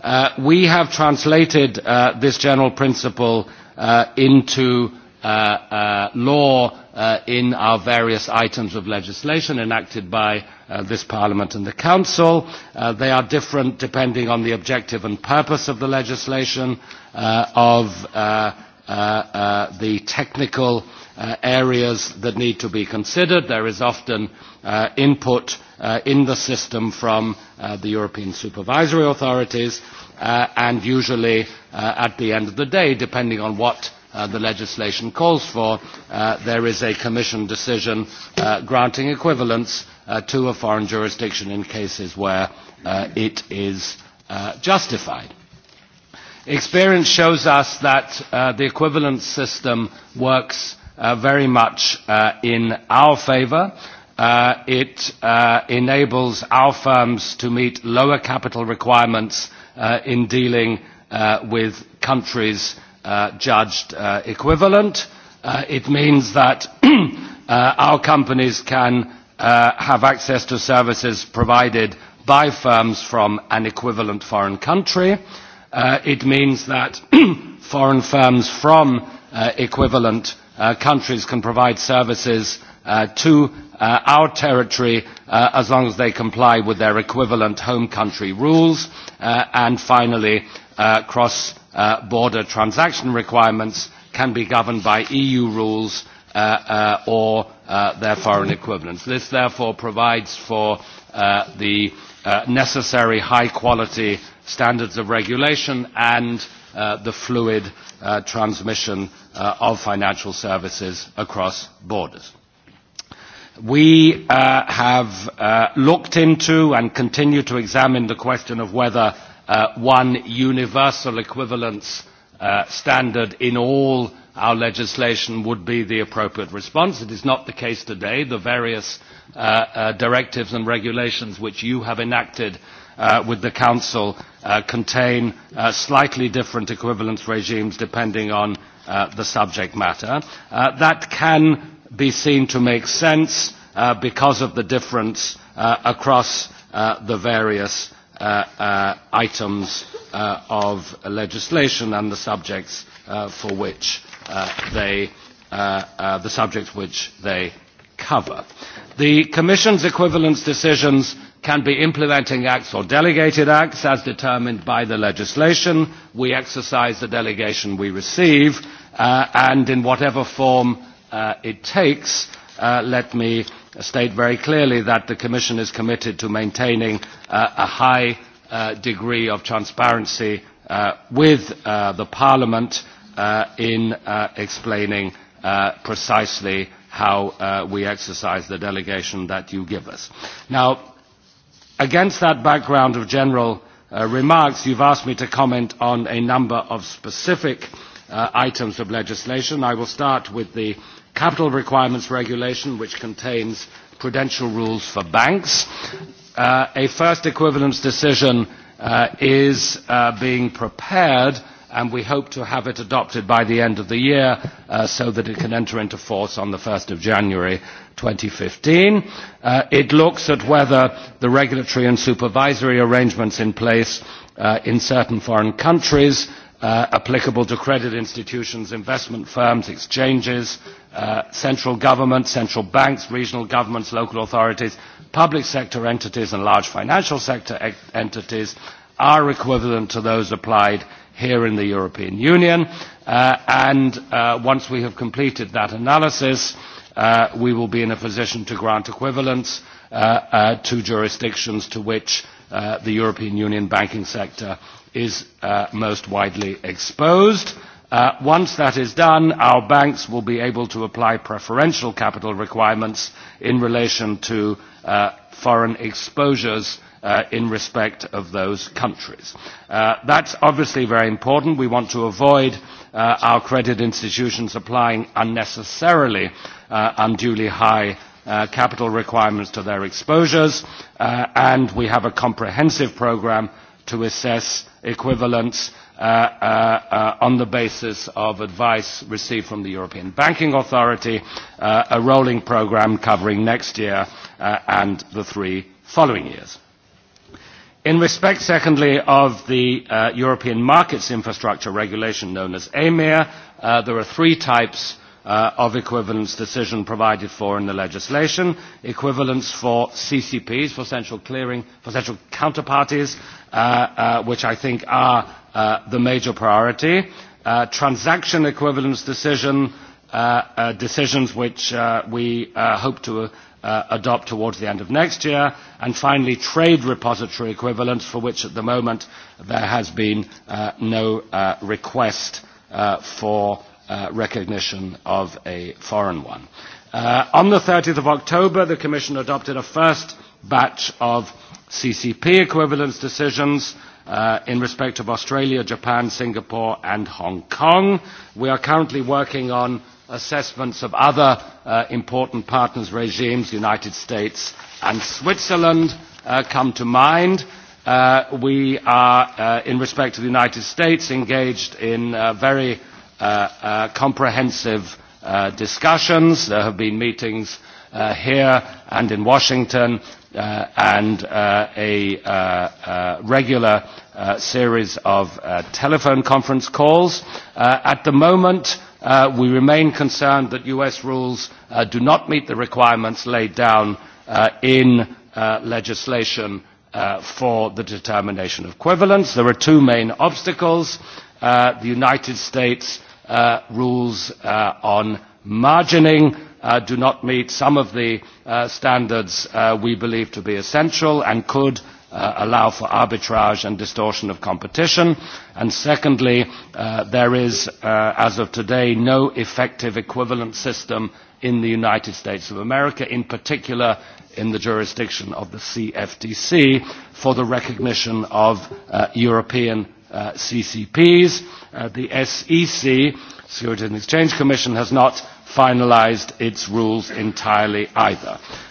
Uh, we have translated uh, this general principle uh, into uh, uh, law uh, in our various items of legislation enacted by uh, this Parliament and the Council. Uh, they are different depending on the objective and purpose of the legislation, uh, of uh, uh, uh, the technical uh, uh, areas that need to be considered. There is often uh, input uh, in the system from uh, the European supervisory authorities uh, and usually uh, at the end of the day, depending on what uh, the legislation calls for, uh, there is a Commission decision uh, granting equivalence uh, to a foreign jurisdiction in cases where uh, it is uh, justified. Experience shows us that uh, the equivalence system works uh, very much uh, in our favour. Uh, it uh, enables our firms to meet lower capital requirements uh, in dealing uh, with countries uh, judged uh, equivalent. Uh, it means that uh, our companies can uh, have access to services provided by firms from an equivalent foreign country. Uh, it means that foreign firms from uh, equivalent uh, countries can provide services uh, to uh, our territory uh, as long as they comply with their equivalent home country rules. Uh, and finally, uh, cross-border uh, transaction requirements can be governed by EU rules uh, uh, or uh, their foreign equivalents. This therefore provides for uh, the uh, necessary high-quality standards of regulation and uh, the fluid uh, transmission uh, of financial services across borders. We uh, have uh, looked into and continue to examine the question of whether uh, one universal equivalence uh, standard in all our legislation would be the appropriate response. It is not the case today. The various uh, uh, directives and regulations which you have enacted uh, with the Council uh, contain uh, slightly different equivalence regimes depending on uh, the subject matter. Uh, that can be seen to make sense uh, because of the difference uh, across uh, the various uh, uh, items uh, of legislation and the subjects uh, for which uh, they, uh, uh, the subjects which they cover. The Commission's equivalence decisions can be implementing acts or delegated acts as determined by the legislation. We exercise the delegation we receive, uh, and in whatever form uh, it takes, uh, let me state very clearly that the Commission is committed to maintaining uh, a high uh, degree of transparency uh, with uh, the Parliament uh, in uh, explaining uh, precisely how uh, we exercise the delegation that you give us. Now, Against that background of general uh, remarks, you've asked me to comment on a number of specific uh, items of legislation. I will start with the Capital Requirements Regulation, which contains prudential rules for banks. Uh, a first equivalence decision uh, is uh, being prepared uh, and we hope to have it adopted by the end of the year uh, so that it can enter into force on the 1st of January 2015. Uh, it looks at whether the regulatory and supervisory arrangements in place uh, in certain foreign countries uh, applicable to credit institutions, investment firms, exchanges, uh, central governments, central banks, regional governments, local authorities, public sector entities and large financial sector e-, entities are equivalent to those applied here in the European Union. Uh, and uh, once we have completed that analysis, uh, we will be in a position to grant equivalence uh, uh, to jurisdictions to which uh, the European Union banking sector is uh, most widely exposed. Uh, once that is done, our banks will be able to apply preferential capital requirements in relation to uh, foreign exposures uh, in respect of those countries. Uh, that's obviously very important. We want to avoid uh, our credit institutions applying unnecessarily uh, unduly high uh, capital requirements to their exposures, uh, and we have a comprehensive program to assess equivalence uh, uh, uh on the basis of advice received from the European Banking Authority, uh, a rolling program covering next year uh, and the three following years. In respect, secondly, of the uh, European Markets Infrastructure Regulation, known as EMIR, uh, there are three types uh, of equivalence decision provided for in the legislation. Equivalence for CCPs, for central clearing, for central counterparties, uh, uh, which I think are uh, the major priority. Uh, transaction equivalence decision, uh, uh, decisions which uh, we uh, hope to uh, uh, adopt towards the end of next year, and finally trade repository equivalents for which at the moment there has been uh, no uh, request uh, for uh, recognition of a foreign one. Uh, on the 30th of October, the Commission adopted a first batch of CCP equivalence decisions uh, in respect of Australia, Japan, Singapore and Hong Kong. We are currently working on assessments of other uh, important partners regimes, the United States and Switzerland, uh, come to mind. Uh, we are, uh, in respect to the United States, engaged in uh, very uh, uh, comprehensive uh, discussions. There have been meetings uh, here and in Washington uh, and uh, a uh, uh, regular uh, series of uh, telephone conference calls. Uh, at the moment, uh, Uh, we remain concerned that US rules uh, do not meet the requirements laid down uh, in uh, legislation uh, for the determination of equivalence. There are two main obstacles. Uh, the United States uh, rules uh, on margining uh, do not meet some of the uh, standards uh, we believe to be essential and could uh, uh, allow for arbitrage and distortion of competition. And secondly, uh, there is, uh, as of today, no effective equivalent system in the United States of America, in particular in the jurisdiction of the CFTC, for the recognition of uh, European uh, CCPs. Uh, the SEC, Securities and Exchange Commission, has not finalized its rules entirely either.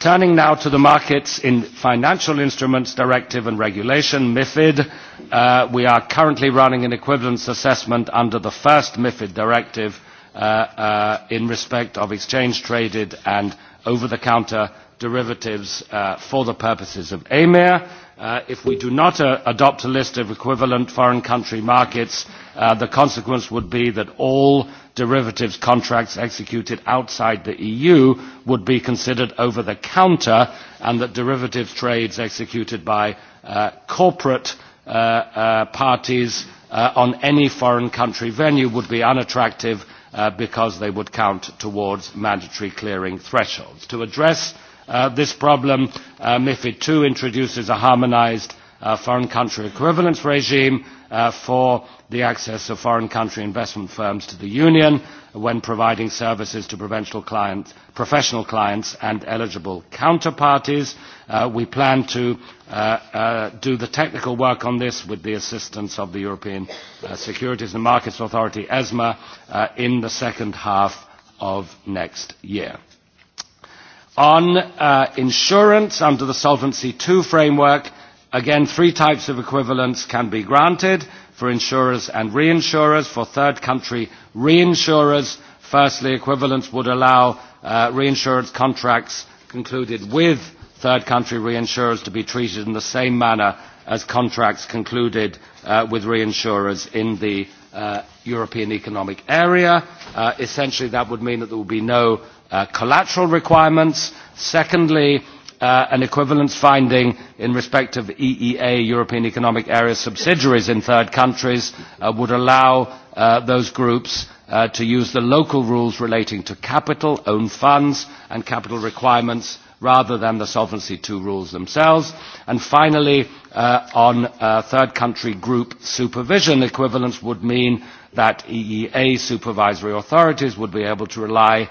Turning now to the markets in financial instruments directive and regulation, MIFID, uh, we are currently running an equivalence assessment under the first MIFID directive uh, uh, in respect of exchange traded and over-the-counter derivatives uh, for the purposes of AMIR Uh, if we do not uh, adopt a list of equivalent foreign country markets, uh, the consequence would be that all derivatives contracts executed outside the EU would be considered over the counter and that derivatives trades executed by uh, corporate uh, uh, parties uh, on any foreign country venue would be unattractive uh, because they would count towards mandatory clearing thresholds. To address uh, uh, this problem. Uh, MIFID II introduces a harmonized uh, foreign country equivalence regime uh, for the access of foreign country investment firms to the Union when providing services to clients, professional clients and eligible counterparties. Uh, we plan to uh, uh, do the technical work on this with the assistance of the European uh, Securities and Markets Authority, ESMA, uh, in the second half of next year. On uh, insurance under the Solvency II framework, again, three types of equivalence can be granted for insurers and reinsurers. For third country reinsurers, firstly, equivalence would allow uh, reinsurance contracts concluded with third country reinsurers to be treated in the same manner as contracts concluded uh, with reinsurers in the uh, European Economic Area. Uh, essentially, that would mean that there would be no uh, collateral requirements. Secondly, uh, an equivalence finding in respect of EEA, European Economic Area subsidiaries in third countries, uh, would allow uh, those groups uh, to use the local rules relating to capital, own funds, and capital requirements rather than the Solvency II rules themselves. And finally, uh, on uh, third country group supervision equivalence would mean that EEA supervisory authorities would be able to rely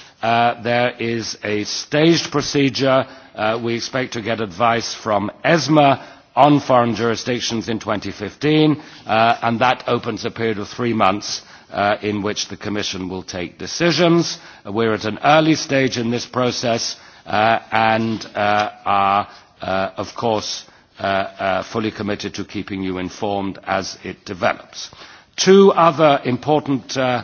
Uh, there is a staged procedure. Uh, we expect to get advice from ESMA on foreign jurisdictions in 2015, uh, and that opens a period of three months uh, in which the Commission will take decisions. Uh, we're at an early stage in this process uh, and uh, are, uh, of course, uh, uh, fully committed to keeping you informed as it develops. Two other important uh,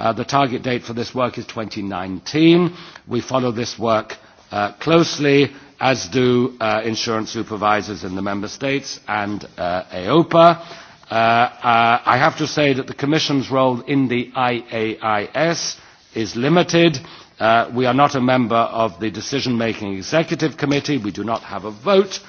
Uh, the target date for this work is 2019. We follow this work uh, closely, as do uh, insurance supervisors in the Member States and uh, AOPA. Uh, uh, I have to say that the Commission's role in the IAIS is limited. Uh, we are not a member of the decision-making executive committee. We do not have a vote. Uh,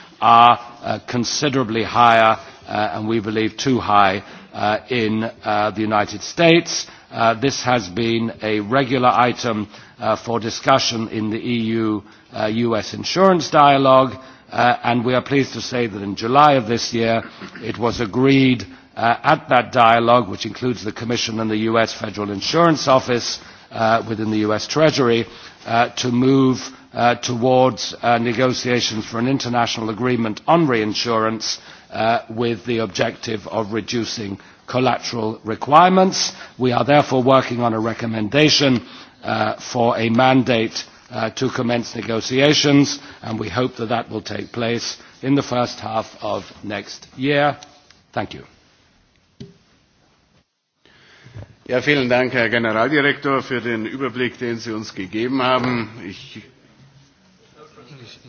are uh, considerably higher, uh, and we believe too high, uh, in uh, the United States. Uh, this has been a regular item uh, for discussion in the EU-US uh, insurance dialogue, uh, and we are pleased to say that in July of this year it was agreed uh, at that dialogue, which includes the Commission and the US Federal Insurance Office uh, within the US Treasury, uh, to move uh, uh, towards uh, negotiations for an international agreement on reinsurance uh, with the objective of reducing collateral requirements. We are therefore working on a recommendation uh, for a mandate uh, to commence negotiations and we hope that that will take place in the first half of next year. Thank you. Ja, vielen Dank, Herr Generaldirektor, für den Überblick, den Sie uns gegeben haben. Ich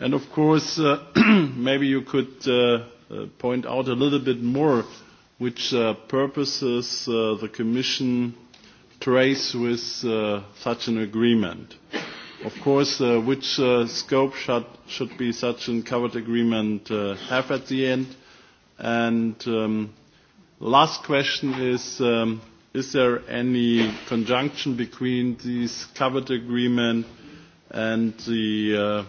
And of course, uh, maybe you could uh, uh, point out a little bit more which uh, purposes uh, the Commission trace with uh, such an agreement. Of course, uh, which uh, scope should, should be such a covered agreement uh, have at the end? And um, last question is, um, is there any conjunction between this covered agreement and the uh,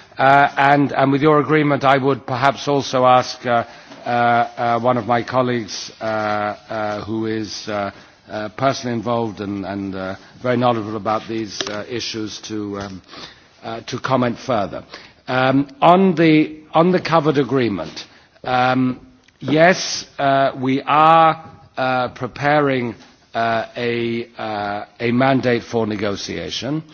Uh, and, and with your agreement, I would perhaps also ask uh, uh, uh, one of my colleagues uh, uh, who is uh, uh, personally involved and, and uh, very knowledgeable about these uh, issues to, um, uh, to comment further. Um, on, the, on the covered agreement, um, yes, uh, we are uh, preparing uh, a, uh, a mandate for negotiation. Uh,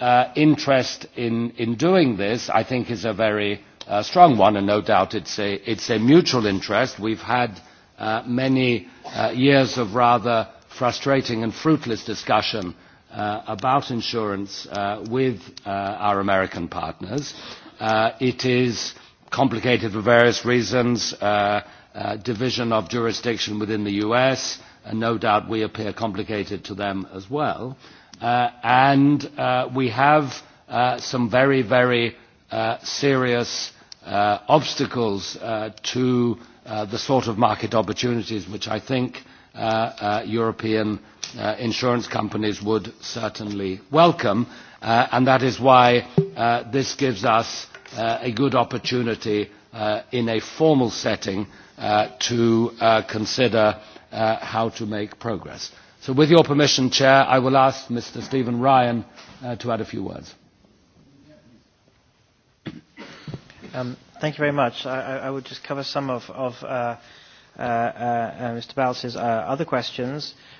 uh, interest in, in doing this, I think, is a very uh, strong one, and no doubt it's a, it's a mutual interest. We've had uh, many uh, years of rather frustrating and fruitless discussion uh, about insurance uh, with uh, our American partners. Uh, it is complicated for various reasons, uh, uh, division of jurisdiction within the US, and no doubt we appear complicated to them as well. Uh, uh, and uh, we have uh, some very, very uh, serious uh, obstacles uh, to uh, the sort of market opportunities which I think uh, uh, European uh, insurance companies would certainly welcome, uh, and that is why uh, this gives us uh, a good opportunity uh, in a formal setting uh, to uh, consider uh, how to make progress. So with your permission, Chair, I will ask Mr. Stephen Ryan uh, to add a few words. Um, thank you very much. I, I would just cover some of, of uh, uh, uh, uh Mr. Balz's uh, other questions. Uh,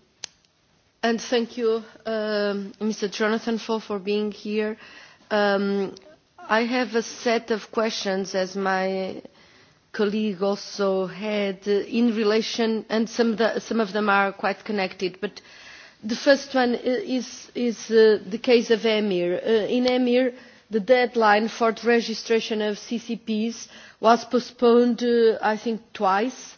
And thank you, um, Mr. Jonathan, for, for being here. Um, I have a set of questions, as my colleague also had, uh, in relation, and some, the, some of them are quite connected. But the first one is, is uh, the case of EMIR. Uh, in EMIR, the deadline for the registration of CCPs was postponed, uh, I think, twice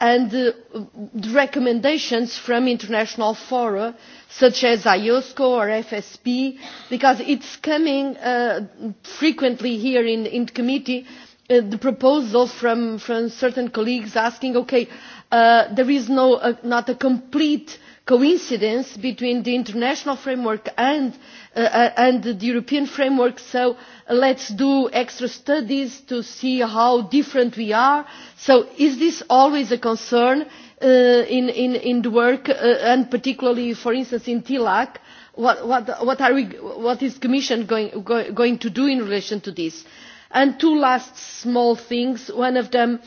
and uh, the recommendations from international fora such as iosco or fsp because it is coming uh, frequently here in, in committee uh, the proposal from, from certain colleagues asking okay uh, there is no, uh, not a complete uh, coincidence between the international framework and, uh, uh and the European framework, so uh, let's do extra studies to see how different we are. So is this always a concern uh, in, in, in the work, uh, and particularly, for instance, in TILAC? What, what, what, are we, what is the Commission going, go, going to do in relation to this? And two last small things. One of them, uh,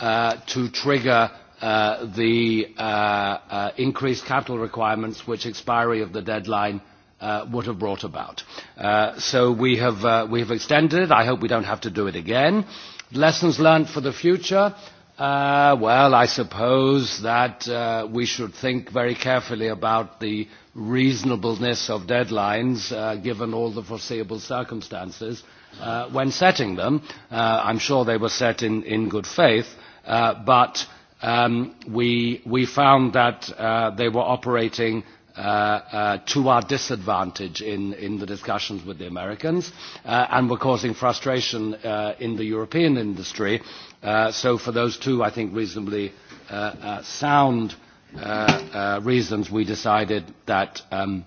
uh, to trigger uh, the uh, uh, increased capital requirements which expiry of the deadline uh, would have brought about. Uh, so we have, uh, we have extended it. I hope we don't have to do it again. Lessons learned for the future. Uh, well, I suppose that uh, we should think very carefully about the reasonableness of deadlines, uh, given all the foreseeable circumstances uh, when setting them. Uh, I'm sure they were set in, in good faith, uh, but um, we, we found that uh, they were operating uh, uh, to our disadvantage in, in the discussions with the Americans uh, and were causing frustration uh, in the European industry. Uh, so for those two, I think, reasonably uh, uh, sound uh, uh, reasons, we decided that um,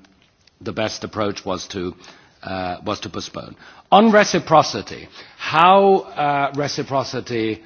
the best approach was to, uh, was to postpone. On reciprocity, how uh, reciprocity uh,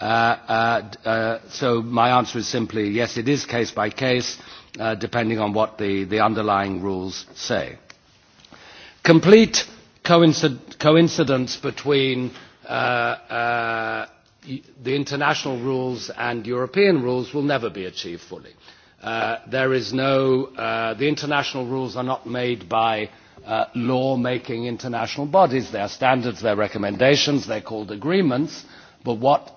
Uh, uh, uh, so my answer is simply yes, it is case by case, uh, depending on what the, the underlying rules say. Complete coincid coincidence between uh, uh, the international rules and European rules will never be achieved fully. Uh, there is no, uh, the international rules are not made by uh, law-making international bodies. They are standards, they are recommendations, they are called agreements, but what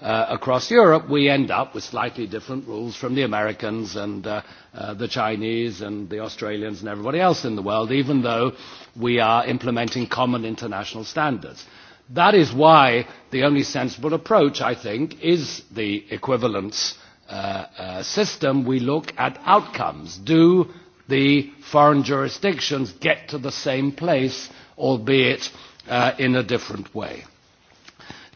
uh, across Europe, we end up with slightly different rules from the Americans and uh, uh, the Chinese and the Australians and everybody else in the world, even though we are implementing common international standards. That is why the only sensible approach, I think, is the equivalence uh, uh, system. We look at outcomes. Do the foreign jurisdictions get to the same place, albeit uh, in a different way?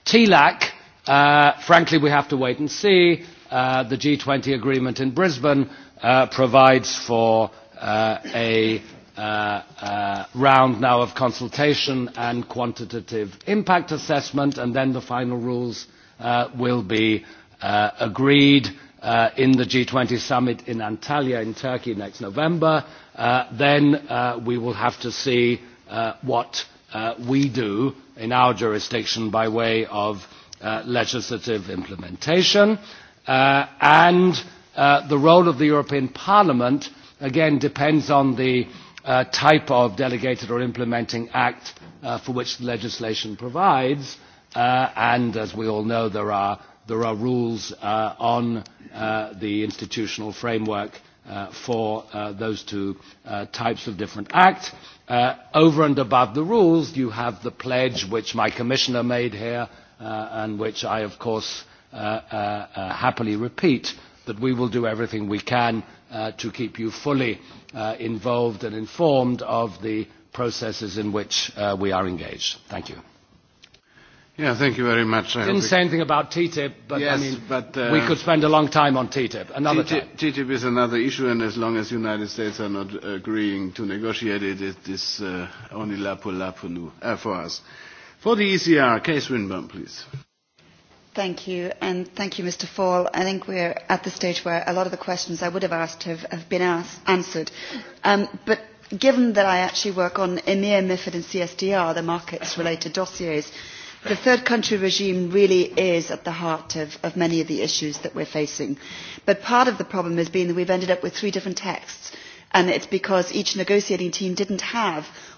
TLAC Uh, frankly, we have to wait and see. Uh, the G20 agreement in Brisbane uh, provides for uh, a uh, uh, round now of consultation and quantitative impact assessment, and then the final rules uh, will be uh, agreed uh, in the G20 summit in Antalya in Turkey next November. Uh, then uh, we will have to see uh, what uh, we do in our jurisdiction by way of uh, uh, legislative implementation. Uh, and uh, the role of the European Parliament, again, depends on the uh, type of delegated or implementing act uh, for which the legislation provides. Uh, and as we all know, there are, there are rules uh, on uh, the institutional framework uh, for uh, those two uh, types of different acts. Uh, over and above the rules, you have the pledge which my commissioner made here uh, uh, and which I, of course, uh, uh, uh, happily repeat that we will do everything we can uh, to keep you fully uh, involved and informed of the processes in which uh, we are engaged. Thank you. Yeah, thank you very much. I didn't say we... anything about TTIP, but yes, I mean, but, uh, we could spend a long time on TTIP. Another TTIP, time. TTIP is another issue, and as long as the United States are not agreeing to negotiate it, it is uh, only la pour la pour nous, uh, for us. Uh, For the ECR, Case Winburn, please. Thank you, and thank you, Mr. Fall. I think we're at the stage where a lot of the questions I would have asked have, have been asked, answered. Um, but given that I actually work on EMIR, MIFID and CSDR, the markets-related dossiers, the third country regime really is at the heart of, of many of the issues that we're facing. But part of the problem has been that we've ended up with three different texts, and it's because each negotiating team didn't have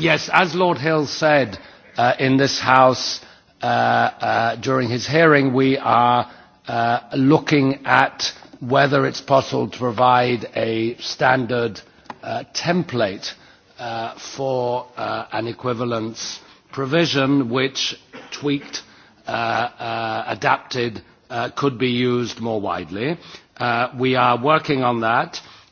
Yes, as Lord Hill said uh, in this House uh, uh, during his hearing, we are uh, looking at whether it's possible to provide a standard uh, template uh, for uh, an equivalence provision which tweaked, uh, uh, adapted, uh, could be used more widely. Uh, we are working on that. Uh,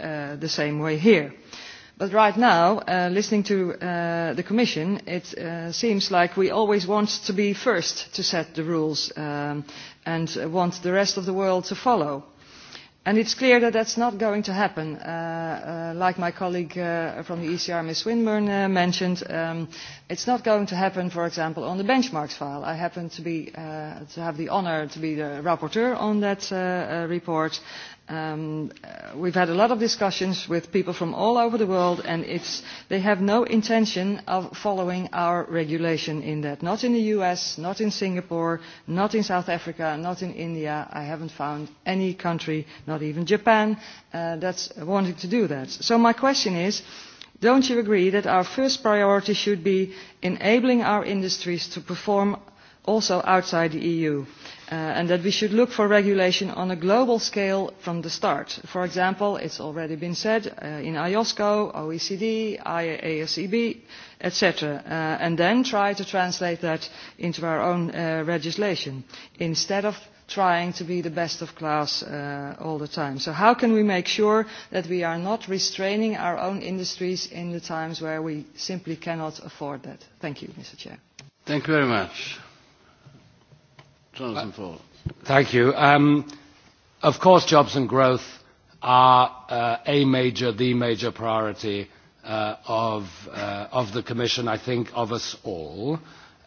uh, the same way here. But right now, uh, listening to uh, the Commission, it uh, seems like we always want to be first to set the rules um, and want the rest of the world to follow. And it's clear that that's not going to happen. Uh, uh, like my colleague uh, from the ECR, Ms. Swinburne, uh, mentioned, um, It's not going to happen, for example, on the benchmarks file. I happen to, be, uh, to have the honor to be the rapporteur on that uh, uh, report. Um, uh, we've had a lot of discussions with people from all over the world, and it's, they have no intention of following our regulation in that. Not in the US, not in Singapore, not in South Africa, not in India. I haven't found any country, not even Japan, uh, that's wanting to do that. So my question is, uh, don't you agree that our first priority should be enabling our industries to perform also outside the eu uh, and that we should look for regulation on a global scale from the start? for example it has already been said uh, in iosco oecd iaseb etc. Uh, and then try to translate that into our own uh, legislation instead of trying to be the best of class uh, all the time. So how can we make sure that we are not restraining our own industries in the times where we simply cannot afford that? Thank you, Mr. Chair. Thank you very much. Jonathan Paul. Uh, thank you. Um, of course, jobs and growth are uh, a major, the major priority uh, of, uh, of the Commission, I think, of us all.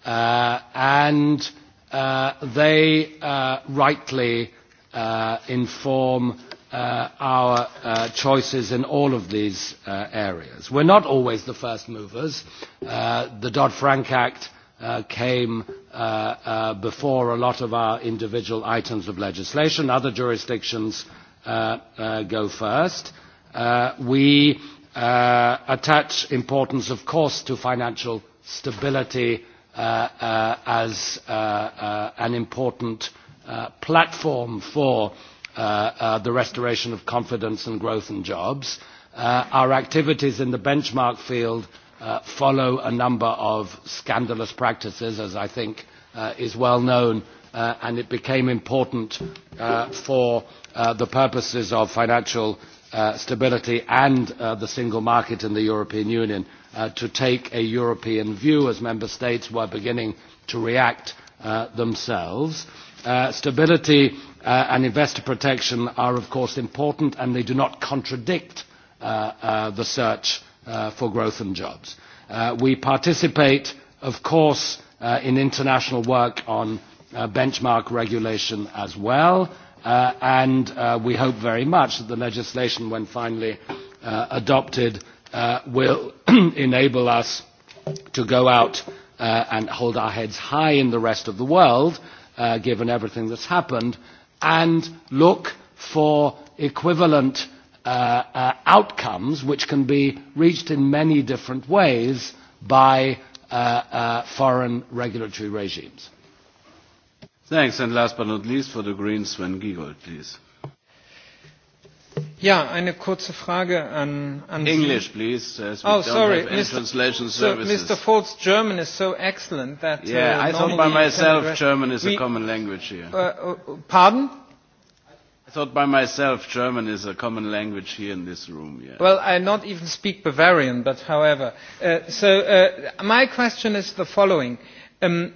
Uh, and uh, uh, they uh, rightly uh, inform uh, our uh, choices in all of these uh, areas. We're not always the first movers. Uh, the Dodd-Frank Act uh, came uh, uh, before a lot of our individual items of legislation. Other jurisdictions uh, uh, go first. Uh, we uh, attach importance, of course, to financial stability uh, uh, as uh, uh, an important uh, platform for uh, uh, the restoration of confidence and growth and jobs. Uh, our activities in the benchmark field uh, follow a number of scandalous practices, as I think uh, is well known, uh, and it became important uh, for uh, the purposes of financial uh, stability and uh, the single market in the European Union uh, to take a European view as member states were beginning to react uh, themselves. Uh, stability uh, and investor protection are of course important and they do not contradict uh, uh, the search uh, for growth and jobs. Uh, we participate of course uh, in international work on uh, benchmark regulation as well uh, and uh, we hope very much that the legislation when finally uh, adopted uh, will enable us to go out uh, and hold our heads high in the rest of the world, uh, given everything that's happened, and look for equivalent uh, uh, outcomes which can be reached in many different ways by uh, uh, foreign regulatory regimes. Thanks. And last but not least, for the Greens, Sven Giegold, please. Ja, eine kurze Frage an, an English, Sie. please. As we oh, don't sorry, have Mr. Translation so services. Mr. Folt's German is so excellent that. Yeah, uh, I thought by myself German is we, a common language here. Uh, uh, pardon? I thought by myself German is a common language here in this room. Yeah. Well, I not even speak Bavarian, but however, uh, so uh, my question is the following. Um,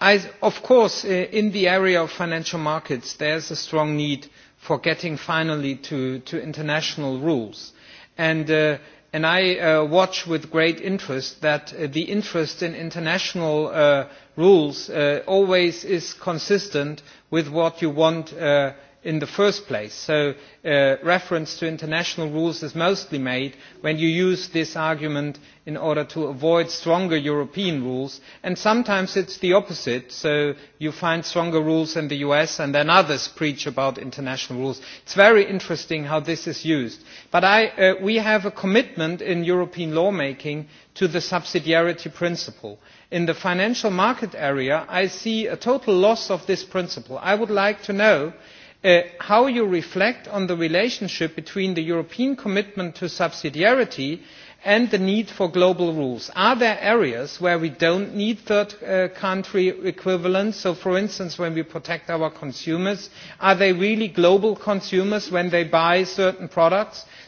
I, of course, uh, in the area of financial markets, there's a strong need uh, for getting finally to, to international rules. And, uh, and I uh, watch with great interest that uh, the interest in international uh, rules uh, always is consistent with what you want uh, in the first place. So uh, reference to international rules is mostly made when you use this argument in order to avoid stronger European rules. And sometimes it's the opposite. So you find stronger rules in the US and then others preach about international rules. It's very interesting how this is used. But I, uh, we have a commitment in European lawmaking to the subsidiarity principle. In the financial market area, I see a total loss of this principle. I would like to know uh, Uh, how you reflect on the relationship between the European commitment to subsidiarity and the need for global rules. Are there areas where we don't need third uh, country equivalents? So, for instance, when we protect our consumers, are they really global consumers when they buy certain products? Uh,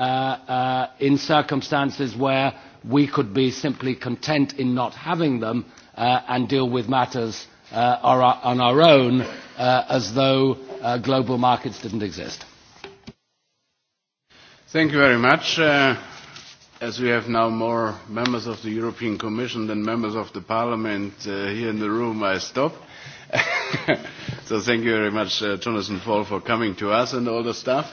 uh, uh, in circumstances where we could be simply content in not having them uh, and deal with matters uh, our, on our own uh, as though uh, global markets didn't exist. Thank you very much. Uh, as we have now more members of the European Commission than members of the Parliament uh, here in the room, I stop. so thank you very much, uh, Jonathan Fall, for coming to us and all the stuff